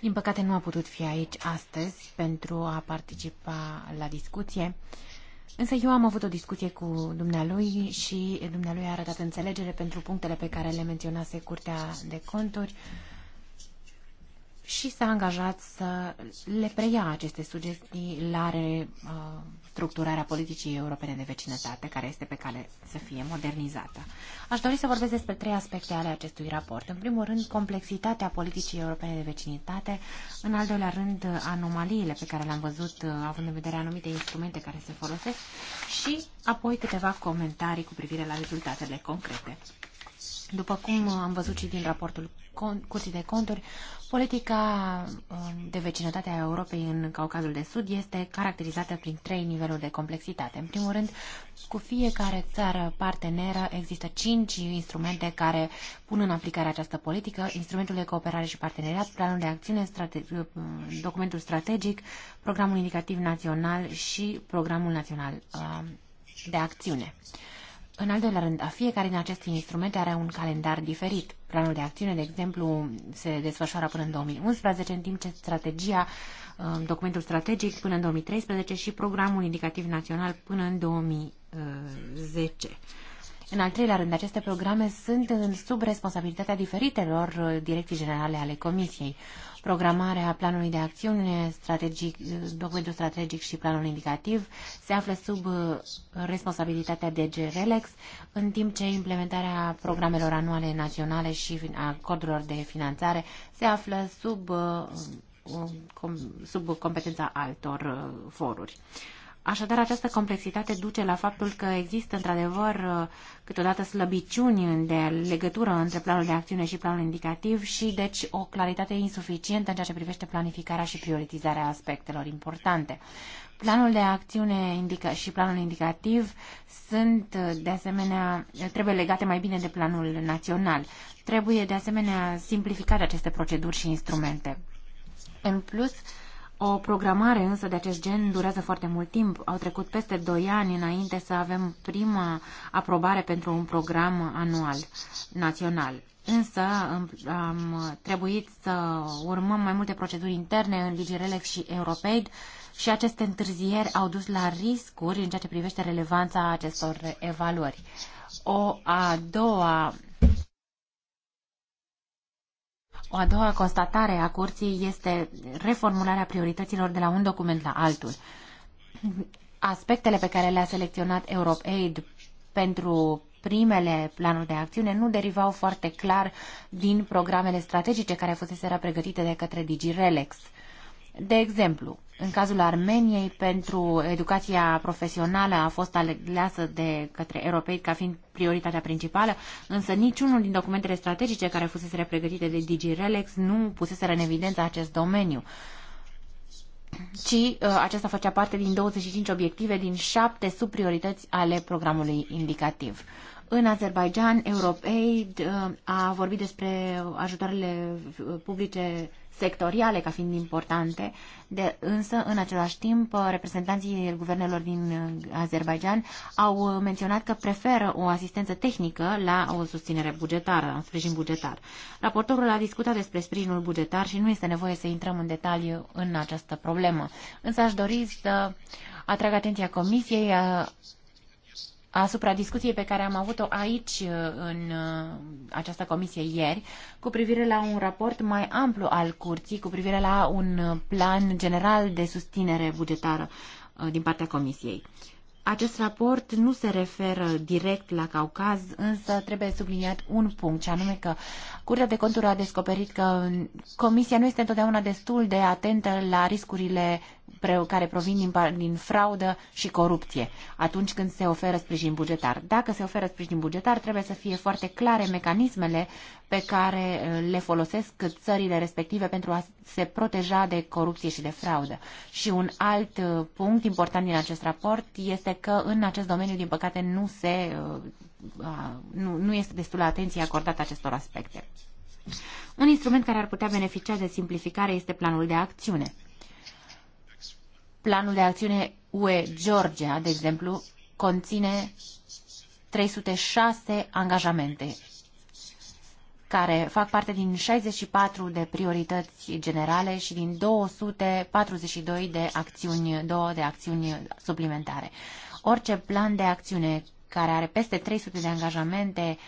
din păcate nu a putut fi aici astăzi pentru a participa la discuție, însă eu am avut o discuție cu dumnealui și dumnealui a arătat înțelegere pentru punctele pe care le menționase Curtea de Conturi și s-a angajat să le preia aceste sugestii la re, uh, structurarea politicii europene de vecinătate, care este pe cale să fie modernizată. Aș dori să vorbesc despre trei aspecte ale acestui raport. În primul rând, complexitatea politicii europene de vecinătate, în al doilea rând, anomaliile pe care le-am văzut, având în vedere anumite instrumente care se folosesc, și apoi câteva comentarii cu privire la rezultatele concrete. După cum am văzut și din raportul Curții de Conturi, Politica um, de vecinătate a Europei în Caucazul de Sud este caracterizată prin trei niveluri de complexitate. În primul rând, cu fiecare țară parteneră există cinci instrumente care pun în aplicare această politică, instrumentul de cooperare și parteneriat, planul de acțiune, strate uh, documentul strategic, programul indicativ național și programul național uh, de acțiune. Uh, în al doilea rând, fiecare din aceste instrumente are un calendar diferit. Planul de acțiune, de exemplu, se desfășoară până în 2011, în timp ce strategia, uh, documentul strategic până în 2013 și programul indicativ național până în 2010. Uh, în al treilea rând, aceste programe sunt în sub responsabilitatea diferitelor uh, direcții generale ale Comisiei. Programarea planului de acțiune, strategic, documentul strategic și planul indicativ se află sub uh, responsabilitatea DG Relex, în timp ce implementarea programelor anuale naționale și acordurilor de finanțare se află sub, uh, um, sub competența altor uh, foruri. Așadar, această complexitate duce la faptul că există, într-adevăr, câteodată slăbiciuni de legătură între planul de acțiune și planul indicativ și, deci, o claritate insuficientă în ceea ce privește planificarea și prioritizarea aspectelor importante. Planul de acțiune și planul indicativ sunt, de asemenea, trebuie legate mai bine de planul național. Trebuie, de asemenea, simplificate aceste proceduri și instrumente. În plus, o programare însă de acest gen durează foarte mult timp. Au trecut peste 2 ani înainte să avem prima aprobare pentru un program anual național. Însă am trebuit să urmăm mai multe proceduri interne în Ligirelex și Europaid și aceste întârzieri au dus la riscuri în ceea ce privește relevanța acestor evaluări. O a doua o a doua constatare a curții este reformularea priorităților de la un document la altul. Aspectele pe care le-a selecționat EuropeAid pentru primele planuri de acțiune nu derivau foarte clar din programele strategice care fuseseră pregătite de către DigiRelex. Relex de exemplu, în cazul Armeniei, pentru educația profesională a fost aleasă de către europei ca fiind prioritatea principală, însă niciunul din documentele strategice care fusese pregătite de DigiRelex nu puseseră în evidență acest domeniu ci uh, acesta făcea parte din 25 obiective din 7 subpriorități ale programului indicativ. În Azerbaijan, EuropeAid uh, a vorbit despre ajutoarele uh, publice sectoriale ca fiind importante, de, însă în același timp reprezentanții guvernelor din Azerbaijan au menționat că preferă o asistență tehnică la o susținere bugetară, un sprijin bugetar. Raportorul a discutat despre sprijinul bugetar și nu este nevoie să intrăm în detaliu în această problemă. Însă aș dori să atrag atenția Comisiei asupra discuției pe care am avut-o aici uh, în uh, această comisie ieri cu privire la un raport mai amplu al curții cu privire la un uh, plan general de susținere bugetară din partea comisiei. Acest raport nu se referă direct la Caucaz, însă trebuie subliniat un punct, și anume că Curtea de Conturi a descoperit că mm, Comisia nu este întotdeauna destul de atentă la riscurile care provin din, din fraudă și corupție atunci când se oferă sprijin bugetar. Dacă se oferă sprijin bugetar, trebuie să fie foarte clare mecanismele pe care uh, le folosesc țările respective pentru a se proteja de corupție și de fraudă. Și un alt uh, punct important din acest raport este că în acest domeniu, din păcate, nu, se, uh, nu, nu este destulă atenție acordată acestor aspecte. Un instrument care ar putea beneficia de simplificare este planul de acțiune. Planul de acțiune UE Georgia, de exemplu, conține 306 angajamente care fac parte din 64 de priorități generale și din 242 de acțiuni, două de acțiuni suplimentare. Orice plan de acțiune care are peste 300 de angajamente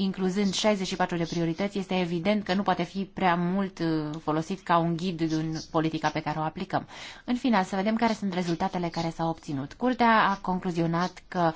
incluzând 64 de priorități, este evident că nu poate fi prea mult uh, folosit ca un ghid din politica pe care o aplicăm. În final, să vedem care sunt rezultatele care s-au obținut. Curtea a concluzionat că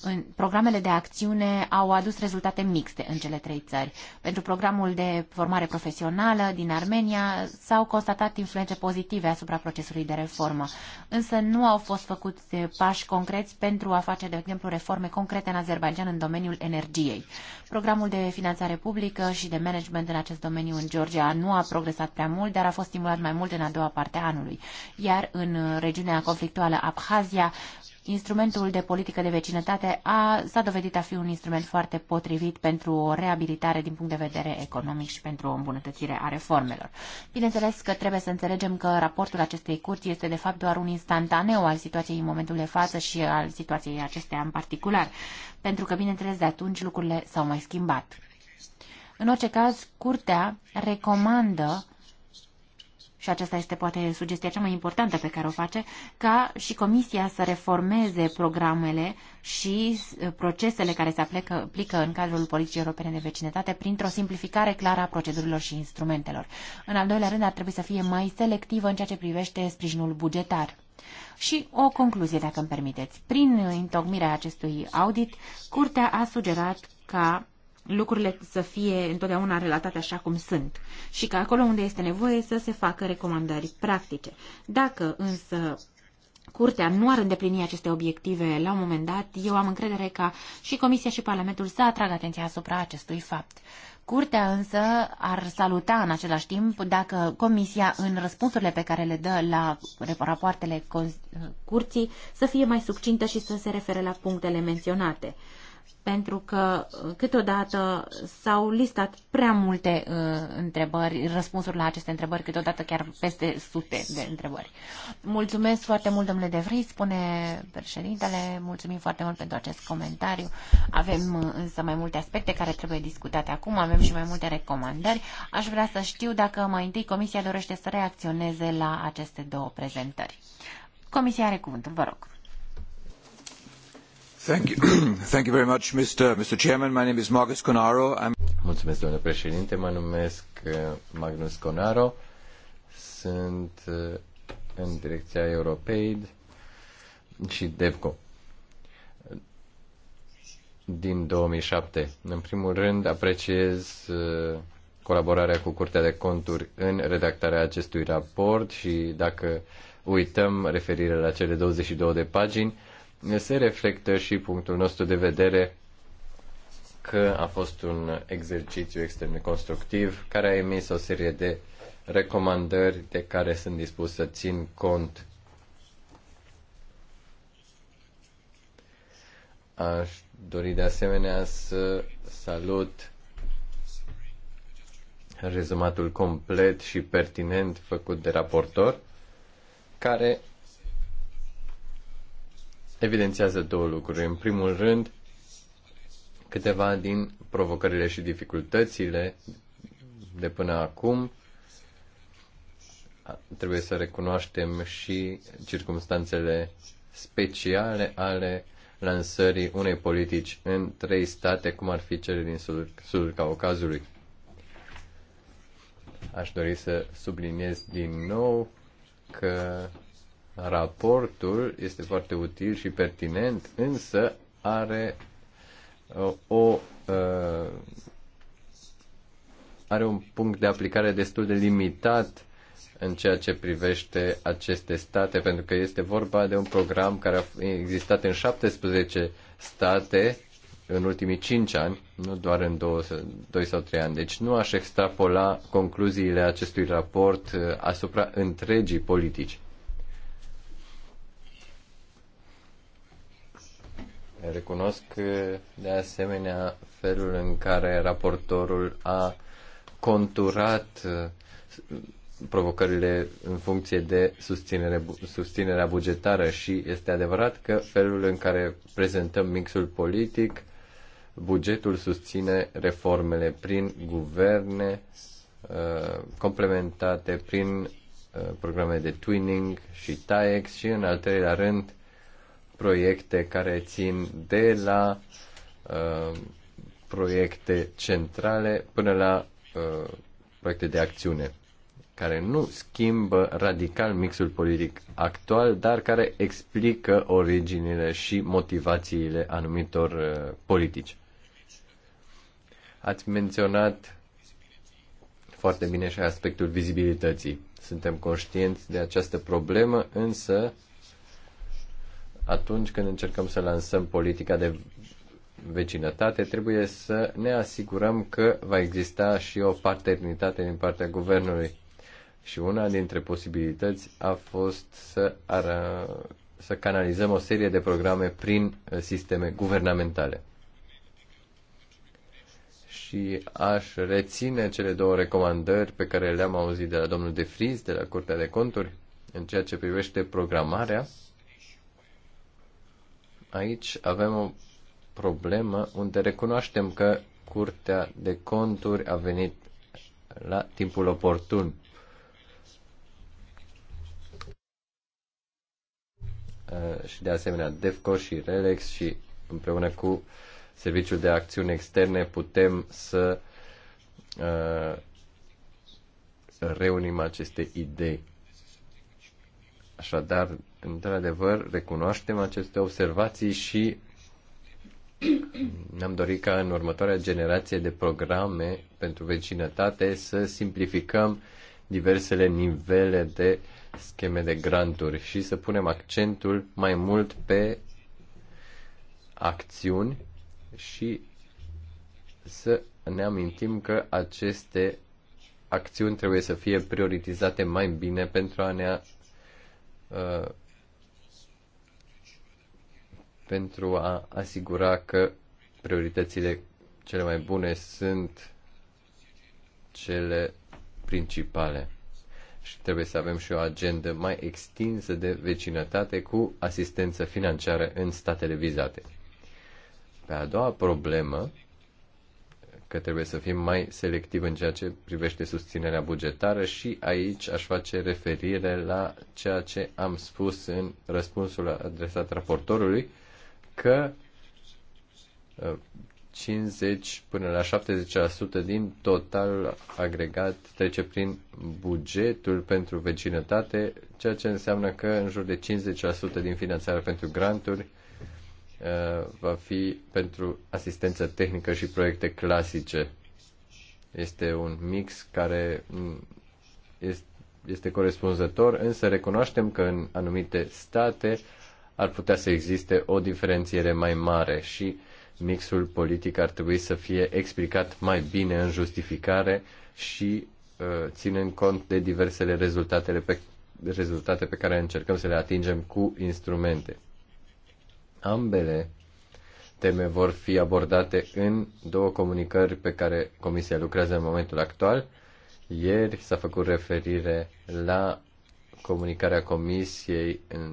în programele de acțiune au adus rezultate mixte în cele trei țări. Pentru programul de formare profesională din Armenia s-au constatat influențe pozitive asupra procesului de reformă, însă nu au fost făcuți pași concreți pentru a face, de exemplu, reforme concrete în Azerbaijan în domeniul energiei. Programul de finanțare publică și de management în acest domeniu în Georgia nu a progresat prea mult, dar a fost stimulat mai mult în a doua parte a anului. Iar în regiunea conflictuală Abhazia, instrumentul de politică de vecinătate a, s-a dovedit a fi un instrument foarte potrivit pentru o reabilitare din punct de vedere economic și pentru o îmbunătățire a reformelor. Bineînțeles că trebuie să înțelegem că raportul acestei curți este de fapt doar un instantaneu al situației în momentul de față și al situației acesteia în particular, pentru că bineînțeles de atunci lucrurile s-au mai schimbat. În orice caz, curtea recomandă și aceasta este poate sugestia cea mai importantă pe care o face, ca și Comisia să reformeze programele și uh, procesele care se aplică, aplică în cadrul Poliției europene de vecinătate printr-o simplificare clară a procedurilor și instrumentelor. În al doilea rând, ar trebui să fie mai selectivă în ceea ce privește sprijinul bugetar. Și o concluzie, dacă îmi permiteți. Prin uh, întocmirea acestui audit, Curtea a sugerat ca lucrurile să fie întotdeauna relatate așa cum sunt și că acolo unde este nevoie să se facă recomandări practice. Dacă însă Curtea nu ar îndeplini aceste obiective la un moment dat, eu am încredere ca și Comisia și Parlamentul să atragă atenția asupra acestui fapt. Curtea însă ar saluta în același timp dacă Comisia, în răspunsurile pe care le dă la rapoartele curții, să fie mai succintă și să se refere la punctele menționate pentru că uh, câteodată s-au listat prea multe uh, întrebări, răspunsuri la aceste întrebări, câteodată chiar peste sute de întrebări. Mulțumesc foarte mult, domnule De Vrij, spune președintele, mulțumim foarte mult pentru acest comentariu. Avem uh, însă mai multe aspecte care trebuie discutate acum, avem și mai multe recomandări. Aș vrea să știu dacă mai întâi Comisia dorește să reacționeze la aceste două prezentări. Comisia are cuvântul, vă rog. Mulțumesc, domnule președinte. Mă numesc uh, Magnus Conaro. Sunt uh, în direcția Europeid și DEVCO din 2007. În primul rând, apreciez uh, colaborarea cu Curtea de Conturi în redactarea acestui raport și dacă uităm referire la cele 22 de pagini, se reflectă și punctul nostru de vedere că a fost un exercițiu extrem de constructiv care a emis o serie de recomandări de care sunt dispus să țin cont. Aș dori de asemenea să salut rezumatul complet și pertinent făcut de raportor, care evidențiază două lucruri. În primul rând, câteva din provocările și dificultățile de până acum. Trebuie să recunoaștem și circumstanțele speciale ale lansării unei politici în trei state, cum ar fi cele din sudul, sudul Caucazului. Aș dori să subliniez din nou că Raportul este foarte util și pertinent, însă are uh, o uh, are un punct de aplicare destul de limitat în ceea ce privește aceste state, pentru că este vorba de un program care a existat în 17 state în ultimii 5 ani, nu doar în 2 sau 3 ani. Deci nu aș extrapola concluziile acestui raport uh, asupra întregii politici. Recunosc de asemenea felul în care raportorul a conturat uh, provocările în funcție de susținere, susținerea bugetară și este adevărat că felul în care prezentăm mixul politic, bugetul susține reformele prin guverne uh, complementate prin uh, programe de twinning și TAEX și în al treilea rând proiecte care țin de la uh, proiecte centrale până la uh, proiecte de acțiune, care nu schimbă radical mixul politic actual, dar care explică originile și motivațiile anumitor uh, politici. Ați menționat foarte bine și aspectul vizibilității. Suntem conștienți de această problemă, însă atunci când încercăm să lansăm politica de vecinătate, trebuie să ne asigurăm că va exista și o paternitate din partea guvernului. Și una dintre posibilități a fost să, ara, să canalizăm o serie de programe prin uh, sisteme guvernamentale. Și aș reține cele două recomandări pe care le-am auzit de la domnul De Friz, de la Curtea de Conturi, în ceea ce privește programarea Aici avem o problemă unde recunoaștem că Curtea de Conturi a venit la timpul oportun. Uh, și de asemenea DEFCO și RELEX și împreună cu Serviciul de Acțiuni Externe putem să uh, reunim aceste idei. Așadar, într-adevăr, recunoaștem aceste observații și ne-am dorit ca în următoarea generație de programe pentru vecinătate să simplificăm diversele nivele de scheme de granturi și să punem accentul mai mult pe acțiuni și să ne amintim că aceste acțiuni trebuie să fie prioritizate mai bine pentru a ne Uh, pentru a asigura că prioritățile cele mai bune sunt cele principale. Și trebuie să avem și o agendă mai extinsă de vecinătate cu asistență financiară în statele vizate. Pe a doua problemă, că trebuie să fim mai selectivi în ceea ce privește susținerea bugetară și aici aș face referire la ceea ce am spus în răspunsul adresat raportorului, că 50 ă, până la 70% din total agregat trece prin bugetul pentru vecinătate, ceea ce înseamnă că în jur de 50% din finanțarea pentru granturi Uh, va fi pentru asistență tehnică și proiecte clasice. Este un mix care este corespunzător, însă recunoaștem că în anumite state ar putea să existe o diferențiere mai mare și mixul politic ar trebui să fie explicat mai bine în justificare și uh, ținând cont de diversele rezultatele pe, rezultate pe care încercăm să le atingem cu instrumente. Ambele teme vor fi abordate în două comunicări pe care Comisia lucrează în momentul actual. Ieri s-a făcut referire la comunicarea Comisiei în,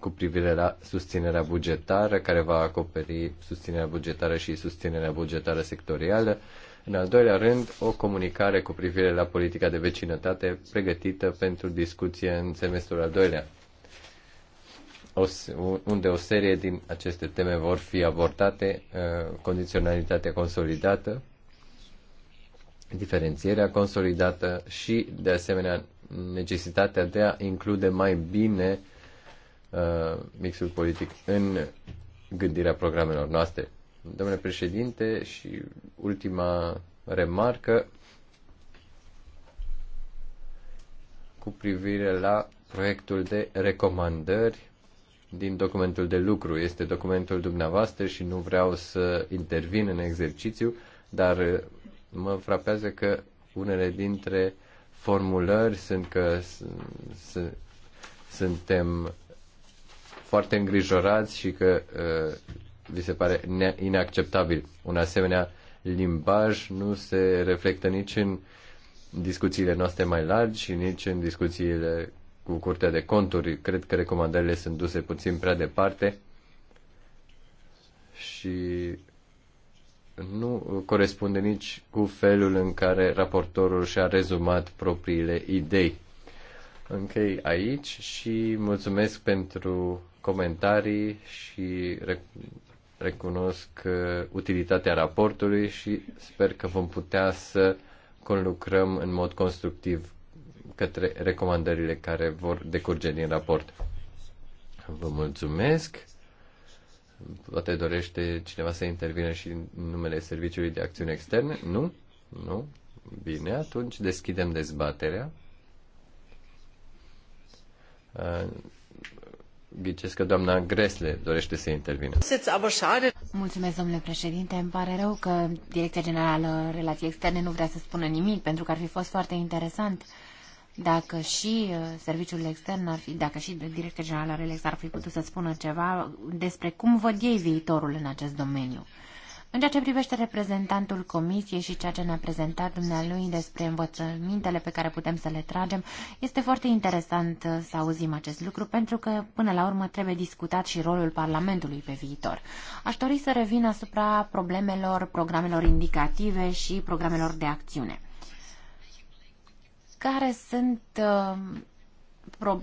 cu privire la susținerea bugetară, care va acoperi susținerea bugetară și susținerea bugetară sectorială. În al doilea rând, o comunicare cu privire la politica de vecinătate pregătită pentru discuție în semestrul al doilea unde o serie din aceste teme vor fi abordate, uh, condiționalitatea consolidată, diferențierea consolidată și, de asemenea, necesitatea de a include mai bine uh, mixul politic în gândirea programelor noastre. Domnule președinte, și ultima remarcă cu privire la proiectul de recomandări din documentul de lucru. Este documentul dumneavoastră și nu vreau să intervin în exercițiu, dar uh, mă frapează că unele dintre formulări sunt că suntem foarte îngrijorați și că uh, vi se pare inacceptabil. Un asemenea limbaj nu se reflectă nici în discuțiile noastre mai largi și nici în discuțiile cu Curtea de Conturi. Cred că recomandările sunt duse puțin prea departe și nu corespunde nici cu felul în care raportorul și-a rezumat propriile idei. Închei aici și mulțumesc pentru comentarii și recunosc uh, utilitatea raportului și sper că vom putea să conlucrăm în mod constructiv către recomandările care vor decurge din raport. Vă mulțumesc. Poate dorește cineva să intervină și în numele Serviciului de Acțiune Externe? Nu? Nu? Bine, atunci deschidem dezbaterea. Uh, Ghicesc că doamna Gresle dorește să intervină. Mulțumesc, domnule președinte. Îmi pare rău că Direcția Generală Relații Externe nu vrea să spună nimic, pentru că ar fi fost foarte interesant dacă și uh, serviciul extern ar fi, dacă și direcția generală Relex ar fi putut să spună ceva despre cum văd ei viitorul în acest domeniu. În ceea ce privește reprezentantul comisiei și ceea ce ne-a prezentat dumnealui despre învățămintele pe care putem să le tragem, este foarte interesant uh, să auzim acest lucru, pentru că, până la urmă, trebuie discutat și rolul Parlamentului pe viitor. Aș dori să revin asupra problemelor, programelor indicative și programelor de acțiune care sunt uh, pro,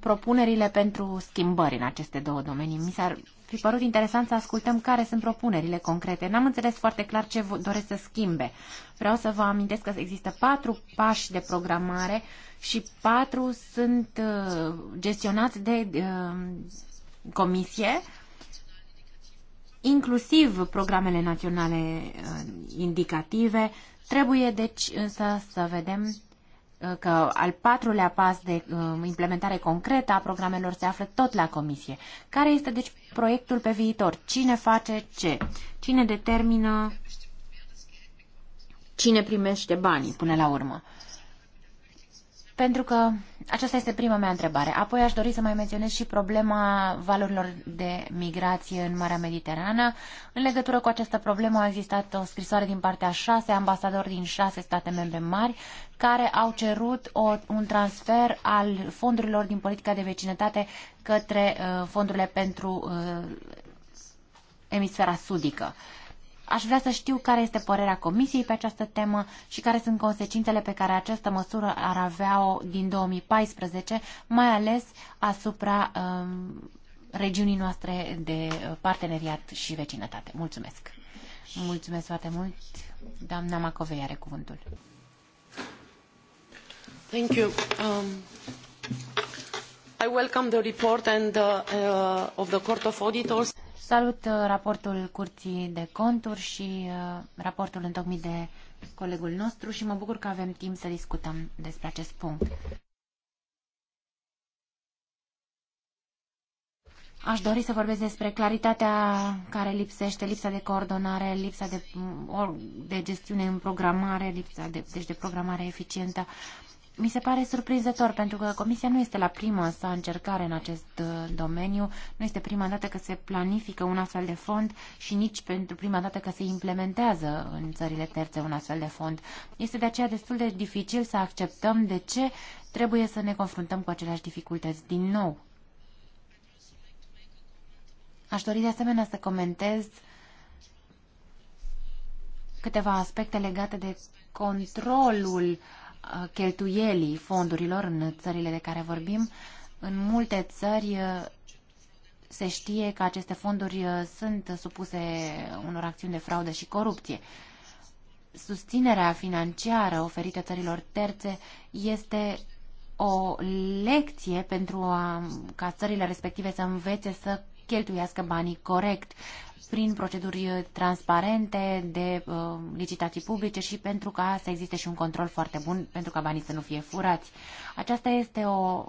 propunerile pentru schimbări în aceste două domenii. Mi s-ar fi părut interesant să ascultăm care sunt propunerile concrete. N-am înțeles foarte clar ce doresc să schimbe. Vreau să vă amintesc că există patru pași de programare și patru sunt uh, gestionați de uh, comisie, inclusiv programele naționale indicative. Trebuie deci însă să vedem că al patrulea pas de uh, implementare concretă a programelor se află tot la comisie. Care este, deci, proiectul pe viitor? Cine face ce? Cine determină cine primește banii până la urmă? Pentru că aceasta este prima mea întrebare. Apoi aș dori să mai menționez și problema valorilor de migrație în Marea Mediterană. În legătură cu această problemă a existat o scrisoare din partea șase ambasadori din șase state membre mari care au cerut o, un transfer al fondurilor din politica de vecinătate către uh, fondurile pentru uh, emisfera sudică. Uh, Aș vrea să știu care este părerea Comisiei pe această temă și care sunt consecințele pe care această măsură ar avea-o din 2014, mai ales asupra um, regiunii noastre de uh, parteneriat și vecinătate. Mulțumesc! Mulțumesc foarte mult! Doamna Macovei are cuvântul. Thank you. Um... I welcome the report and uh, uh, of the Court of Auditors. Salut uh, raportul Curții de Conturi și uh, raportul întocmit de colegul nostru și mă bucur că avem timp să discutăm despre acest punct. Aș dori să vorbesc despre claritatea care lipsește, lipsa de coordonare, lipsa de, mm, de gestiune în programare, lipsa de, deci de programare eficientă. Mi se pare surprinzător pentru că Comisia nu este la prima sa încercare în acest uh, domeniu, nu este prima dată că se planifică un astfel de fond și nici pentru prima dată că se implementează în țările terțe un astfel de fond. Este de aceea destul de dificil să acceptăm de ce trebuie să ne confruntăm cu aceleași dificultăți din nou. Aș dori de asemenea să comentez câteva aspecte legate de controlul uh, Uh, cheltuielii fondurilor în țările de care vorbim. În multe țări uh, se știe că aceste fonduri uh, sunt supuse unor acțiuni de fraudă și corupție. Susținerea financiară oferită țărilor terțe este o lecție pentru a, ca țările respective să învețe să cheltuiască banii corect prin proceduri transparente de uh, licitații publice și pentru ca să existe și un control foarte bun pentru ca banii să nu fie furați. Aceasta este o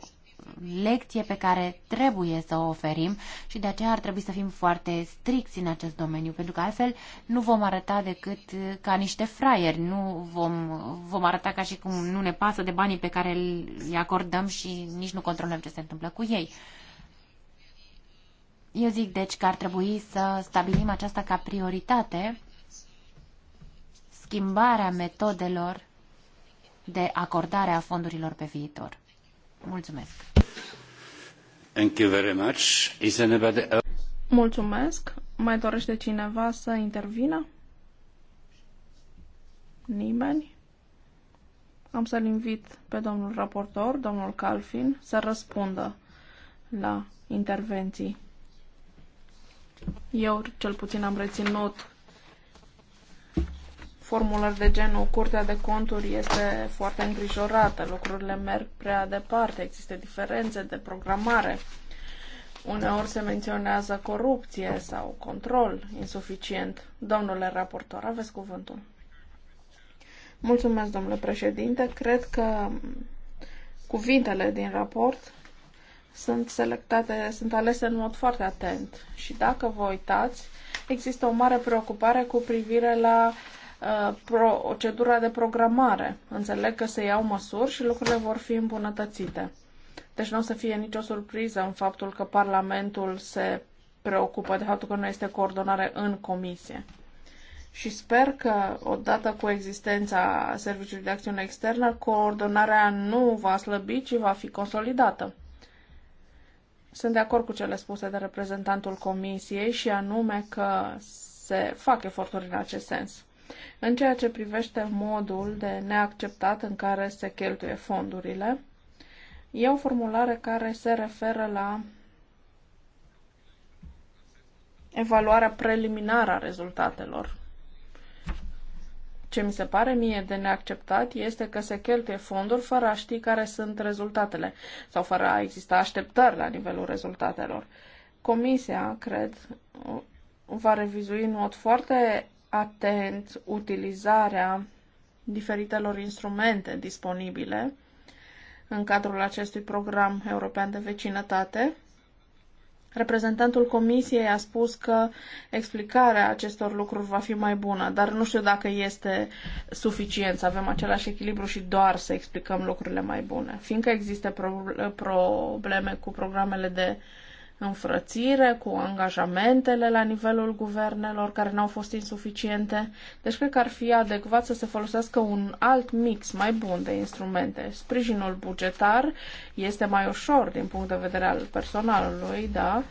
lecție pe care trebuie să o oferim și de aceea ar trebui să fim foarte stricți în acest domeniu, pentru că altfel nu vom arăta decât uh, ca niște fraieri, nu vom, vom arăta ca și cum nu ne pasă de banii pe care îi acordăm și nici nu controlăm ce se întâmplă cu ei. Eu zic, deci, că ar trebui să stabilim aceasta ca prioritate, schimbarea metodelor de acordare a fondurilor pe viitor. Mulțumesc! Thank you very much. Is anybody Mulțumesc. Mai dorește cineva să intervină? Nimeni? Am să-l invit pe domnul raportor, domnul Calfin, să răspundă la intervenții. Eu cel puțin am reținut formulări de genul Curtea de Conturi este foarte îngrijorată, lucrurile merg prea departe, există diferențe de programare. Uneori se menționează corupție sau control insuficient. Domnule raportor, aveți cuvântul. Mulțumesc, domnule președinte. Cred că cuvintele din raport sunt selectate, sunt alese în mod foarte atent. Și dacă vă uitați, există o mare preocupare cu privire la uh, procedura de programare. Înțeleg că se iau măsuri și lucrurile vor fi îmbunătățite. Deci nu o să fie nicio surpriză în faptul că Parlamentul se preocupă de faptul că nu este coordonare în comisie. Și sper că, odată cu existența Serviciului de Acțiune Externă, coordonarea nu va slăbi, ci va fi consolidată. Sunt de acord cu cele spuse de reprezentantul Comisiei și anume că se fac eforturi în acest sens. În ceea ce privește modul de neacceptat în care se cheltuie fondurile, e o formulare care se referă la evaluarea preliminară a rezultatelor. Ce mi se pare mie de neacceptat este că se cheltuie fonduri fără a ști care sunt rezultatele sau fără a exista așteptări la nivelul rezultatelor. Comisia, cred, va revizui în mod foarte atent utilizarea diferitelor instrumente disponibile în cadrul acestui program european de vecinătate Reprezentantul comisiei a spus că explicarea acestor lucruri va fi mai bună, dar nu știu dacă este suficient să avem același echilibru și doar să explicăm lucrurile mai bune, fiindcă există probleme cu programele de uh, înfrățire, cu angajamentele la nivelul guvernelor care n-au fost insuficiente. Deci cred că ar fi adecvat să se folosească un alt mix mai bun de instrumente. Sprijinul bugetar este mai ușor din punct de vedere al personalului, da,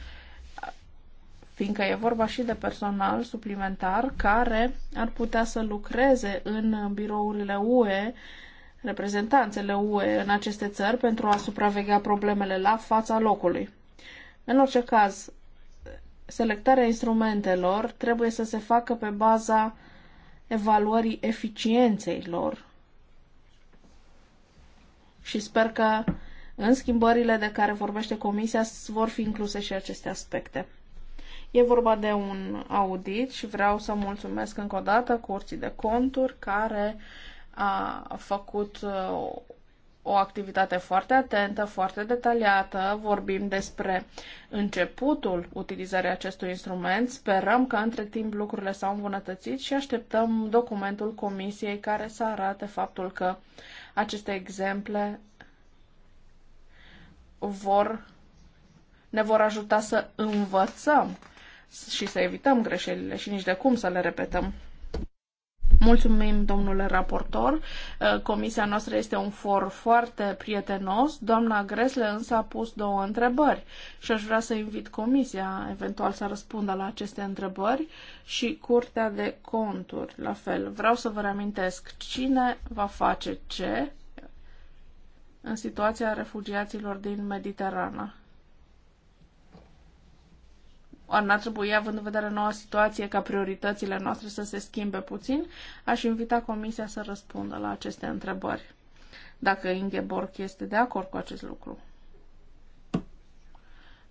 fiindcă e vorba și de personal suplimentar care ar putea să lucreze în birourile UE reprezentanțele UE în aceste țări pentru a supraveghea problemele la fața locului. În orice caz, selectarea instrumentelor trebuie să se facă pe baza evaluării eficienței lor. Și sper că în schimbările de care vorbește Comisia vor fi incluse și aceste aspecte. E vorba de un audit și vreau să mulțumesc încă o dată Curții de Conturi care a făcut uh, o activitate foarte atentă, foarte detaliată. Vorbim despre începutul utilizării acestui instrument. Sperăm că între timp lucrurile s-au îmbunătățit și așteptăm documentul comisiei care să arate faptul că aceste exemple vor, ne vor ajuta să învățăm și să evităm greșelile și nici de cum să le repetăm. Mulțumim, domnule raportor. Uh, comisia noastră este un for foarte prietenos. Doamna Gresle însă a pus două întrebări și aș vrea să invit comisia eventual să răspundă la aceste întrebări și Curtea de Conturi, la fel. Vreau să vă reamintesc cine va face ce în situația refugiaților din Mediterana. Ori n-ar trebui, având în vedere noua situație, ca prioritățile noastre să se schimbe puțin? Aș invita Comisia să răspundă la aceste întrebări, dacă Ingeborg este de acord cu acest lucru.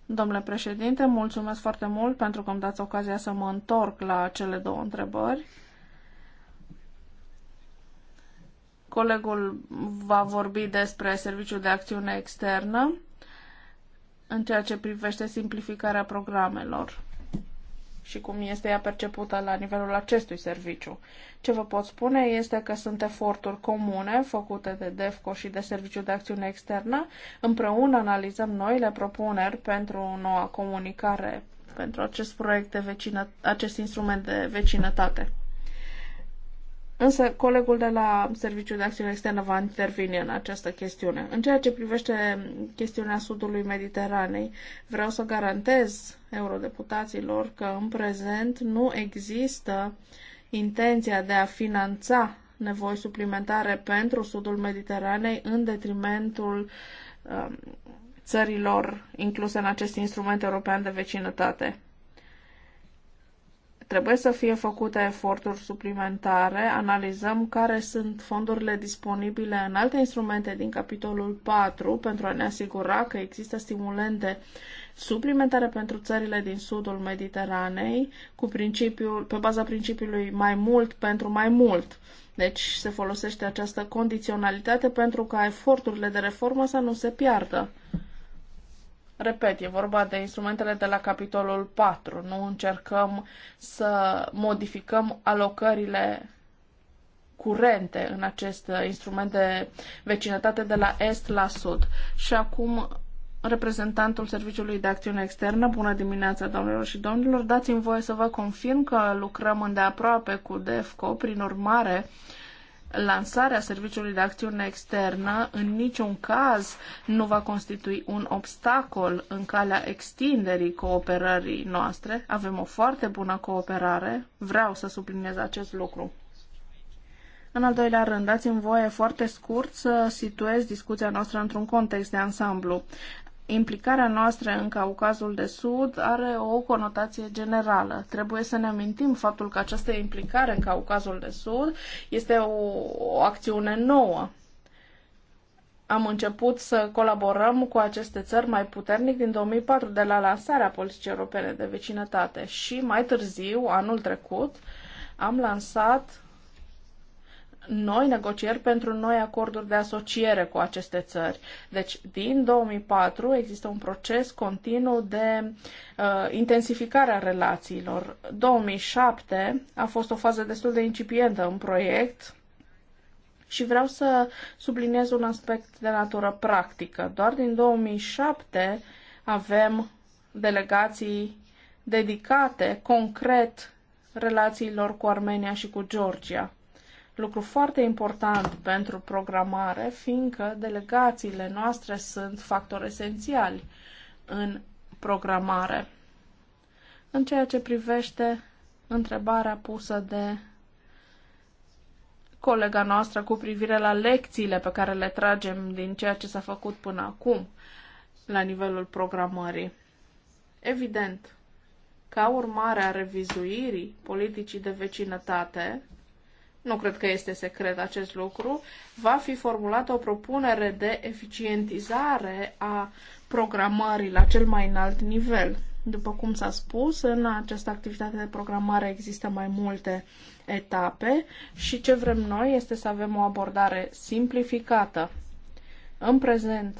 Domnule președinte, mulțumesc foarte mult pentru că îmi dați ocazia să mă întorc la cele două întrebări. Colegul va vorbi despre Serviciul de Acțiune Externă în ceea ce privește simplificarea programelor și cum este ea percepută la nivelul acestui serviciu. Ce vă pot spune este că sunt eforturi comune făcute de DEFCO și de Serviciul de Acțiune Externă. Împreună analizăm noile propuneri pentru noua comunicare pentru acest proiect de vecină, acest instrument de vecinătate. Însă colegul de la Serviciul de Acțiune Externă va interveni în această chestiune. În ceea ce privește chestiunea sudului Mediteranei, vreau să garantez eurodeputaților că în prezent nu există intenția de a finanța nevoi suplimentare pentru sudul Mediteranei în detrimentul um, țărilor incluse în acest instrument european de vecinătate. Trebuie să fie făcute eforturi suplimentare, analizăm care sunt fondurile disponibile în alte instrumente din capitolul 4 pentru a ne asigura că există stimulente suplimentare pentru țările din sudul Mediteranei cu principiul, pe baza principiului mai mult pentru mai mult. Deci se folosește această condiționalitate pentru ca eforturile de reformă să nu se piardă. Repet, e vorba de instrumentele de la capitolul 4. Nu încercăm să modificăm alocările curente în acest instrument de vecinătate de la est la sud. Și acum reprezentantul Serviciului de Acțiune Externă. Bună dimineața, domnilor și domnilor! Dați-mi voie să vă confirm că lucrăm îndeaproape cu DEFCO, prin urmare lansarea serviciului de acțiune externă în niciun caz nu va constitui un obstacol în calea extinderii cooperării noastre. Avem o foarte bună cooperare. Vreau să subliniez acest lucru. În al doilea rând, dați-mi voie foarte scurt să situez discuția noastră într-un context de ansamblu implicarea noastră în Caucazul de Sud are o conotație generală. Trebuie să ne amintim faptul că această implicare în Caucazul de Sud este o, o acțiune nouă. Am început să colaborăm cu aceste țări mai puternic din 2004, de la lansarea politicii europene de vecinătate. Și mai târziu, anul trecut, am lansat noi negocieri pentru noi acorduri de asociere cu aceste țări. Deci, din 2004 există un proces continuu de uh, intensificare a relațiilor. 2007 a fost o fază destul de incipientă în proiect, și vreau să subliniez un aspect de natură practică. Doar din 2007 avem delegații dedicate concret relațiilor cu Armenia și cu Georgia lucru foarte important pentru programare, fiindcă delegațiile noastre sunt factori esențiali în programare. În ceea ce privește întrebarea pusă de colega noastră cu privire la lecțiile pe care le tragem din ceea ce s-a făcut până acum la nivelul programării. Evident, ca urmare a revizuirii politicii de vecinătate, nu cred că este secret acest lucru, va fi formulată o propunere de eficientizare a programării la cel mai înalt nivel. După cum s-a spus, în această activitate de programare există mai multe etape și ce vrem noi este să avem o abordare simplificată. În prezent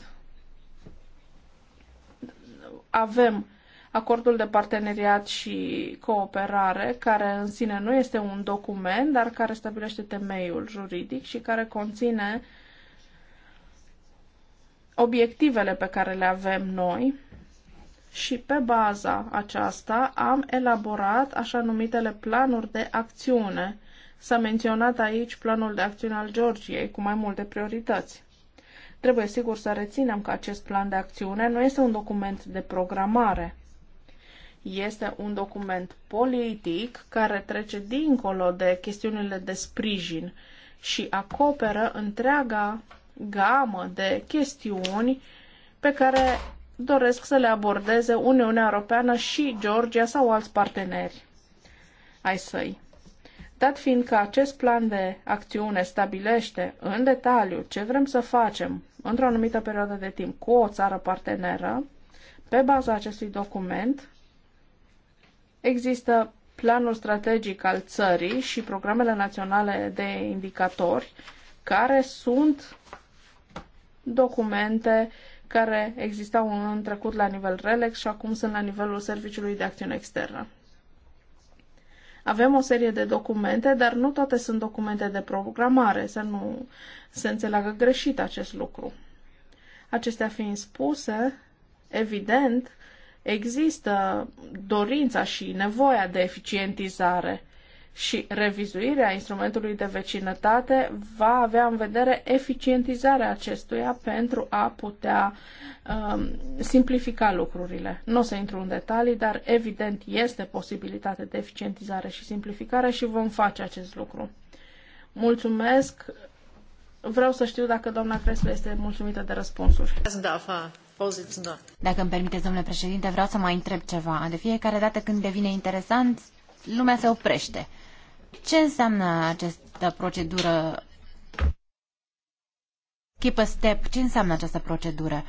avem Acordul de parteneriat și cooperare, care în sine nu este un document, dar care stabilește temeiul juridic și care conține obiectivele pe care le avem noi și pe baza aceasta am elaborat așa numitele planuri de acțiune. S-a menționat aici planul de acțiune al Georgiei cu mai multe priorități. Trebuie sigur să reținem că acest plan de acțiune nu este un document de programare, este un document politic care trece dincolo de chestiunile de sprijin și acoperă întreaga gamă de chestiuni pe care doresc să le abordeze Uniunea Europeană și Georgia sau alți parteneri ai săi. Dat fiind că acest plan de acțiune stabilește în detaliu ce vrem să facem într-o anumită perioadă de timp cu o țară parteneră, pe baza acestui document, Există planul strategic al țării și programele naționale de indicatori care sunt documente care existau în trecut la nivel RELEX și acum sunt la nivelul Serviciului de Acțiune Externă. Avem o serie de documente, dar nu toate sunt documente de programare, să nu se înțeleagă greșit acest lucru. Acestea fiind spuse, evident, există dorința și nevoia de eficientizare și revizuirea instrumentului de vecinătate va avea în vedere eficientizarea acestuia pentru a putea um, simplifica lucrurile. Nu o să intru în detalii, dar evident este posibilitate de eficientizare și simplificare și vom face acest lucru. Mulțumesc! Vreau să știu dacă doamna Cresle este mulțumită de răspunsuri. Da, fa. Dacă îmi permiteți, domnule președinte, vreau să mai întreb ceva. De fiecare dată când devine interesant, lumea se oprește. Ce înseamnă această procedură? Keep a step. Ce înseamnă această procedură?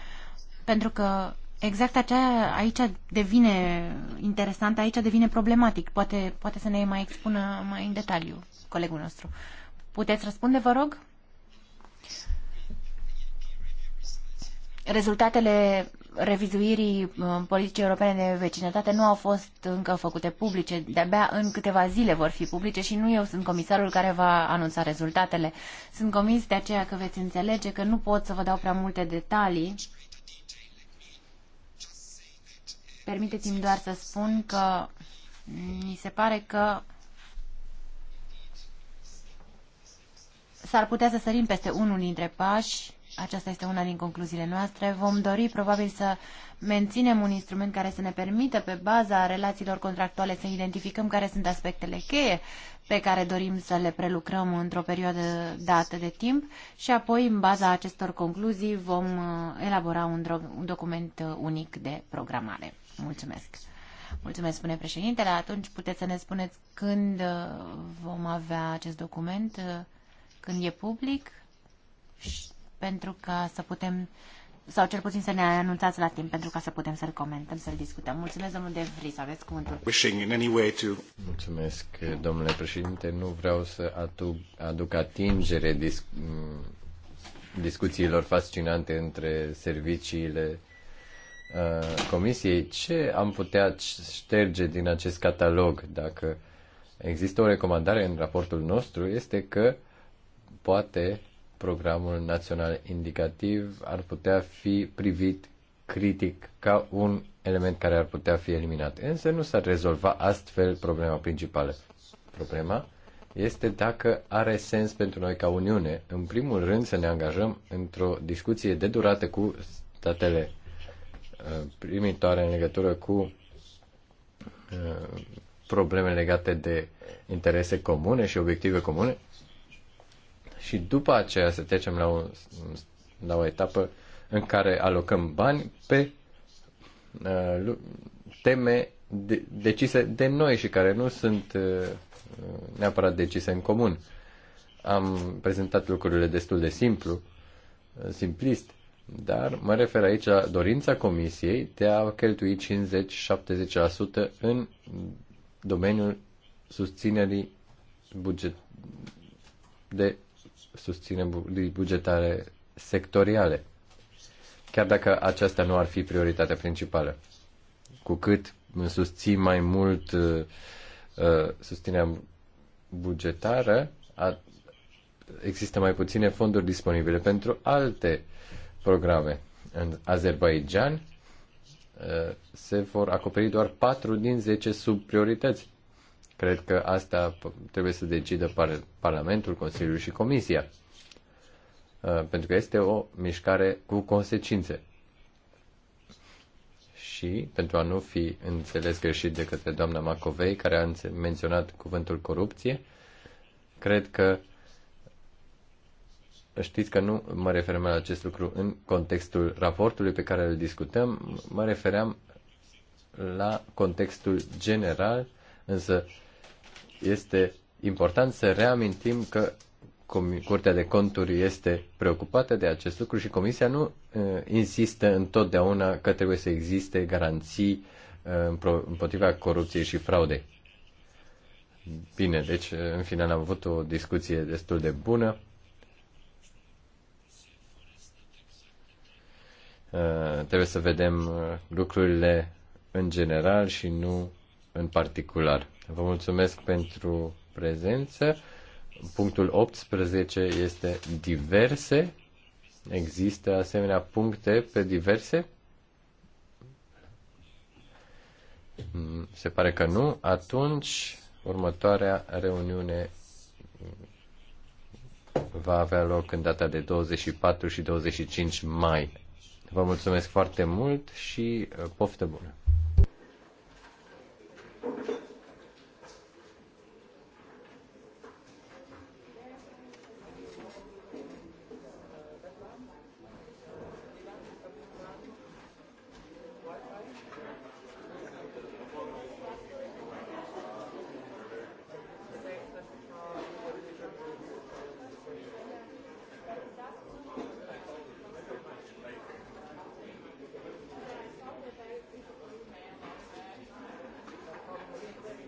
Pentru că exact aceea aici devine interesant, aici devine problematic. Poate, poate să ne mai expună mai în detaliu colegul nostru. Puteți răspunde, vă rog? Rezultatele revizuirii uh, politicii europene de vecinătate nu au fost încă făcute publice. De-abia în câteva zile vor fi publice și nu eu sunt comisarul care va anunța rezultatele. Sunt convins de aceea că veți înțelege că nu pot să vă dau prea multe detalii. Permiteți-mi doar să spun că mi se pare că s-ar putea să sărim peste unul dintre pași aceasta este una din concluziile noastre, vom dori probabil să menținem un instrument care să ne permită pe baza relațiilor contractuale să identificăm care sunt aspectele cheie pe care dorim să le prelucrăm într-o perioadă dată de timp și apoi în baza acestor concluzii vom uh, elabora un, un document uh, unic de programare. Mulțumesc! Mulțumesc, spune președintele. Atunci puteți să ne spuneți când uh, vom avea acest document, când e public pentru ca să putem sau cel puțin să ne anunțați la timp pentru ca să putem să-l comentăm, să-l discutăm. Mulțumesc, domnul De Vries, aveți cuvântul. Mulțumesc, domnule președinte. Nu vreau să aduc, aduc atingere dis, discuțiilor fascinante între serviciile uh, comisiei. Ce am putea șterge din acest catalog dacă există o recomandare în raportul nostru este că poate programul național indicativ ar putea fi privit critic ca un element care ar putea fi eliminat. Însă nu s-ar rezolva astfel problema principală. Problema este dacă are sens pentru noi ca Uniune, în primul rând, să ne angajăm într-o discuție de durată cu statele uh, primitoare în legătură cu uh, probleme legate de interese comune și obiective comune și după aceea să trecem la o, la o etapă în care alocăm bani pe uh, teme de, decise de noi și care nu sunt uh, neapărat decise în comun. Am prezentat lucrurile destul de simplu, uh, simplist, dar mă refer aici la dorința comisiei de a cheltui 50-70% în domeniul susținerii buget de susține bugetare sectoriale, chiar dacă aceasta nu ar fi prioritatea principală. Cu cât susții mai mult uh, uh, susținerea bugetară, a, există mai puține fonduri disponibile pentru alte programe. În Azerbaijan uh, se vor acoperi doar 4 din 10 priorități. Cred că asta trebuie să decidă par- Parlamentul, Consiliul și Comisia. Uh, pentru că este o mișcare cu consecințe. Și, pentru a nu fi înțeles greșit de către doamna Macovei, care a menționat cuvântul corupție, cred că știți că nu mă refeream la acest lucru în contextul raportului pe care îl discutăm, mă refeream la contextul general, însă este important să reamintim că Curtea de Conturi este preocupată de acest lucru și Comisia nu uh, insistă întotdeauna că trebuie să existe garanții uh, împotriva corupției și fraudei. Bine, deci uh, în final am avut o discuție destul de bună. Uh, trebuie să vedem uh, lucrurile în general și nu în particular. Vă mulțumesc pentru prezență. Punctul 18 este diverse. Există asemenea puncte pe diverse? Mm, se pare că nu. Atunci, următoarea reuniune va avea loc în data de 24 și 25 mai. Vă mulțumesc foarte mult și uh, poftă bună!